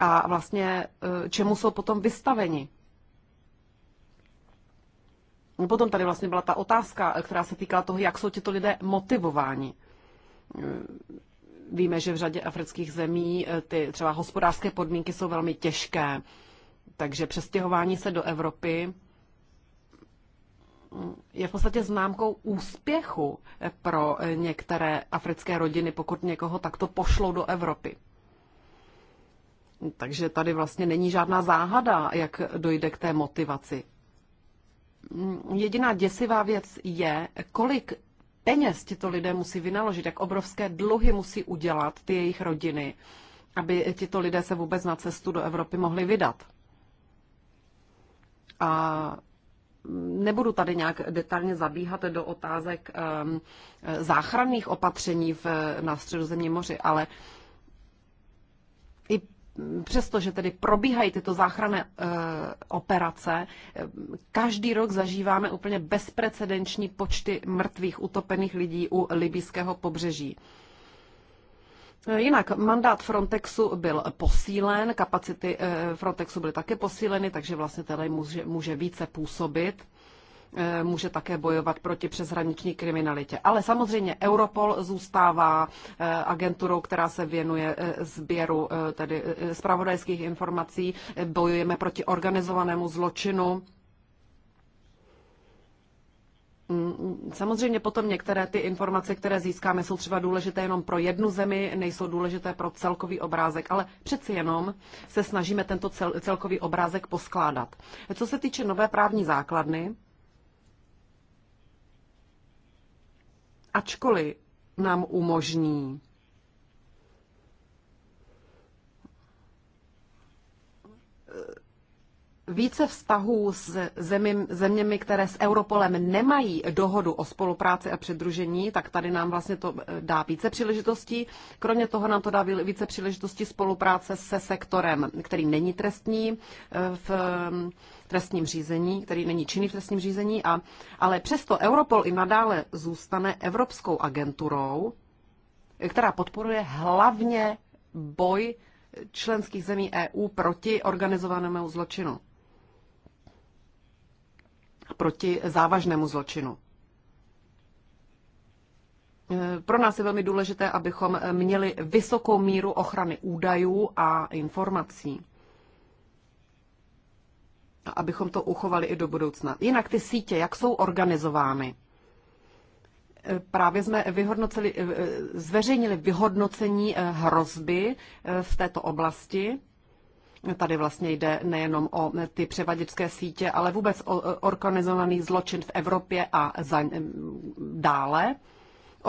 a vlastně eh, čemu jsou potom vystaveni. No, potom tady vlastně byla ta otázka, eh, která se týkala toho, jak jsou těto lidé motivováni. Eh, víme, že v řadě afrických zemí ty třeba hospodářské podmínky jsou velmi těžké, takže přestěhování se do Evropy mm, je v podstatě známkou úspěchu pro některé africké rodiny, pokud někoho takto pošlou do Evropy. Takže tady vlastně není žádná záhada, jak dojde k té motivaci. Jediná děsivá věc je, kolik peněz tito lidé musí vynaložit, jak obrovské dluhy musí udělat ty jejich rodiny, aby tito lidé se vůbec na cestu do Evropy mohli vydat. A nebudu tady nějak detailně zabíhat do otázek ehm, záchranných opatření v, na Středozemním moři, ale přestože tedy probíhají tyto záchranné eh, operace, eh, každý rok zažíváme úplně bezprecedenční počty mrtvých utopených lidí u libyského pobřeží. Eh, jinak mandát Frontexu byl posílen, kapacity Frontexu byly také posíleny, takže vlastně tady může, může více působit. E, může také bojovat proti přeshraniční kriminalitě. Ale samozřejmě Europol zůstává e, agenturou, která se věnuje e, sběru tedy spravodajských informací. Bojujeme proti organizovanému zločinu. Mm, samozřejmě potom některé ty informace, které získáme, jsou třeba důležité jenom pro jednu zemi, nejsou důležité pro celkový obrázek, ale přeci jenom se snažíme tento cel, celkový obrázek poskládat. Co se týče nové právní základny, ačkoliv nám umožní více vztahů s zemím, zeměmi, které s Europolem nemají dohodu o spolupráci a předružení, tak tady nám vlastně to eh, dá více příležitostí. Kromě toho nám to dá více příležitostí spolupráce se sektorem, který není trestní eh, v trestním řízení, který není činný v trestním řízení, a, ale přesto Europol i nadále zůstane evropskou agenturou, která podporuje hlavně boj členských zemí EU proti organizovanému zločinu. Proti závažnému zločinu. Pro nás je velmi důležité, abychom měli vysokou míru ochrany údajů a informací abychom to uchovali i do budoucna. Jinak ty sítě, jak jsou organizovány? E, právě jsme vyhodnocili, e, e, zveřejnili vyhodnocení hrozby v této oblasti. Tady vlastně jde nejenom o ty převaděčské sítě, ale vůbec o organizovaný zločin v Evropě a za, dále.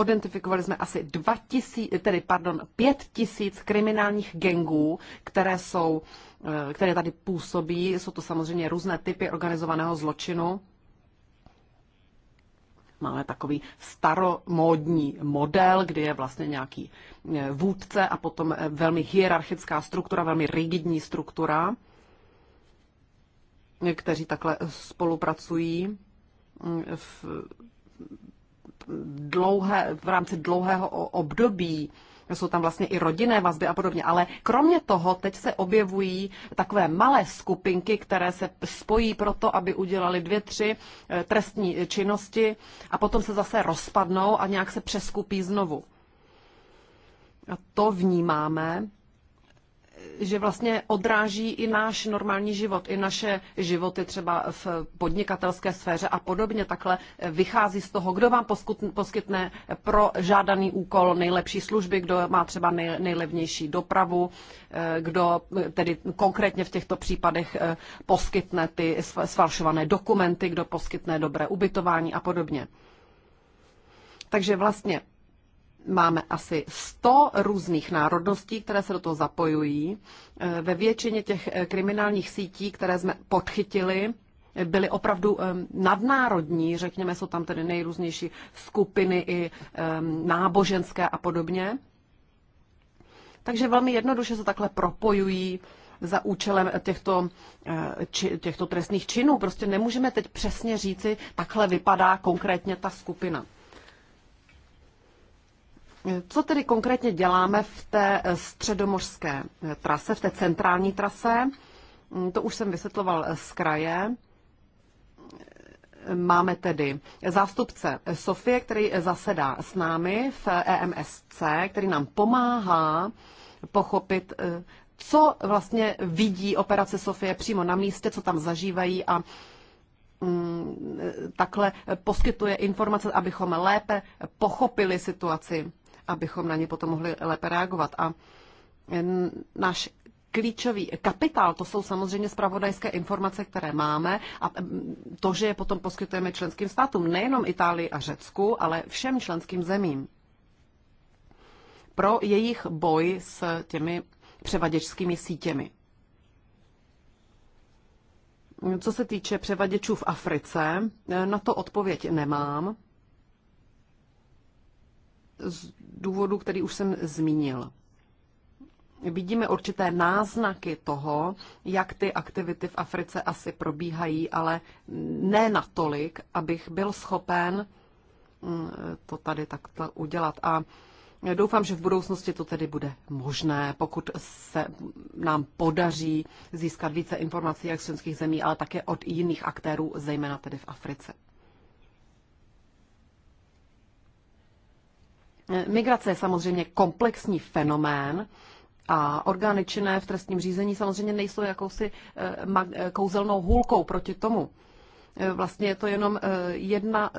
Identifikovali jsme asi 2000, tedy pardon, 5 tisíc kriminálních gengů, které jsou Eh, které tady působí. Jsou to samozřejmě různé typy organizovaného zločinu. Máme takový staromódní model, kdy je vlastně nějaký eh, vůdce a potom eh, velmi hierarchická struktura, velmi rigidní struktura, kteří takhle spolupracují mm, v, dlouhé, v rámci dlouhého období jsou tam vlastně i rodinné vazby a podobně. Ale kromě toho teď se objevují takové malé skupinky, které se spojí proto, aby udělali dvě, tři eh, trestní činnosti a potom se zase rozpadnou a nějak se přeskupí znovu. A to vnímáme že vlastně odráží i náš normální život, i naše životy třeba v podnikatelské sféře a podobně. Takhle vychází z toho, kdo vám poskytne pro žádaný úkol nejlepší služby, kdo má třeba nejlevnější dopravu, eh, kdo eh, tedy konkrétně v těchto případech eh, poskytne ty sfalšované dokumenty, kdo poskytne dobré ubytování a podobně. Takže vlastně máme asi 100 různých národností, které se do toho zapojují. Eh, ve většině těch eh, kriminálních sítí, které jsme podchytili, byly opravdu eh, nadnárodní, řekněme, jsou tam tedy nejrůznější skupiny i náboženské a podobně. Takže velmi jednoduše se takhle propojují za účelem těchto, či, těchto trestných činů. Prostě nemůžeme teď přesně říci, takhle vypadá konkrétně ta skupina. Co tedy konkrétně děláme v té eh, středomořské eh, trase, v té centrální trase? Mm, to už jsem vysvětloval eh, z kraje. Máme tedy zástupce Sofie, který zasedá s námi v EMSC, e který nám pomáhá pochopit, co vlastně vidí operace Sofie přímo na místě, co tam zažívají a mm, takhle poskytuje informace, abychom lépe pochopili situaci abychom na ně potom mohli lépe reagovat. A náš klíčový kapitál, to jsou samozřejmě spravodajské informace, které máme a to, že je potom poskytujeme členským státům, nejenom Itálii a Řecku, ale všem členským zemím pro jejich boj s těmi převaděčskými sítěmi. Co se týče převaděčů v Africe, na to odpověď nemám z důvodu, který už jsem zmínil. Vidíme určité náznaky toho, jak ty aktivity v Africe asi probíhají, ale ne natolik, abych byl schopen mm, to tady takto udělat. A Doufám, že v budoucnosti to tedy bude možné, pokud se nám podaří získat více informací jak z členských zemí, ale také od jiných aktérů, zejména tedy v Africe. Migrace je samozřejmě komplexní fenomén a orgány činné v trestním řízení samozřejmě nejsou jakousi eh, eh, kouzelnou hůlkou proti tomu. Eh, vlastně je to jenom jedna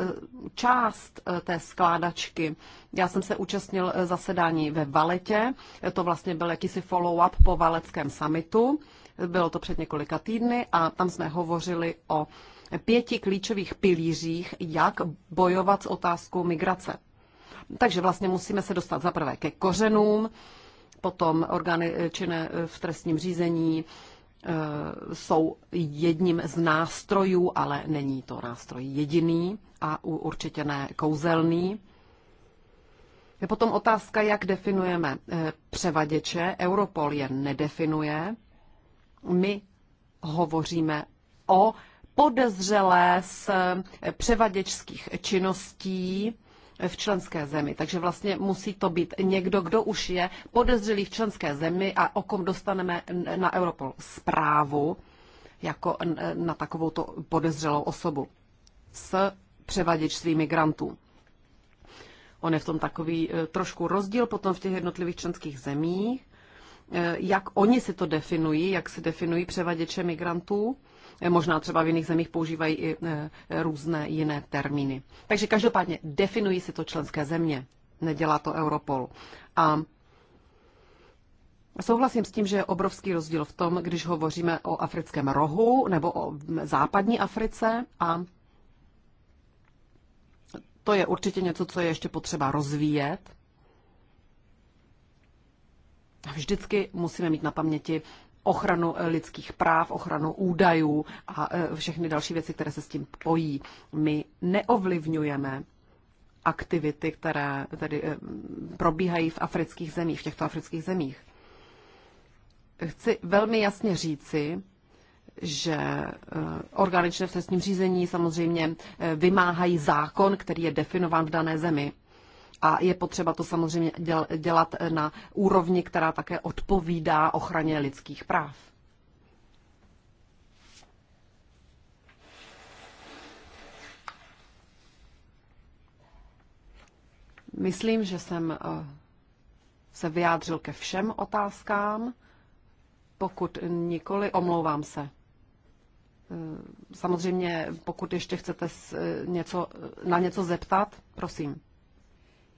část té skládačky. Já jsem se účastnil zasedání ve Valetě, to vlastně byl jakýsi follow-up po Valeckém summitu, bylo to před několika týdny a tam jsme hovořili o pěti klíčových pilířích, jak bojovat s otázkou migrace takže vlastně musíme se dostat zaprvé ke kořenům, potom orgány eh, činné eh, v trestním řízení eh, jsou jedním z nástrojů, ale není to nástroj jediný a určitě ne kouzelný. Je potom otázka, jak definujeme převaděče. Europol je nedefinuje. My hovoříme o podezřelé z převaděčských činností, v členské zemi. Takže vlastně musí to být někdo, kdo už je podezřelý v členské zemi a o kom dostaneme na Europol zprávu jako na takovou to podezřelou osobu s převaděčství migrantů. On je v tom takový e, trošku rozdíl potom v těch jednotlivých členských zemích, e, jak oni si to definují, jak si definují převaděče migrantů. Možná třeba v jiných zemích používají i e, různé jiné termíny. Takže každopádně definují si to členské země. Nedělá to Europol. A Souhlasím s tím, že je obrovský rozdíl v tom, když hovoříme o africkém rohu nebo o západní Africe a to je určitě něco, co je ještě potřeba rozvíjet. Vždycky musíme mít na paměti ochranu eh, lidských práv, ochranu údajů a eh, všechny další věci, které se s tím pojí. My neovlivňujeme aktivity, které tedy eh, probíhají v afrických zemích, v těchto afrických zemích. Chci velmi jasně říci, že orgány v trestním řízení samozřejmě vymáhají zákon, který je definován v dané zemi a je potřeba to samozřejmě dělat na úrovni, která také odpovídá ochraně lidských práv. Myslím, že jsem eh, se vyjádřil ke všem otázkám. Pokud nikoli, omlouvám se. Eh, samozřejmě, pokud ještě chcete eh, něco, na něco zeptat, prosím.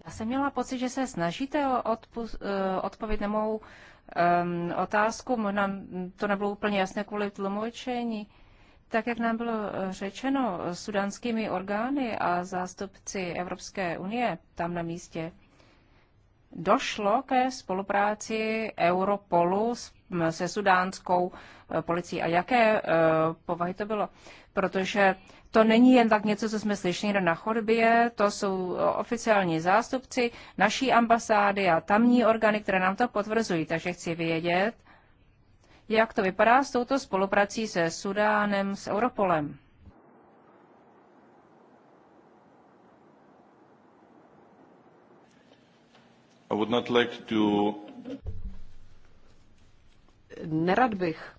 Já jsem měla pocit, že se snažíte odpus, eh, odpověď na mou um, otázku. Možná to nebylo úplně jasné kvůli tlumočení. Tak, jak nám bylo eh, řečeno sudanskými orgány a zástupci Evropské unie tam na místě, došlo ke spolupráci Europolu se sudánskou eh, policií. A jaké povahy to bylo? Protože to není jen tak něco, co jsme slyšeli na chodbě, to jsou oficiální zástupci naší ambasády a tamní orgány, které nám to potvrzují. Takže chci vědět, jak to vypadá s touto spoluprací se Sudánem, s Europolem.
I would not like to... Nerad bych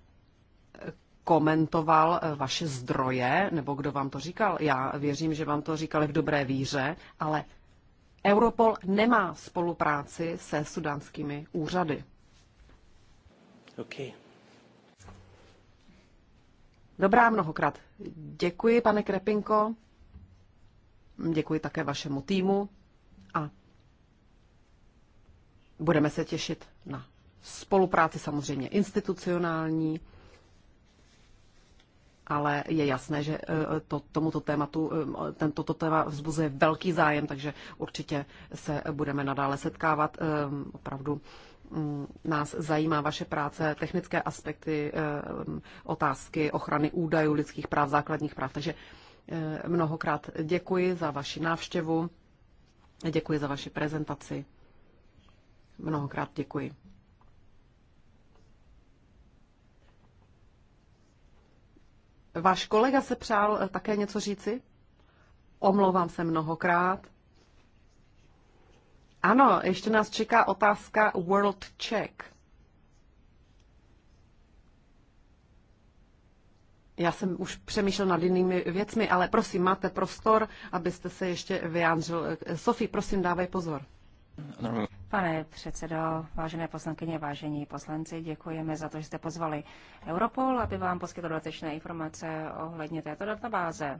komentoval eh, vaše zdroje, nebo kdo vám to říkal. Já věřím, že vám to říkali v dobré víře, ale Europol nemá spolupráci se sudánskými úřady. Okay. Dobrá, mnohokrát. Děkuji, pane Krepinko. Děkuji také vašemu týmu a budeme se těšit na spolupráci samozřejmě institucionální ale je jasné, že e, to, tomuto tématu, e, tento téma vzbuzuje velký zájem, takže určitě se budeme nadále setkávat. E, opravdu mm, nás zajímá vaše práce, technické aspekty, otázky ochrany údajů, lidských práv, základních práv. Takže mnohokrát děkuji za vaši návštěvu, děkuji za vaši prezentaci. Mnohokrát děkuji. Váš kolega se přál eh, také něco říci? Omlouvám se mnohokrát. Ano, ještě nás čeká otázka World Check. Já jsem už přemýšlel nad jinými věcmi, ale prosím, máte prostor, abyste se ještě
vyjádřil. Eh, Sofie, prosím, dávej pozor. Pane předsedo, vážené poslankyně, vážení poslanci, děkujeme za to, že jste pozvali Europol, aby vám poskytl dodatečné informace ohledně této databáze.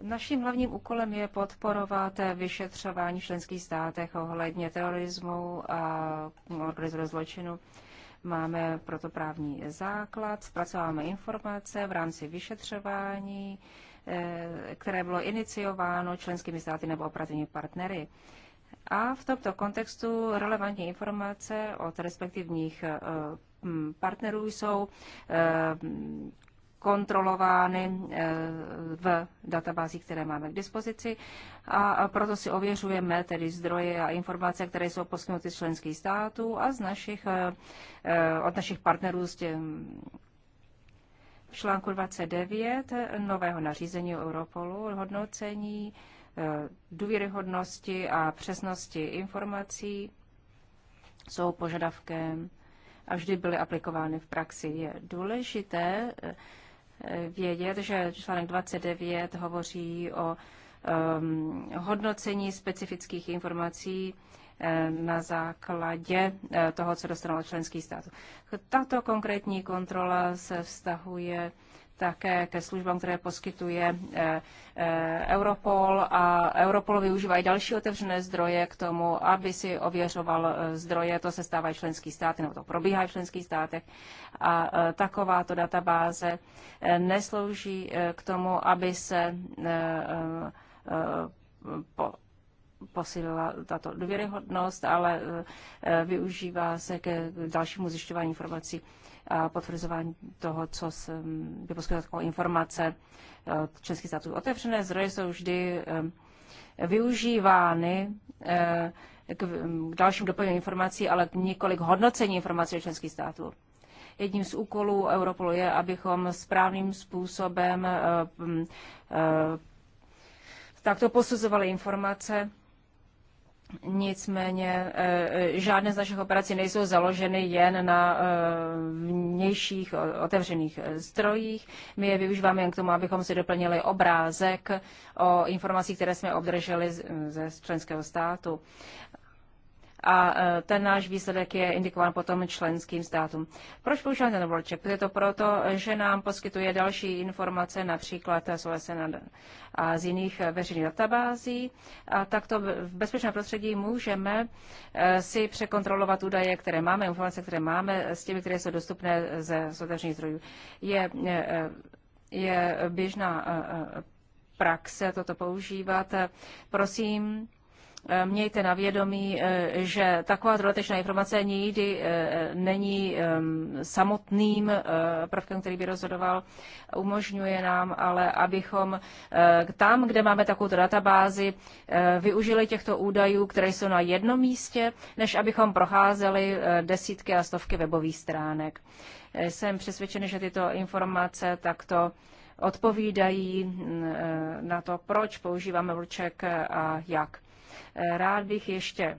Naším hlavním úkolem je podporovat vyšetřování v členských státech ohledně terorismu a organizovaného zločinu. Máme proto právní základ, zpracováváme informace v rámci vyšetřování, Eh, které bylo iniciováno členskými státy nebo operativními partnery. A v tomto kontextu relevantní informace od respektivních eh, mm, partnerů jsou eh, kontrolovány v databázích, které máme k dispozici. A proto si ověřujeme tedy zdroje a informace, které jsou poskytnuty z členských států a z našich, od našich partnerů z těch článku 29 nového nařízení Europolu hodnocení eh, důvěryhodnosti a přesnosti informací jsou požadavkem a vždy byly aplikovány v praxi. Je důležité eh, vědět, že článek 29 hovoří o um, hodnocení specifických informací Eh, na základě eh, toho, co dostanou od členských států. Tato konkrétní kontrola se vztahuje také ke službám, které poskytuje eh, Europol a Europol využívají další otevřené zdroje k tomu, aby si ověřoval zdroje, to se stává členský stát, nebo to probíhá v členských státech a takováto databáze neslouží k tomu, aby se po posílila tato důvěryhodnost, ale e, e, využívá se ke dalšímu zjišťování informací a potvrzování toho, co by poskytla informace e, českých států. Otevřené zdroje jsou vždy využívány k dalším doplněním informací, ale nikoli několik hodnocení informací o členských států. Jedním z úkolů Europolu je, abychom správným způsobem takto posuzovali informace Nicméně eh, eh, žádné z našich operací nejsou založeny jen na eh, vnějších otevřených zdrojích. My je využíváme jen k tomu, abychom si doplnili obrázek o informacích, které jsme obdrželi ze členského státu a e, ten náš výsledek je indikován potom členským státům. Proč používáme ten World Check? Je to proto, že nám poskytuje další informace, například z OSN a z jiných veřejných databází. A takto v bezpečném prostředí můžeme e, si překontrolovat údaje, které máme, informace, které máme, s těmi, které jsou dostupné ze otevřených zdrojů. Je, e, je běžná praxe toto používat. Prosím, Eh, mějte na vědomí, eh, že taková dodatečná informace nikdy eh, není ehm, samotným prvkem, který by rozhodoval. Umožňuje nám ale, abychom tam, kde máme takovou databázi, využili těchto údajů, které jsou na jednom místě, než abychom procházeli desítky a stovky webových stránek. Jsem přesvědčený, že tyto informace takto odpovídají mm, na to, proč používáme vlček a jak. Rád bych ještě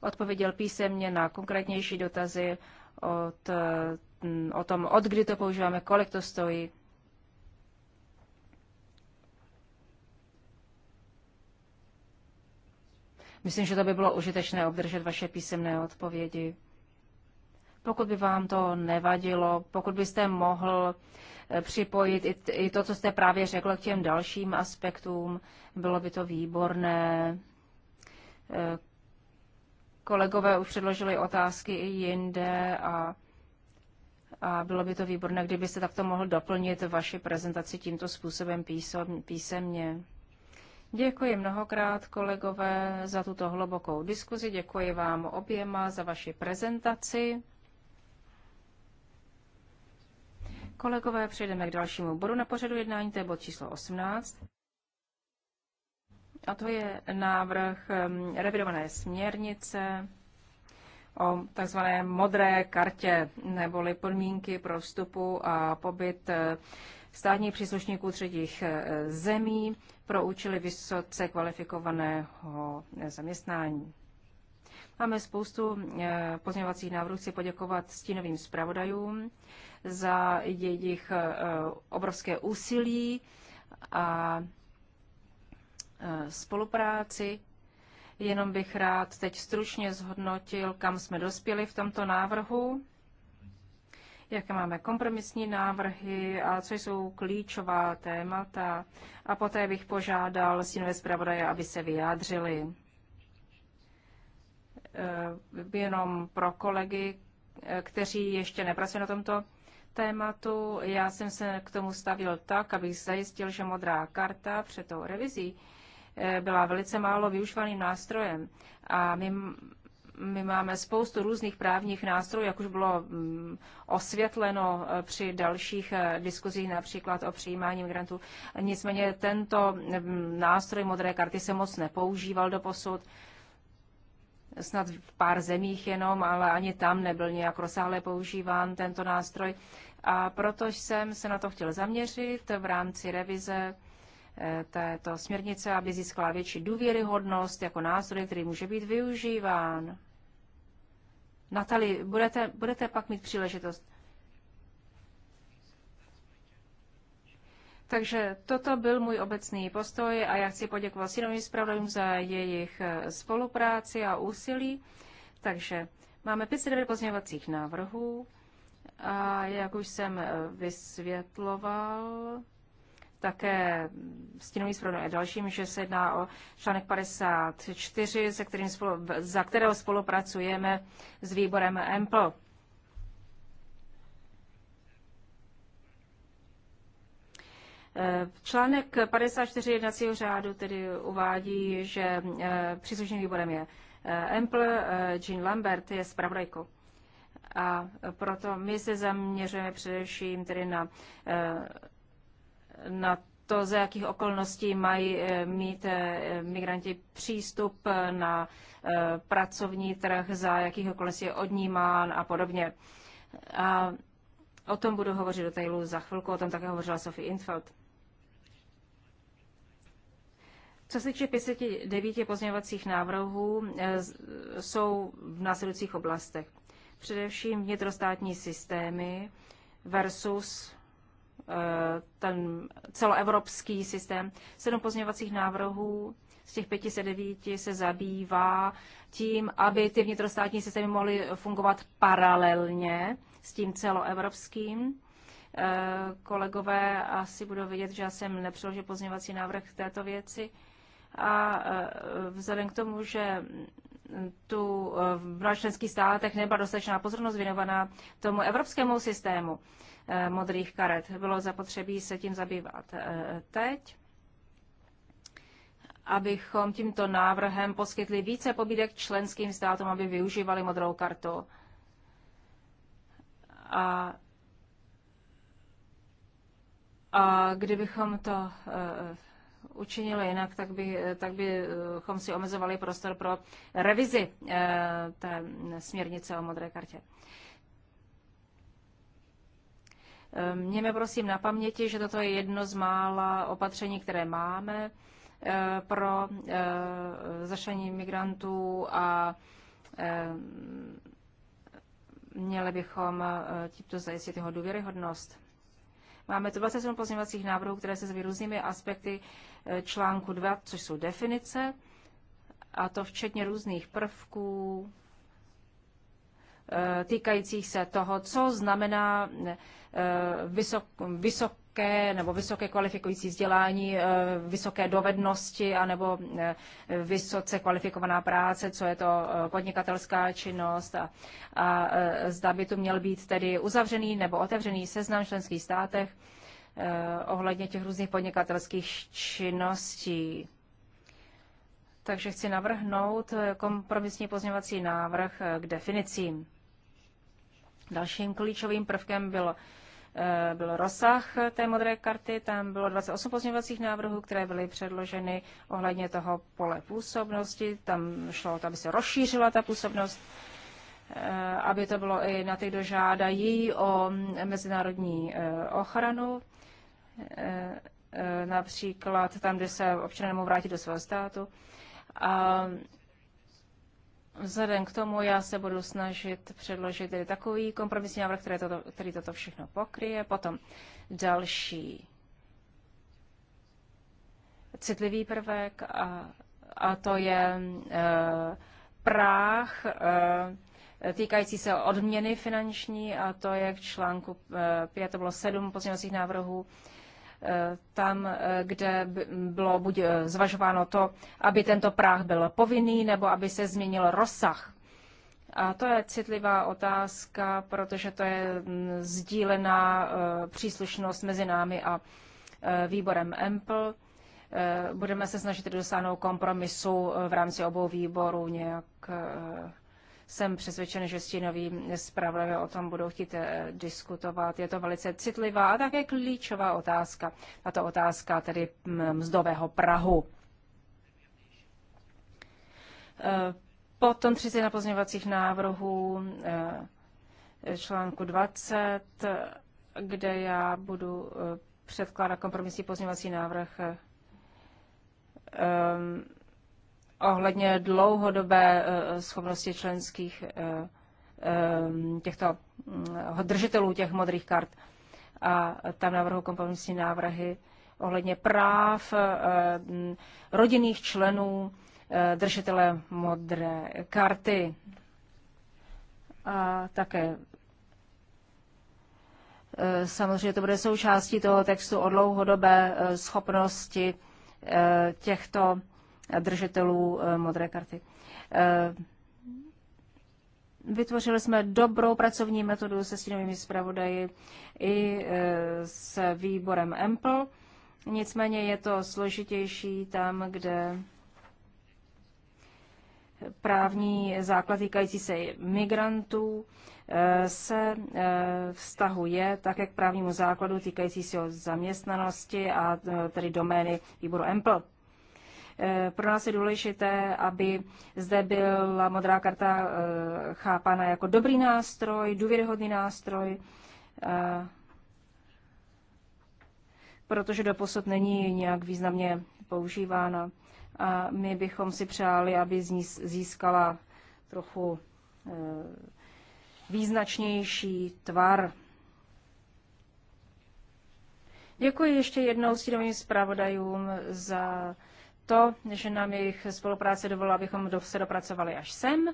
odpověděl písemně na konkrétnější dotazy od, mm, o tom, od kdy to používáme, kolik to stojí. Myslím, že to by bylo užitečné obdržet vaše písemné odpovědi. Pokud by vám to nevadilo, pokud byste mohl Eh, připojit i, to, co jste právě řekl k těm dalším aspektům. Bylo by to výborné. Eh, kolegové už předložili otázky i jinde a, a bylo by to výborné, kdybyste takto mohl doplnit vaši prezentaci tímto způsobem písemně. Děkuji mnohokrát, kolegové, za tuto hlubokou diskuzi. Děkuji vám oběma za vaši prezentaci. Kolegové, přejdeme k dalšímu bodu na pořadu jednání, to je bod číslo 18. A to je návrh revidované směrnice o tzv. modré kartě neboli podmínky pro vstupu a pobyt eh, státních příslušníků třetích eh, zemí pro účely vysoce kvalifikovaného zaměstnání. Máme spoustu eh, pozměňovacích návrhů. Chci poděkovat stínovým zpravodajům za jejich eh, obrovské úsilí a eh, spolupráci. Jenom bych rád teď stručně zhodnotil, kam jsme dospěli v tomto návrhu, jaké máme kompromisní návrhy a co jsou klíčová témata. A poté bych požádal synové zpravodaje, aby se vyjádřili. Eh, jenom pro kolegy, kteří ještě nepracují na tomto tématu. Já jsem se k tomu stavil tak, abych zajistil, že modrá karta před tou revizí eh, byla velice málo využívaným nástrojem. A my, my máme spoustu různých právních nástrojů, jak už bylo mm, osvětleno eh, při dalších eh, diskuzích, například o přijímání migrantů. Nicméně tento mm, nástroj modré karty se moc nepoužíval do posud snad v pár zemích jenom, ale ani tam nebyl nějak rozsáhle používán tento nástroj. A proto jsem se na to chtěl zaměřit v rámci revize eh, této směrnice, aby získala větší důvěryhodnost jako nástroj, který může být využíván. Natali, budete, budete pak mít příležitost Takže toto byl můj obecný postoj a já chci poděkovat synovým zpravodajům za jejich eh, spolupráci a úsilí. Takže máme 59 pozměňovacích návrhů a jak už jsem eh, vysvětloval, také stínový zpravodaj a dalším, že se jedná o článek 54, se kterým spolu, za kterého spolupracujeme s výborem EMPL. Článek 54 jednacího řádu tedy uvádí, že eh, příslušným výborem je Empl, eh, eh, Jean Lambert je zpravodajkou. A proto my se zaměřujeme především tedy na, na to, za jakých okolností mají mít migranti přístup na pracovní trh, za jakých okolností je odnímán a podobně. A o tom budu hovořit do detailu za chvilku, o tom také hovořila Sophie Infeld. Co se týče 509 pozměňovacích návrhů, eh, jsou v následujících oblastech. Především vnitrostátní systémy versus eh, ten celoevropský systém. Sedm pozměňovacích návrhů z těch 509 se zabývá tím, aby ty vnitrostátní systémy mohly fungovat paralelně s tím celoevropským. Eh, kolegové asi budou vědět, že já jsem nepřeložil pozměňovací návrh k této věci a e, vzhledem k tomu, že tu e, v mnoha členských státech nebyla dostatečná pozornost věnovaná tomu evropskému systému e, modrých karet. Bylo zapotřebí se tím zabývat teď, abychom tímto návrhem poskytli více pobídek členským státům, aby využívali modrou kartu. A, a kdybychom to Učinilo jinak, tak, by, tak bychom si omezovali prostor pro revizi eh, té směrnice o modré kartě. Eh, Měme prosím na paměti, že toto je jedno z mála opatření, které máme eh, pro zašení migrantů a měli bychom tímto zajistit jeho důvěryhodnost. Máme tu 27 pozměňovacích návrhů, které se s různými aspekty Eh, článku 2, což jsou definice, a to včetně různých prvků eh, týkajících se toho, co znamená eh, vysok, vysoké nebo vysoké kvalifikující vzdělání, vysoké dovednosti anebo vysoce kvalifikovaná práce, co je to podnikatelská činnost a, a zda by tu měl být tedy uzavřený nebo otevřený seznam v členských státech Eh, ohledně těch různých podnikatelských činností. Takže chci navrhnout kompromisní pozměňovací návrh eh, k definicím. Dalším klíčovým prvkem byl, eh, byl rozsah té modré karty. Tam bylo 28 pozměňovacích návrhů, které byly předloženy ohledně toho pole působnosti. Tam šlo o to, aby se rozšířila ta působnost, aby to bylo i na ty, kdo žádají o mezinárodní ochranu. Eh, eh, například tam, kde se občané nemohou vrátit do svého státu. A vzhledem k tomu já se budu snažit předložit tedy takový kompromisní návrh, který toto, který toto všechno pokryje. Potom další citlivý prvek a, a to je e, práh e, týkající se odměny finanční a to je k článku 5, to bylo sedm pozměňovacích návrhů, e, tam, eh, kde bylo buď eh, zvažováno to, aby tento práh byl povinný, nebo aby se změnil rozsah. A to je citlivá otázka, protože to je mm, sdílená eh, příslušnost mezi námi a výborem EMPL. Budeme se snažit dosáhnout kompromisu v rámci obou výborů nějak jsem přesvědčen, že stínoví zpravodajové o tom budou chtít eh, diskutovat. Je to velice citlivá a také klíčová otázka. A to otázka tedy mm, mzdového Prahu. Eh, Potom 30 na pozměvacích návrhů eh, článku 20, kde já budu předkládat kompromisní pozměvací návrh ohledně dlouhodobé eh, schopnosti členských eh, eh, těchto mm, držitelů těch modrých kart. A tam navrhu kompromisní návrhy ohledně práv mm, rodinných členů držitele modré karty. A také samozřejmě to bude součástí toho textu o dlouhodobé schopnosti těchto držitelů eh, modré karty. Eh, vytvořili jsme dobrou pracovní metodu se stínovými zpravodaji i eh, s výborem EMPL. Nicméně je to složitější tam, kde právní základ týkající se migrantů se vztahuje také k právnímu základu týkající se zaměstnanosti a tedy domény výboru EMPL. Eh, pro nás je důležité, aby zde byla modrá karta eh, chápána jako dobrý nástroj, důvěryhodný nástroj, eh, protože doposud není nějak významně používána. A my bychom si přáli, aby z ní získala trochu význačnější tvar. Děkuji ještě jednou stínovým zpravodajům za to, že nám jejich spolupráce dovolila, abychom se dopracovali až sem.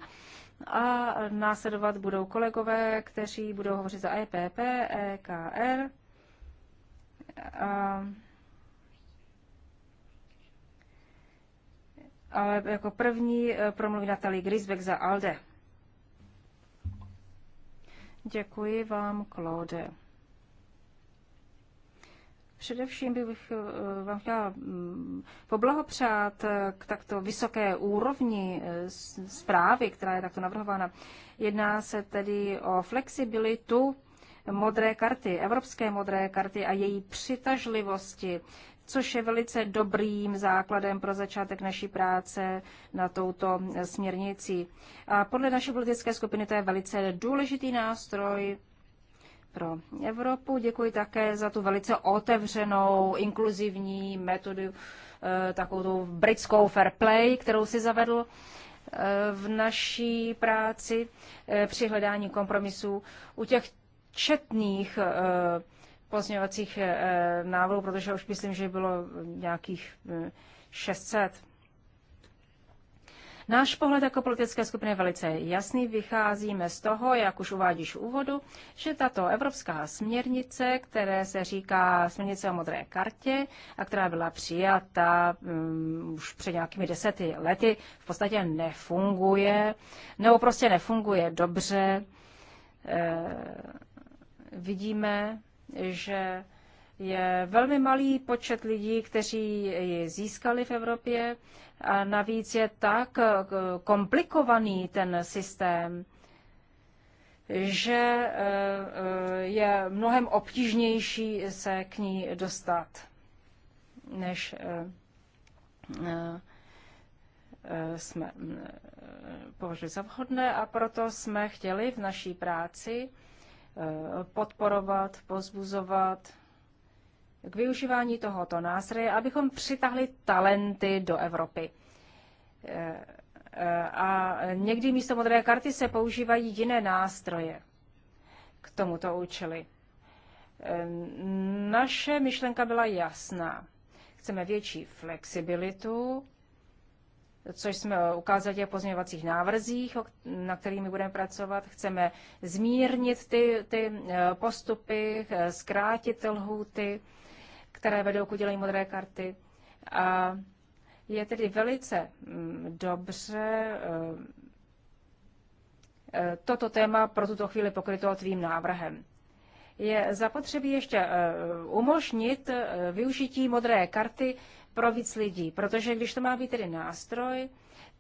A následovat budou kolegové, kteří budou hovořit za EPP, EKR. A ale jako první eh, promluví Natalie Grisbeck za ALDE. Děkuji vám, Claude. Především bych eh, vám chtěla mm, poblahopřát eh, k takto vysoké úrovni eh, zprávy, která je takto navrhována. Jedná se tedy o flexibilitu modré karty, evropské modré karty a její přitažlivosti, což je velice dobrým základem pro začátek naší práce na touto směrnici. A podle naší politické skupiny to je velice důležitý nástroj pro Evropu. Děkuji také za tu velice otevřenou, inkluzivní metodu, eh, takovou tu britskou fair play, kterou si zavedl eh, v naší práci eh, při hledání kompromisů u těch četných pozměňovacích návrhů, protože už myslím, že bylo nějakých 600. Náš pohled jako politické skupiny je velice jasný. Vycházíme z toho, jak už uvádíš v úvodu, že tato evropská směrnice, které se říká směrnice o modré kartě a která byla přijata um, už před nějakými deseti lety, v podstatě nefunguje, nebo prostě nefunguje dobře. E, vidíme, že je velmi malý počet lidí, kteří ji získali v Evropě. A navíc je tak eh, komplikovaný ten systém, že eh, eh, je mnohem obtížnější se k ní dostat, než jsme považovali za vhodné a proto jsme chtěli v naší práci podporovat, pozbuzovat k využívání tohoto nástroje, abychom přitahli talenty do Evropy. Eh, eh, a někdy místo modré karty se používají jiné nástroje k tomuto účeli. Eh, naše myšlenka byla jasná. Chceme větší flexibilitu, což jsme ukázali v pozměňovacích návrzích, na kterými budeme pracovat. Chceme zmírnit ty, ty postupy, zkrátit lhůty které vedou k udělení modré karty. A je tedy velice mm, dobře eh, toto téma pro tuto chvíli pokryto tvým návrhem. Je zapotřebí ještě eh, umožnit eh, využití modré karty pro víc lidí, protože když to má být tedy nástroj,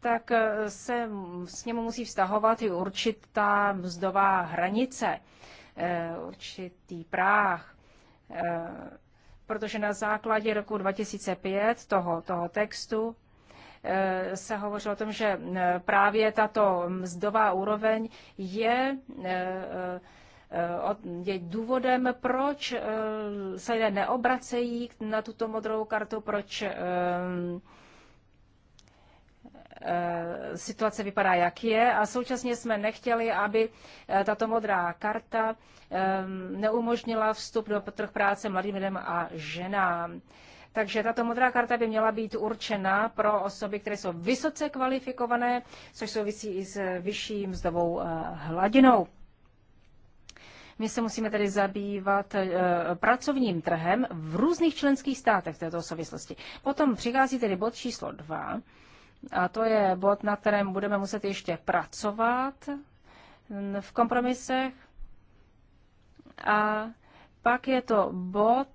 tak se s němu musí vztahovat i určitá mzdová hranice, určitý práh protože na základě roku 2005 toho, toho textu eh, se hovořilo o tom, že eh, právě tato mzdová úroveň je, eh, je důvodem, proč se lidé neobracejí na tuto modrou kartu, proč Eh, situace vypadá, jak je a současně jsme nechtěli, aby eh, tato modrá karta eh, neumožnila vstup do trh práce mladým lidem a ženám. Takže tato modrá karta by měla být určena pro osoby, které jsou vysoce kvalifikované, což souvisí i s vyšší mzdovou hladinou. My se musíme tedy zabývat e, pracovním trhem v různých členských státech této souvislosti. Potom přichází tedy bod číslo 2 a to je bod, na kterém budeme muset ještě pracovat v kompromisech. A pak je to bod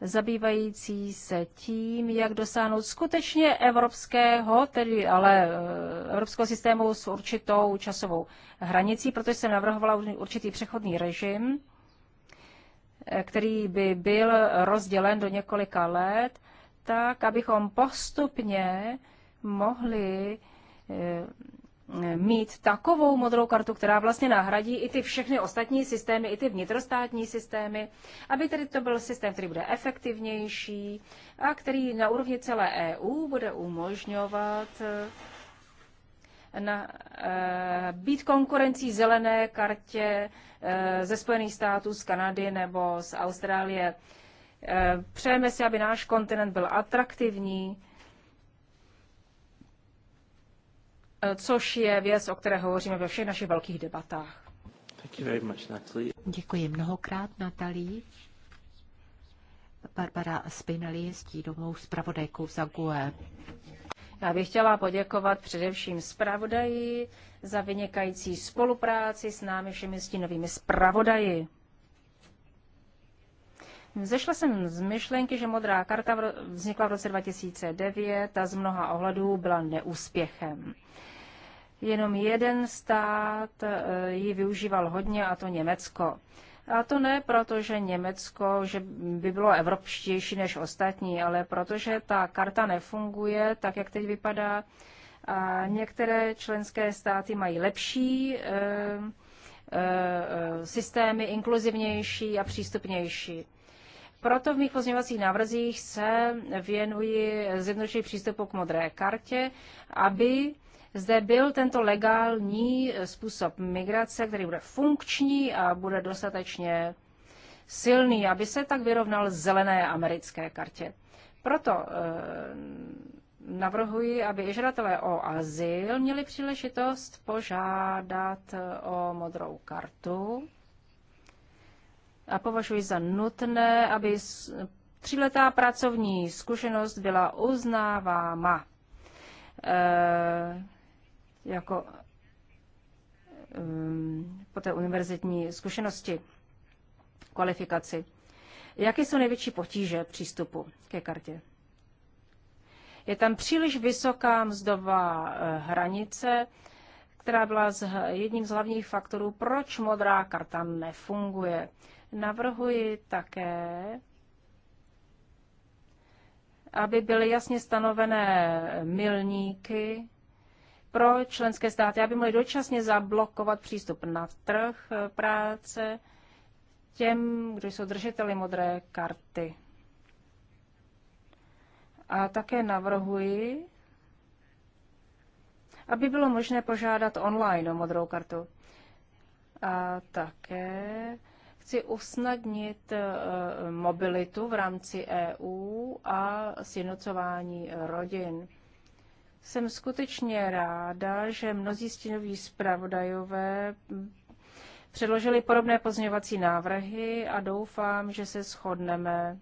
zabývající se tím, jak dosáhnout skutečně evropského, tedy ale eh, evropského systému s určitou časovou hranicí, protože jsem navrhovala určitý přechodný režim, eh, který by byl rozdělen do několika let tak, abychom postupně mohli eh, mít takovou modrou kartu, která vlastně nahradí i ty všechny ostatní systémy, i ty vnitrostátní systémy, aby tedy to byl systém, který bude efektivnější a který na úrovni celé EU bude umožňovat eh, na, e, být konkurencí zelené kartě e, ze Spojených států, z Kanady nebo z Austrálie. Eh, přejeme si, aby náš kontinent byl atraktivní, eh, což je věc, o které hovoříme ve všech našich velkých debatách.
Děkuji mnohokrát,
Natalí. Barbara
Spinelli je s zpravodajkou za GUE.
Já bych chtěla poděkovat především zpravodaji za vynikající spolupráci s námi všemi stínovými zpravodaji. Zešla jsem z myšlenky, že modrá karta vznikla v roce 2009 a z mnoha ohledů byla neúspěchem. Jenom jeden stát eh, ji využíval hodně, a to Německo. A to ne proto, že Německo že by bylo evropštější než ostatní, ale protože ta karta nefunguje tak, jak teď vypadá. A některé členské státy mají lepší e, e, systémy, inkluzivnější a přístupnější. Proto v mých pozměňovacích návrzích se věnuji zjednodušení přístupu k modré kartě, aby zde byl tento legální způsob migrace, který bude funkční a bude dostatečně silný, aby se tak vyrovnal zelené americké kartě. Proto e, navrhuji, aby i žadatelé o azyl měli příležitost požádat o modrou kartu a považuji za nutné, aby tříletá pracovní zkušenost byla uznáváma e, eh, jako e, po té univerzitní zkušenosti, kvalifikaci. Jaké jsou největší potíže přístupu ke kartě? Je tam příliš vysoká mzdová eh, hranice, která byla z, jedním z hlavních faktorů, proč modrá karta nefunguje. Navrhuji také, aby byly jasně stanovené milníky pro členské státy, aby mohly dočasně zablokovat přístup na trh práce těm, kdo jsou držiteli modré karty. A také navrhuji, aby bylo možné požádat online o modrou kartu. A také Chci usnadnit eh, mobilitu v rámci EU a sjednocování rodin. Jsem skutečně ráda, že mnozí stínoví zpravodajové předložili podobné pozměňovací návrhy a doufám, že se shodneme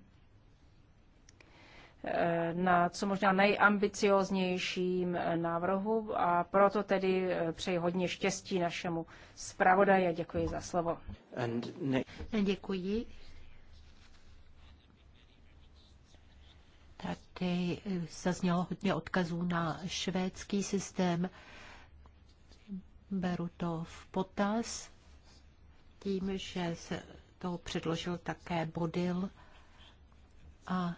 Eh, na co možná nejambicioznějším eh, návrhu a proto tedy eh, přeji hodně štěstí našemu zpravodaji a děkuji za slovo. Děkuji.
Tady zaznělo hodně odkazů na švédský systém. Beru to v potaz tím, že se to předložil také Bodil a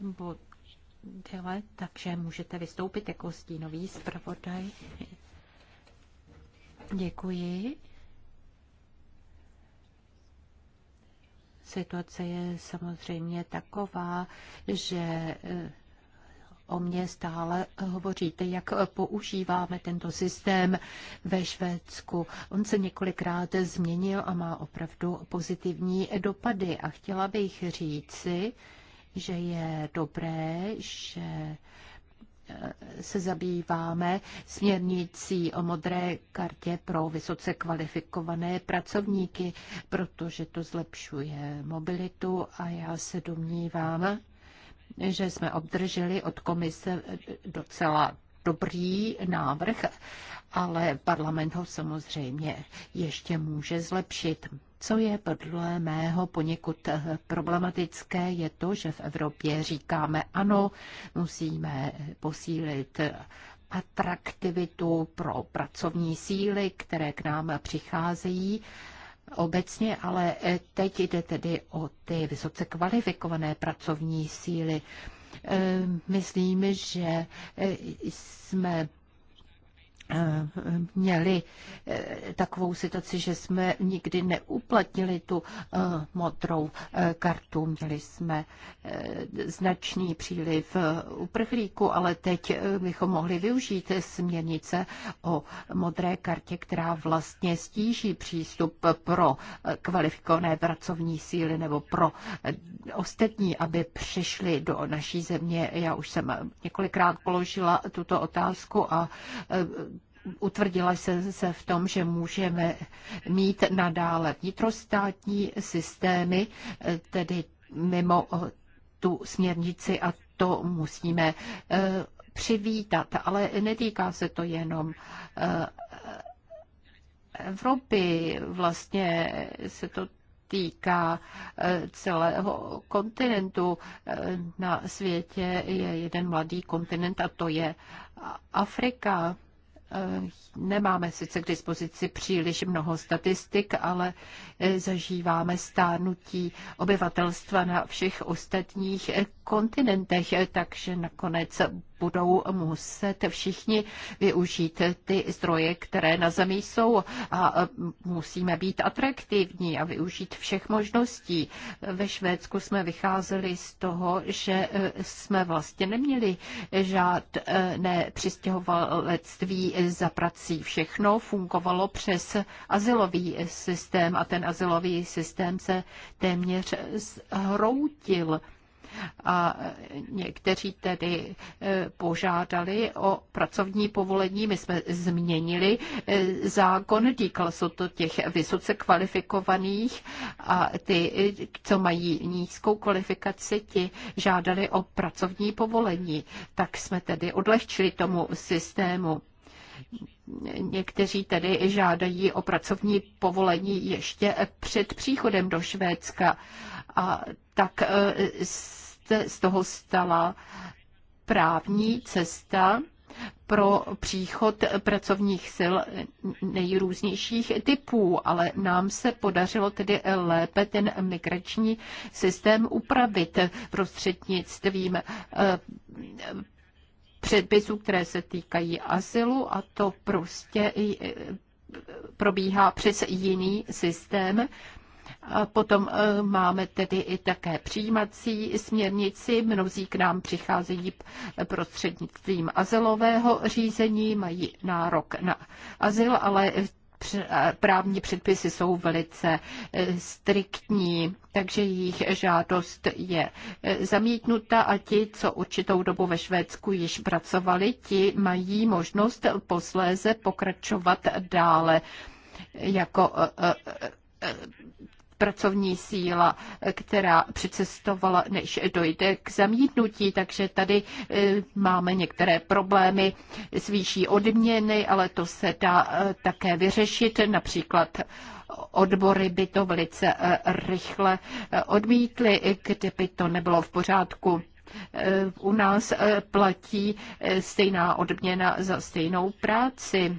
Bodile, takže můžete vystoupit jako stínový zpravodaj. Děkuji. Situace je samozřejmě taková, že eh, o mě stále hovoříte, jak používáme tento systém ve Švédsku. On se několikrát změnil a má opravdu pozitivní dopady. A chtěla bych říci, že je dobré, že eh, se zabýváme směrnicí o modré kartě pro vysoce kvalifikované pracovníky, protože to zlepšuje mobilitu a já se domnívám, že jsme obdrželi od komise docela dobrý návrh, ale parlament ho samozřejmě ještě může zlepšit. Co je podle mého poněkud eh, problematické, je to, že v Evropě říkáme ano, musíme eh, posílit atraktivitu pro pracovní síly, které k nám přicházejí. Obecně, ale eh, teď jde tedy o ty vysoce kvalifikované pracovní síly. Myslím, že jsme měli eh, takovou situaci, že jsme nikdy neuplatnili tu eh, modrou eh, kartu. Měli jsme značný příliv uprchlíků, ale teď bychom mohli využít směrnice o modré kartě, která vlastně stíží přístup pro kvalifikované pracovní síly nebo pro ostatní, aby přišli do naší země. Já už jsem několikrát položila tuto otázku a utvrdila se, se v tom, že můžeme mít nadále vnitrostátní systémy, tedy mimo tu směrnici a to musíme eh, přivítat. Ale netýká se to jenom eh, Evropy, vlastně se to týká eh, celého kontinentu. Na světě je jeden mladý kontinent a to je Afrika. Eh, nemáme sice k dispozici příliš mnoho statistik, ale eh, zažíváme stárnutí obyvatelstva na všech ostatních eh, kontinentech, takže nakonec budou muset všichni využít ty zdroje, které na Zemi jsou a e, musíme být atraktivní a využít všech možností. Ve Švédsku jsme vycházeli z toho, že e, jsme vlastně neměli žádné přistěhovalectví za prací. Všechno fungovalo přes asilový systém a ten asilový systém se téměř zhroutil. A někteří tedy e, požádali o pracovní povolení. My jsme změnili e, zákon, týkal se to těch vysoce kvalifikovaných a ty, e, co mají nízkou kvalifikaci, ti žádali o pracovní povolení. Tak jsme tedy odlehčili tomu systému. Někteří tedy žádají o pracovní povolení ještě před příchodem do Švédska a tak e, z toho stala právní cesta pro příchod pracovních sil nejrůznějších typů, ale nám se podařilo tedy lépe ten migrační systém upravit prostřednictvím e, předpisů, které se týkají asilu a to prostě e, probíhá přes jiný systém. A potom e, máme tedy i také přijímací směrnici. Mnozí k nám přicházejí prostřednictvím azylového řízení, mají nárok na azyl, ale Eh, právní předpisy jsou velice eh, striktní, takže jejich žádost je eh, zamítnuta a ti, co určitou dobu ve Švédsku již pracovali, ti mají možnost posléze pokračovat dále jako pracovní síla, která přicestovala, než dojde k zamítnutí. Takže tady eh, máme některé problémy s výší odměny, ale to se dá eh, také vyřešit, například odbory by to velice eh, rychle odmítly, kdyby to nebylo v pořádku. U nás platí stejná odměna za stejnou práci.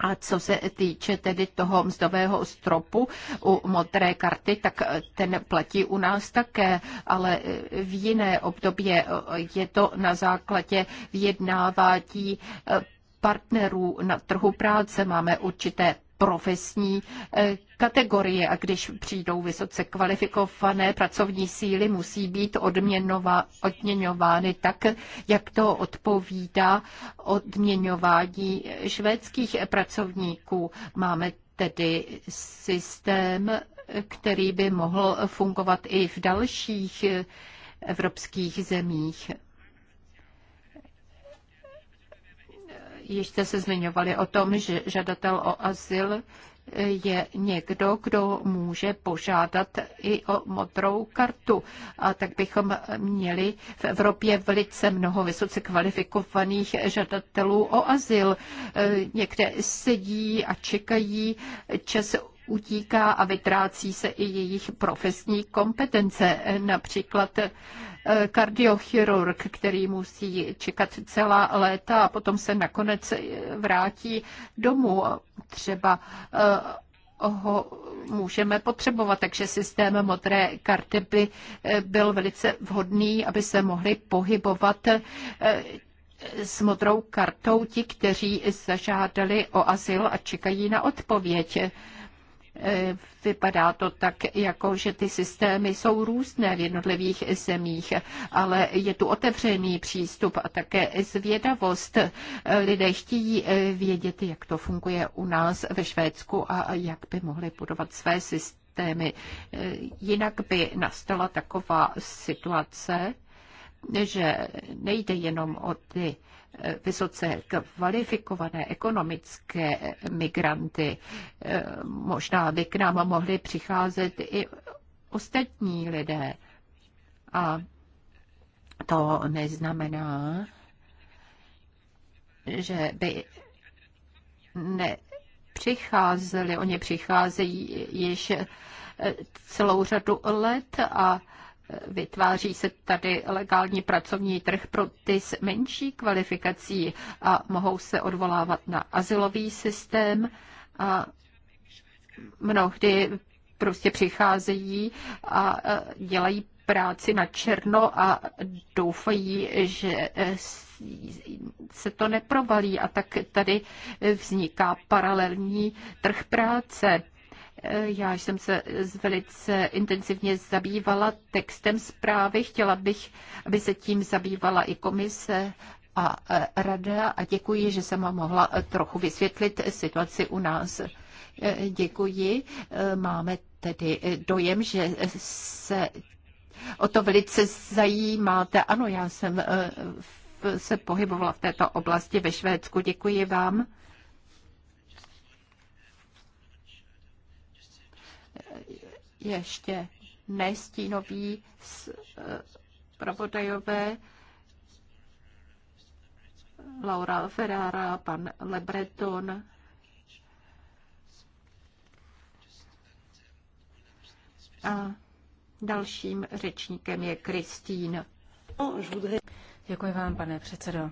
A co se týče tedy toho mzdového stropu u modré karty, tak ten platí u nás také, ale v jiné obdobě je to na základě vyjednávání partnerů na trhu práce. Máme určité profesní eh, kategorie a když přijdou vysoce kvalifikované pracovní síly, musí být odměnova, odměňovány tak, jak to odpovídá odměňování švédských pracovníků. Máme tedy systém, který by mohl fungovat i v dalších eh, evropských zemích. Již jste se zmiňovali o tom, že žadatel o azyl je někdo, kdo může požádat i o modrou kartu. A tak bychom měli v Evropě velice mnoho vysoce kvalifikovaných žadatelů o azyl. E, někde sedí a čekají čas utíká a vytrácí se i jejich profesní kompetence. Například eh, kardiochirurg, který musí čekat celá léta a potom se nakonec eh, vrátí domů. Třeba eh, ho můžeme potřebovat. Takže systém modré karty by byl velice vhodný, aby se mohli pohybovat s modrou kartou ti, kteří zažádali o azyl a čekají na odpověď. E, vypadá to tak, jako že ty systémy jsou různé v jednotlivých zemích, ale je tu otevřený přístup a také zvědavost. E, lidé chtějí e, vědět, jak to funguje u nás ve Švédsku a jak by mohli budovat své systémy. Jinak by nastala taková situace, že nejde jenom o ty vysoce kvalifikované ekonomické migranty. Možná by k nám mohli přicházet i ostatní lidé. A to neznamená, že by ne, přicházeli, oni přicházejí již celou řadu let a Vytváří se tady legální pracovní trh pro ty s menší kvalifikací a mohou se odvolávat na asilový systém a mnohdy prostě přicházejí a e, dělají práci na černo a doufají, že e, se to neprovalí a tak tady vzniká paralelní trh práce. Já jsem se velice intenzivně zabývala textem zprávy. Chtěla bych, aby se tím zabývala i komise a e, rada a děkuji, že jsem vám mohla e, trochu vysvětlit situaci u nás. E, děkuji. Máme tedy dojem, že se o to velice zajímáte. Ano, já jsem se pohybovala v této oblasti ve Švédsku. Děkuji vám. ještě nestínoví eh, pravodajové
Laura Ferrara,
pan Lebreton, A dalším řečníkem je
Kristýn. Děkuji vám, pane předsedo.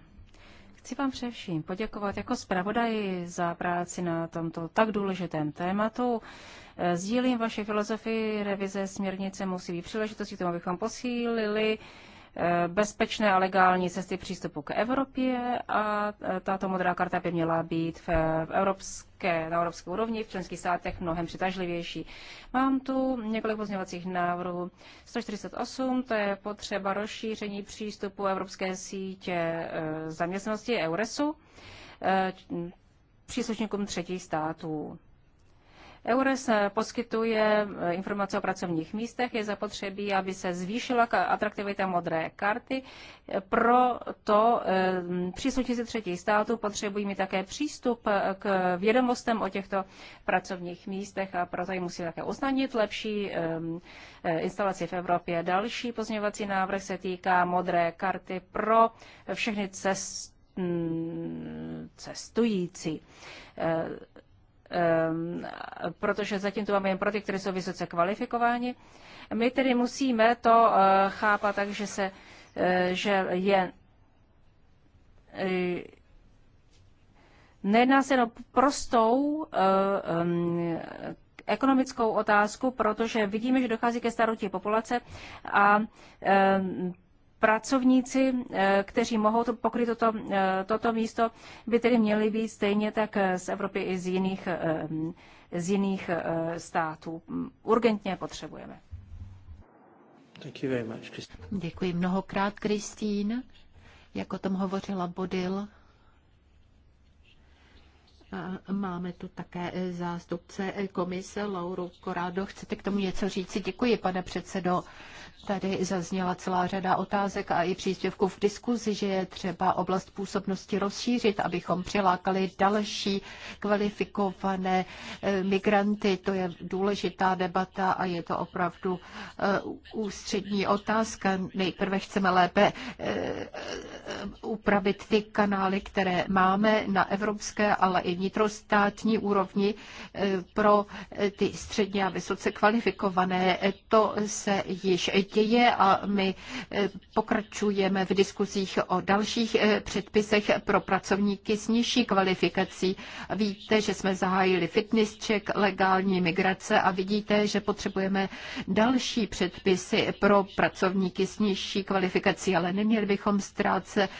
Chci vám především poděkovat jako zpravodaji za práci na tomto tak důležitém tématu. Eh, sdílím vaše filozofii, revize směrnice musí být příležitostí k tomu, abychom posílili bezpečné a legální cesty přístupu k Evropě a e, tato modrá karta by měla být v, evropské, na evropské úrovni v členských státech mnohem přitažlivější. Mám tu několik pozměňovacích návrhů. 148, to je potřeba rozšíření přístupu Evropské sítě e, zaměstnanosti EURESu e, příslušníkům třetích států. EURES poskytuje eh, informace o pracovních místech. Je zapotřebí, aby se zvýšila atraktivita modré karty. Eh, proto eh, příslušníci třetích států potřebují mít také přístup k vědomostem o těchto pracovních místech a proto jim musí také usnadnit lepší ehm, instalaci v Evropě. Další pozměňovací návrh se týká modré karty pro všechny cest, mm, cestující um, protože zatím to máme jen pro ty, které jsou vysoce kvalifikováni. My tedy musíme to uh, chápat tak, že, se, uh, že je uh, nejedná se jen prostou uh, um, ekonomickou otázku, protože vidíme, že dochází ke starotí populace a um, pracovníci, eh, kteří mohou to pokryt toto, eh, toto místo, by tedy měli být stejně tak eh, z Evropy i z jiných, z jiných států. Mm, urgentně potřebujeme.
Děkuji mnohokrát, Kristýn. Jak o tom hovořila Bodil, Máme tu také e, zástupce e, komise Lauru Korádo. Chcete k tomu něco říci? Děkuji, pane předsedo. Tady zazněla celá řada otázek a i příspěvků v diskuzi, že je třeba oblast působnosti rozšířit, abychom přilákali další kvalifikované e, migranty. To je důležitá debata a je to opravdu ústřední otázka. Nejprve chceme lépe upravit ty kanály, které máme na evropské, ale i vnitrostátní úrovni eh, pro eh, ty středně a vysoce kvalifikované. Eh, to se již děje a my pokračujeme v diskuzích o dalších předpisech pro pracovníky s nižší kvalifikací. Víte, že jsme zahájili fitness check, legální migrace a vidíte, že potřebujeme další předpisy pro pracovníky s nižší kvalifikací, ale neměli bychom ztrácet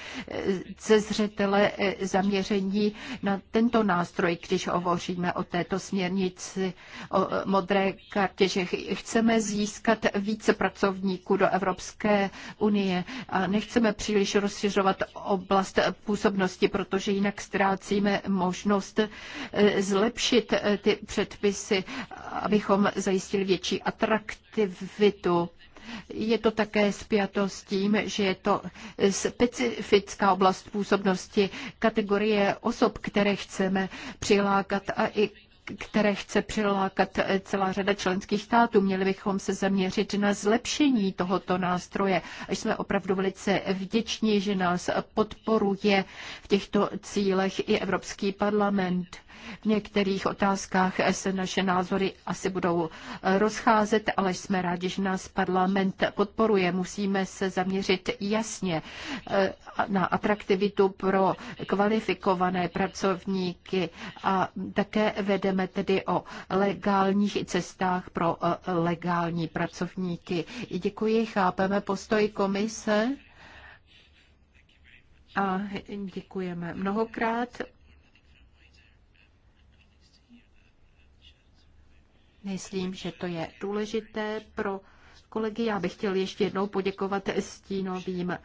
ze zřetele zaměření na tento nástroj, když hovoříme o této směrnici, o e, modré kartě, že chceme získat více pracovníků do Evropské unie a nechceme příliš rozšiřovat oblast působnosti, protože jinak ztrácíme možnost e, zlepšit e, ty předpisy, abychom zajistili větší atraktivitu je to také spjato s tím, že je to specifická oblast působnosti kategorie osob, které chceme přilákat a i které chce přilákat celá řada členských států. Měli bychom se zaměřit na zlepšení tohoto nástroje. A jsme opravdu velice vděční, že nás podporuje v těchto cílech i Evropský parlament. V některých otázkách se naše názory asi budou eh, rozcházet, ale jsme rádi, že nás parlament podporuje. Musíme se zaměřit jasně eh, na atraktivitu pro kvalifikované pracovníky a také vedeme tedy o legálních cestách pro eh, legální pracovníky. Děkuji, chápeme postoj komise a děkujeme mnohokrát. Myslím, že to je důležité pro kolegy. Já bych chtěl ještě jednou poděkovat stínovým eh,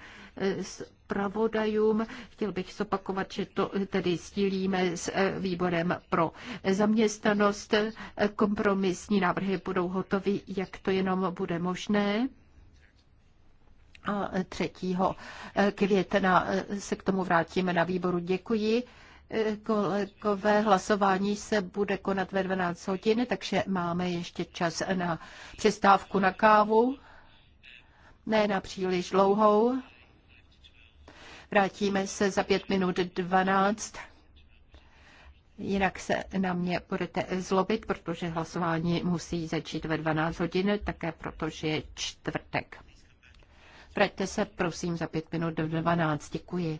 zpravodajům. Chtěl bych zopakovat, že to eh, tedy stílíme s eh, výborem pro zaměstnanost. Kompromisní návrhy budou hotovy, jak to jenom bude možné. A 3. května se k tomu vrátíme na výboru. Děkuji. Kolegové, hlasování se bude konat ve 12 hodin, takže máme ještě čas na přestávku na kávu. Ne na příliš dlouhou. Vrátíme se za 5 minut 12. Jinak se na mě budete zlobit, protože hlasování musí začít ve 12 hodin, také protože je čtvrtek. Vraťte se prosím za 5 minut do 12. Děkuji.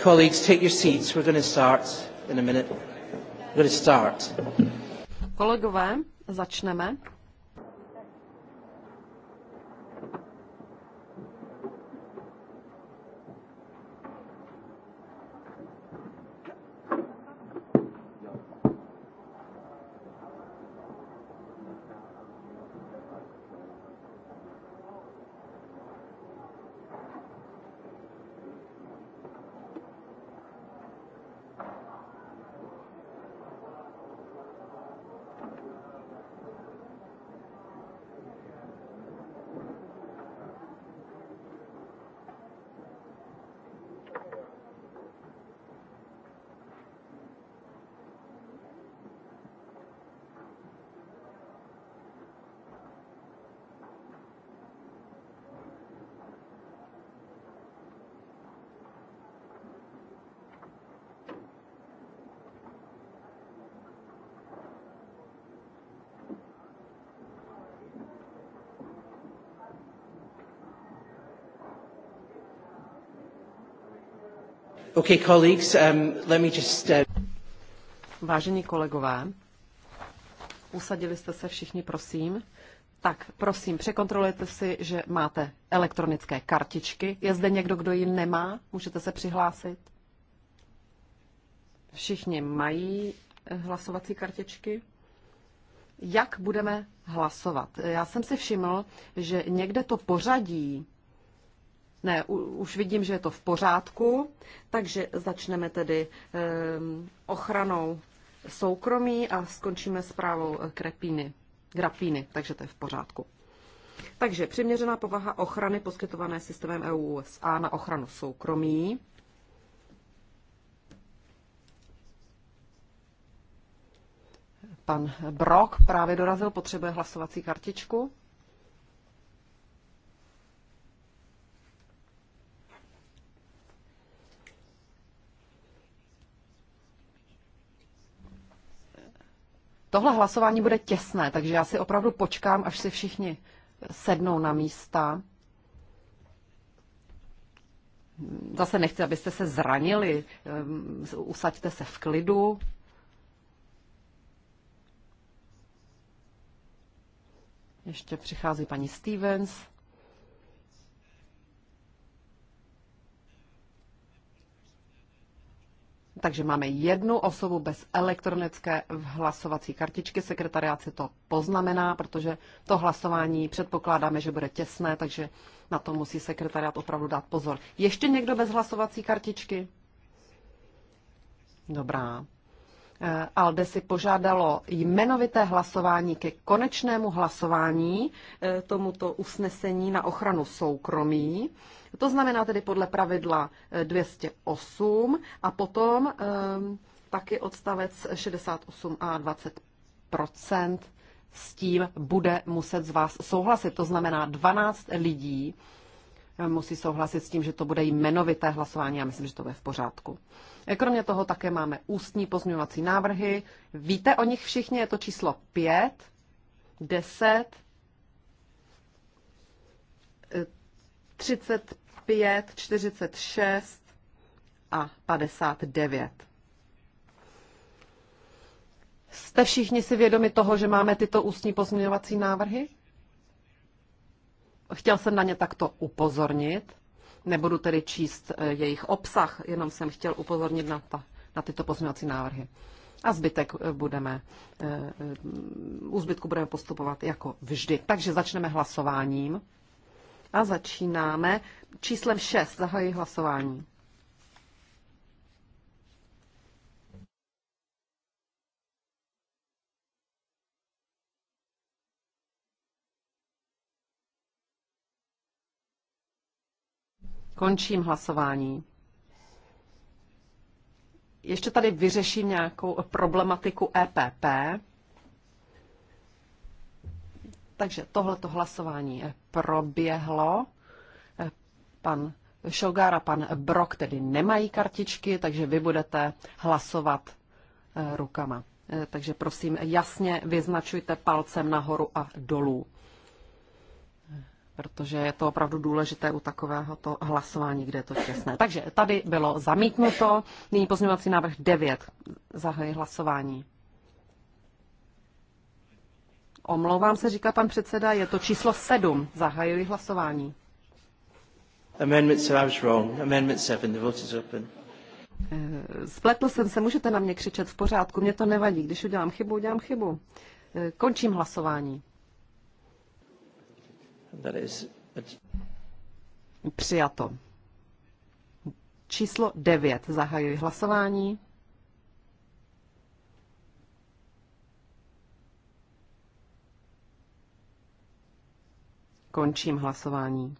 Colleagues, take your seats. We're going to start in a minute. We're going to start.
Kolegové, začneme. Um, uh, Vážení kolegové, usadili jste se všichni, prosím. Tak, prosím, překontrolujte si, že máte elektronické kartičky. Je zde někdo, kdo ji nemá? Můžete se přihlásit. Všichni mají eh, hlasovací kartičky. Jak budeme hlasovat? Já jsem si všiml, že někde to pořadí ne, už vidím, že je to v pořádku, takže začneme tedy ehm, ochranou soukromí a skončíme zprávou eh, krepíny, grapíny, takže to je v pořádku. Takže přiměřená povaha ochrany poskytované systémem EU USA na ochranu soukromí. Pan Brok právě dorazil, potřebuje hlasovací kartičku. Tohle hlasování bude těsné, takže já si opravdu počkám, až si všichni sednou na místa. Zase nechci, abyste se zranili. Ehm, usaďte se v klidu. Ještě přichází paní Stevens. Takže máme jednu osobu bez elektronické v hlasovací kartičky. Sekretariát si to poznamená, protože to hlasování předpokládáme, že bude těsné, takže na to musí sekretariát opravdu dát pozor. Ještě někdo bez hlasovací kartičky? Dobrá, Eh, ALDE si požádalo jmenovité hlasování ke konečnému hlasování eh, tomuto usnesení na ochranu soukromí. To znamená tedy podle pravidla 208 eh, a potom ehm, taky odstavec 68 a 20 s tím bude muset z vás souhlasit. To znamená 12 lidí musí souhlasit s tím, že to bude jmenovité hlasování. Já myslím, že to bude v pořádku. Kromě toho také máme ústní pozměňovací návrhy. Víte o nich všichni? Je to číslo 5, 10, 35, 46 a 59. Jste všichni si vědomi toho, že máme tyto ústní pozměňovací návrhy? Chtěl jsem na ně takto upozornit. Nebudu tedy číst eh, jejich obsah, jenom jsem chtěl upozornit na, ta, na tyto pozměňovací návrhy. A zbytek eh, budeme, eh, u zbytku budeme postupovat jako vždy. Takže začneme hlasováním. A začínáme číslem 6. Zahajuji hlasování. Končím hlasování. Ještě tady vyřeším nějakou problematiku EPP. Takže tohleto hlasování proběhlo. Pan Šogár a pan Brok tedy nemají kartičky, takže vy budete hlasovat eh, rukama. Eh, takže prosím, jasně vyznačujte palcem nahoru a dolů protože je to opravdu důležité u takového to hlasování, kde je to těsné. Takže tady bylo zamítnuto. Nyní pozměňovací návrh 9. Zahajuji hlasování. Omlouvám se, říká pan předseda, je to číslo 7. Zahajuji hlasování.
Amendment, so I was wrong. Amendment seven, the vote is open.
Eh, spletl jsem se, můžete na mě křičet v pořádku, mě to nevadí. Když udělám chybu, udělám chybu. Eh, končím hlasování. Přijato. Číslo 9. Zahajuji hlasování. Končím hlasování.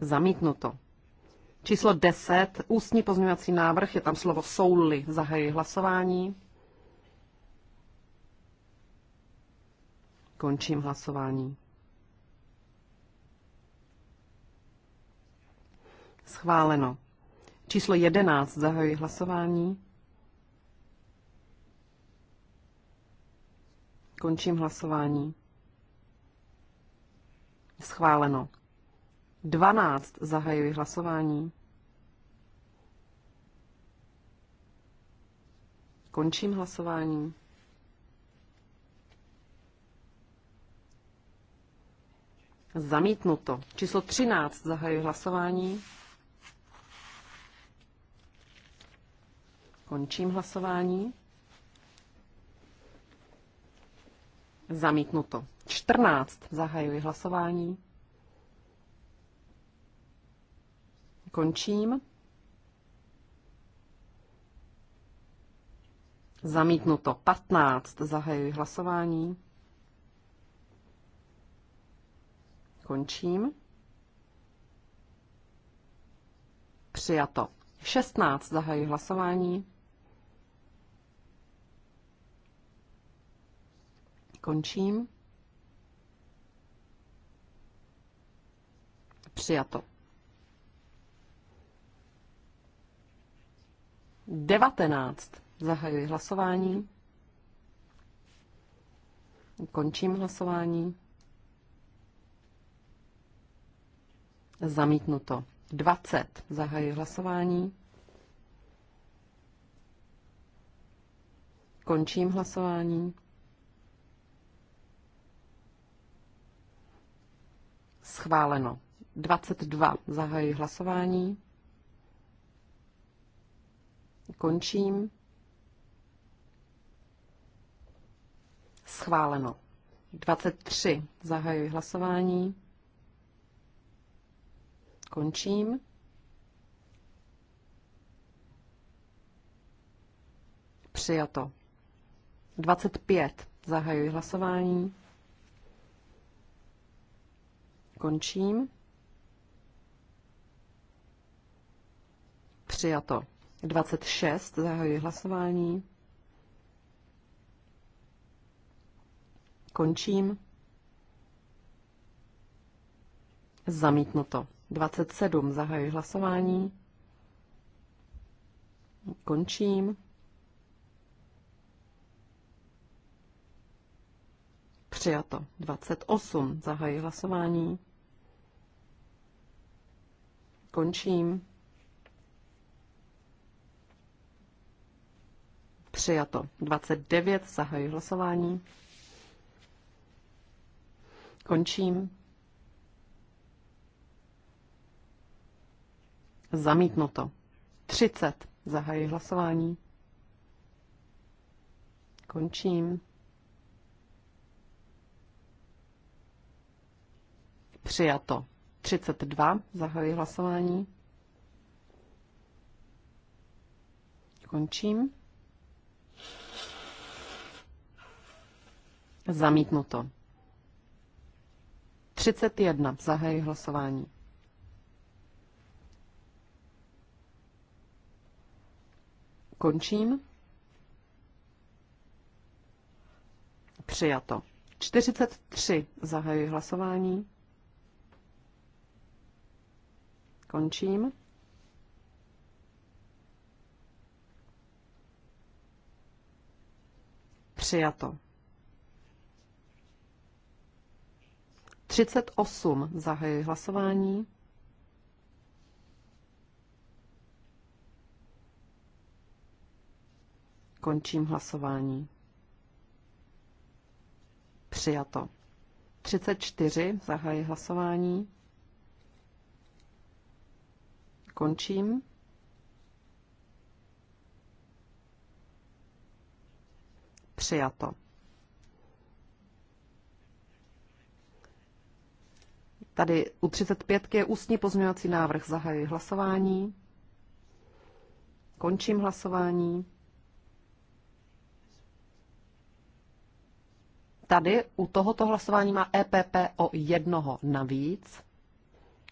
Zamítnuto. Číslo 10. Ústní pozměňovací návrh. Je tam slovo souly. Zahajuji hlasování. Končím hlasování. Schváleno. Číslo 11. Zahajuji hlasování. Končím hlasování. Schváleno. 12. Zahajuji hlasování. Končím hlasování. Zamítnuto. Číslo 13. Zahajuji hlasování. Končím hlasování. Zamítnuto. 14. Zahajuji hlasování. Končím. Zamítnuto. 15. Zahajuji hlasování. Končím. Přijato. 16. Zahajuji hlasování. Končím. Přijato. 19. Zahajuji hlasování. Končím hlasování. Zamítnuto. 20. Zahajuji hlasování. Končím hlasování. Schváleno. 22. Zahajuji hlasování. Končím. Schváleno. 23. Zahajuji hlasování končím. Přijato. 25. Zahajuji hlasování. Končím. Přijato. 26. Zahajuji hlasování. Končím. Zamítnuto. 27. Zahajuji hlasování. Končím. Přijato. 28. Zahajuji hlasování. Končím. Přijato. 29. Zahajuji hlasování. Končím. Zamítnuto. 30. Zahajuji hlasování. Končím. Přijato. 32. Zahajuji hlasování. Končím. Zamítnuto. 31. Zahajuji hlasování. Končím. Přijato. 43. Zahajuji hlasování. Končím. Přijato. 38. Zahajuji hlasování. Končím hlasování. Přijato. 34. zahají hlasování. Končím. Přijato. Tady u 35 je ústní pozměňovací návrh. Zahajuji hlasování. Končím hlasování. tady u tohoto hlasování má EPP o jednoho navíc.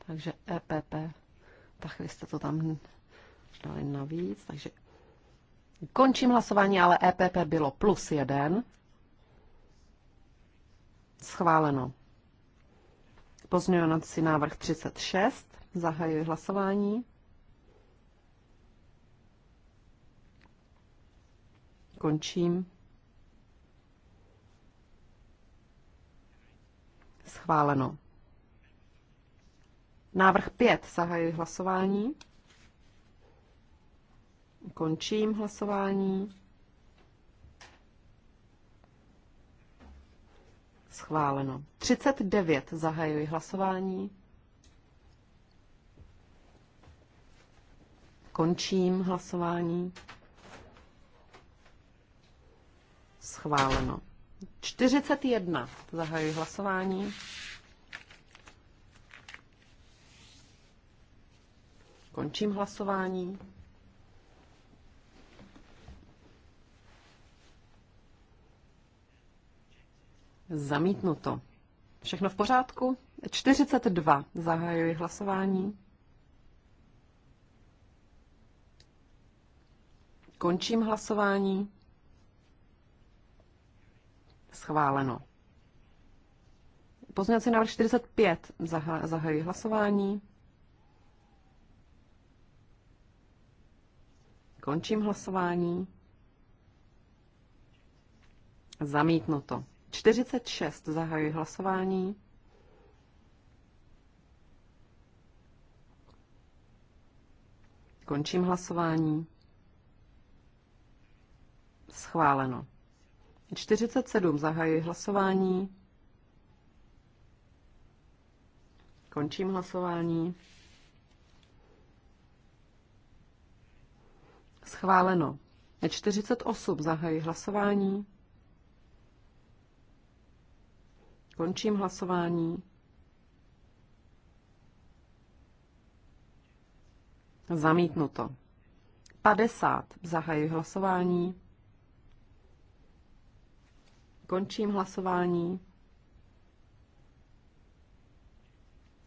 Takže EPP, tak vy jste to tam dali navíc, takže končím hlasování, ale EPP bylo plus jeden. Schváleno. Pozměňovací návrh 36. Zahajuji hlasování. Končím. schváleno. Návrh 5. Zahajuji hlasování. Končím hlasování. Schváleno. 39. Zahajuji hlasování. Končím hlasování. Schváleno. 41. Zahajuji hlasování. Končím hlasování. Zamítnuto. Všechno v pořádku? 42. Zahajuji hlasování. Končím hlasování. Schváleno. Pozměňovací návrh 45. Zahajuji hlasování. Končím hlasování. Zamítnuto. 46. Zahajuji hlasování. Končím hlasování. Schváleno. 47 zahajuji hlasování. Končím hlasování. Schváleno. 48 zahajuji hlasování. Končím hlasování. Zamítnuto. 50 zahajuji hlasování. Končím hlasování.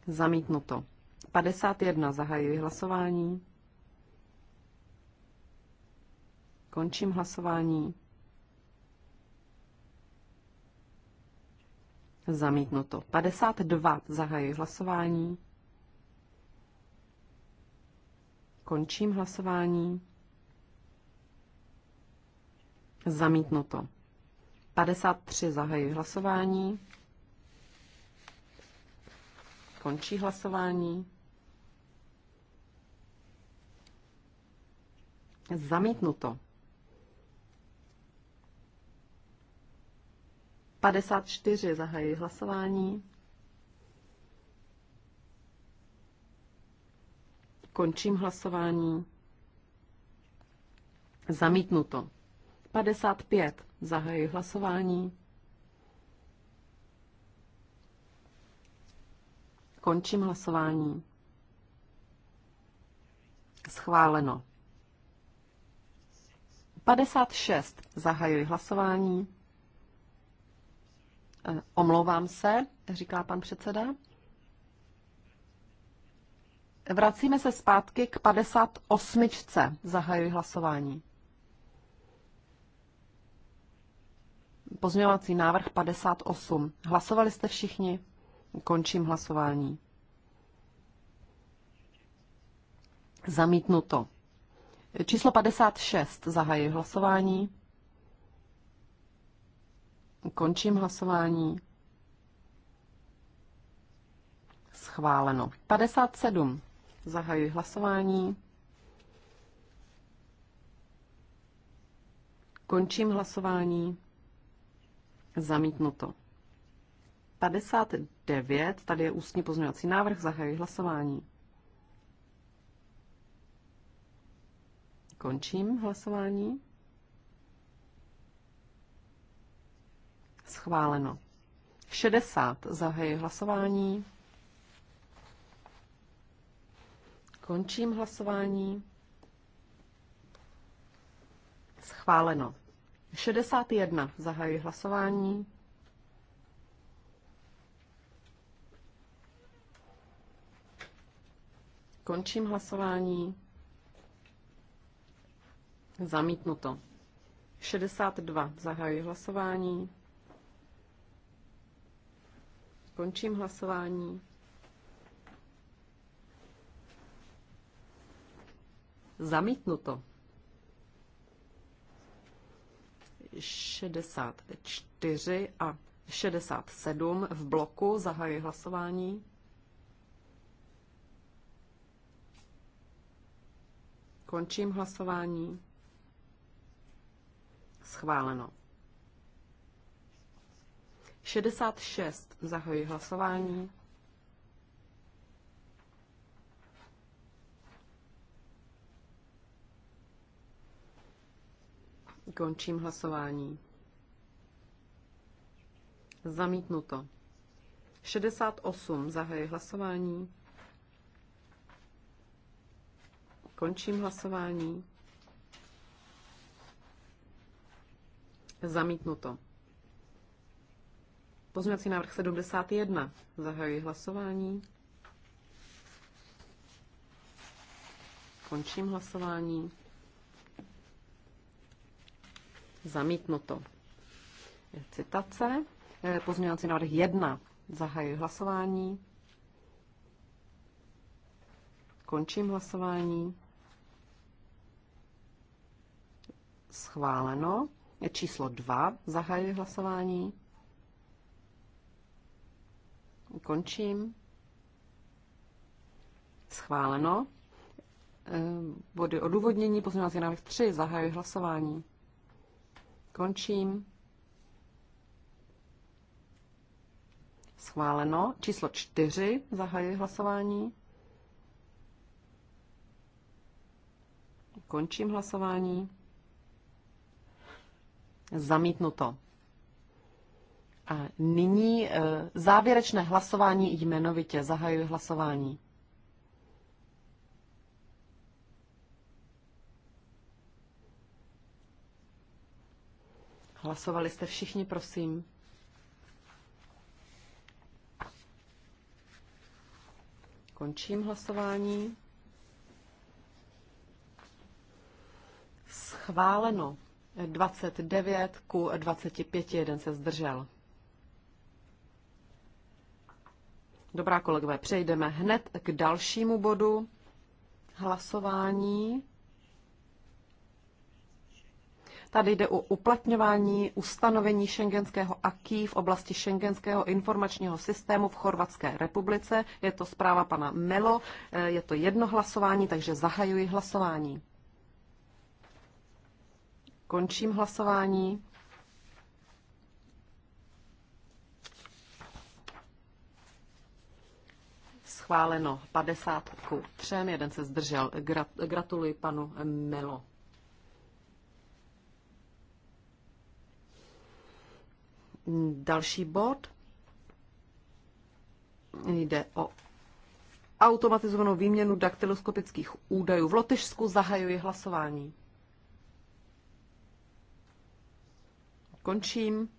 Zamítnuto. 51. Zahajuji hlasování. Končím hlasování. Zamítnuto. 52. Zahajuji hlasování. Končím hlasování. Zamítnuto. 53 zahajuji hlasování. Končí hlasování. Zamítnuto. 54 zahajuji hlasování. Končím hlasování. Zamítnuto. 55. Zahajuji hlasování. Končím hlasování. Schváleno. 56. Zahajuji hlasování. E, omlouvám se, říká pan předseda. Vracíme se zpátky k 58. Zahajuji hlasování. Pozměňovací návrh 58. Hlasovali jste všichni? Končím hlasování. Zamítnuto. Číslo 56. Zahajuji hlasování. Končím hlasování. Schváleno. 57. Zahajuji hlasování. Končím hlasování. Zamítnuto. 59, tady je ústní pozměňovací návrh, zahajuji hlasování. Končím hlasování. Schváleno. 60, zahajuji hlasování. Končím hlasování. Schváleno. 61. Zahajuji hlasování. Končím hlasování. Zamítnuto. 62. Zahajuji hlasování. Končím hlasování. Zamítnuto. 64 a 67 v bloku. Zahajuji hlasování. Končím hlasování. Schváleno. 66. Zahajuji hlasování. Končím hlasování. Zamítnuto. 68. Zahajuji hlasování. Končím hlasování. Zamítnuto. Pozměňovací návrh 71. Zahajuji hlasování. Končím hlasování. Zamítnuto. Citace. Eh, pozměňovací návrh 1. Zahajuji hlasování. Končím hlasování. Schváleno. Číslo 2. Zahajuji hlasování. Končím. Schváleno. Eh, body odůvodnění. Pozměňovací návrh 3. Zahajuji hlasování. Končím. Schváleno. Číslo čtyři. Zahajuji hlasování. Končím hlasování. Zamítnuto. A nyní eh, závěrečné hlasování jmenovitě. Zahajuji hlasování. Hlasovali jste všichni, prosím. Končím hlasování. Schváleno 29 ku 25, jeden se zdržel. Dobrá kolegové, přejdeme hned k dalšímu bodu hlasování. Tady jde o uplatňování ustanovení šengenského aký v oblasti šengenského informačního systému v Chorvatské republice. Je to zpráva pana Melo, je to jedno hlasování, takže zahajuji hlasování. Končím hlasování. Schváleno 50 ku 3, jeden se zdržel. Gratuluji panu Melo. Další bod jde o automatizovanou výměnu daktyloskopických údajů. V Lotyšsku zahajuji hlasování. Končím.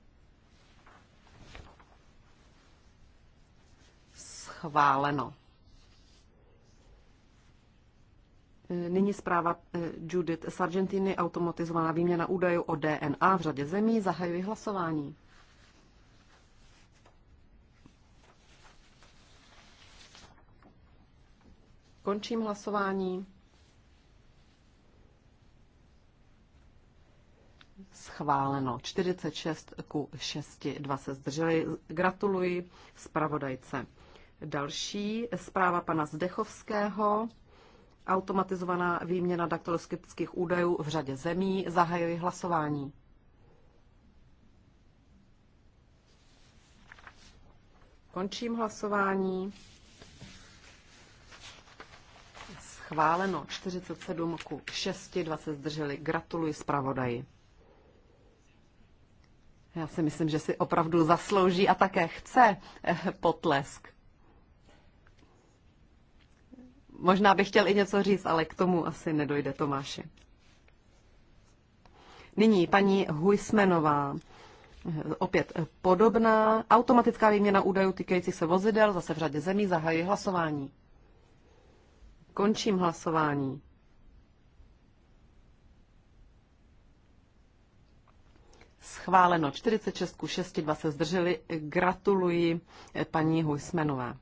Schváleno. Nyní zpráva eh, Judith Sargentini, automatizovaná výměna údajů o DNA v řadě zemí. Zahajuji hlasování. Končím hlasování. Schváleno 46 ku 6, 2 se zdrželi. Gratuluji zpravodajce. Další zpráva pana Zdechovského. Automatizovaná výměna daktyloskoptických údajů v řadě zemí. Zahajuji hlasování. Končím hlasování. schváleno 47 ku 6, 20 zdrželi. Gratuluji zpravodaji. Já si myslím, že si opravdu zaslouží a také chce eh, potlesk. Možná bych chtěl i něco říct, ale k tomu asi nedojde Tomáši. Nyní paní Huismenová. Eh, opět eh, podobná automatická výměna údajů týkajících se vozidel, zase v řadě zemí zahají hlasování. Končím hlasování. Schváleno 46 ku 6, 2 se zdrželi. Gratuluji eh, paní Hujsmenové.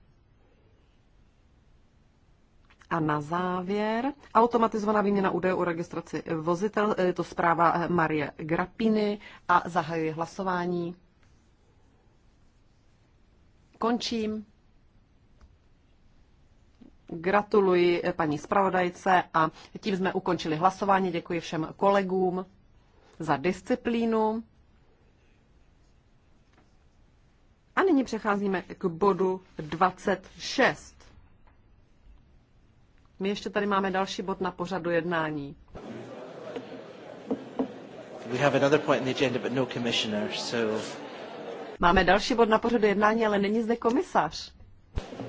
A na závěr automatizovaná výměna údajů o registraci vozitel, eh, je to zpráva eh, Marie Grapiny a zahajuji hlasování. Končím. Gratuluji eh, paní zpravodajce a tím jsme ukončili hlasování. Děkuji všem kolegům za disciplínu. A nyní přecházíme k bodu 26. My ještě tady máme další bod na pořadu jednání. No máme další bod na pořadu jednání, ale není zde komisař.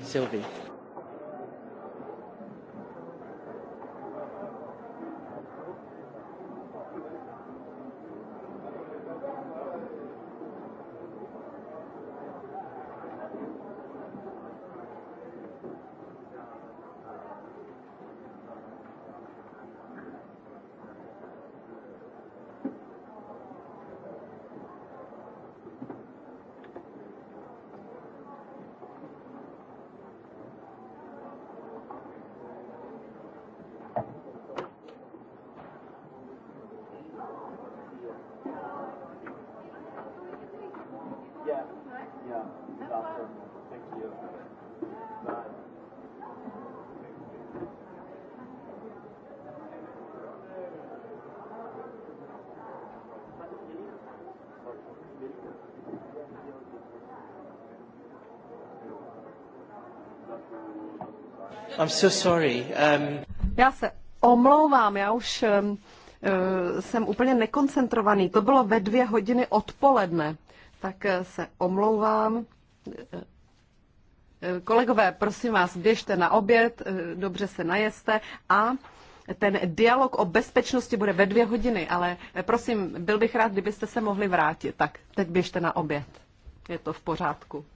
Sylvie. I'm so sorry. Um... Já se omlouvám, já už um, uh, jsem úplně nekoncentrovaný. To bylo ve dvě hodiny odpoledne, tak uh, se omlouvám. Uh, uh, kolegové, prosím vás, běžte na oběd, uh, dobře se najeste a ten dialog o bezpečnosti bude ve dvě hodiny, ale prosím, byl bych rád, kdybyste se mohli vrátit. Tak teď běžte na oběd. Je to v pořádku.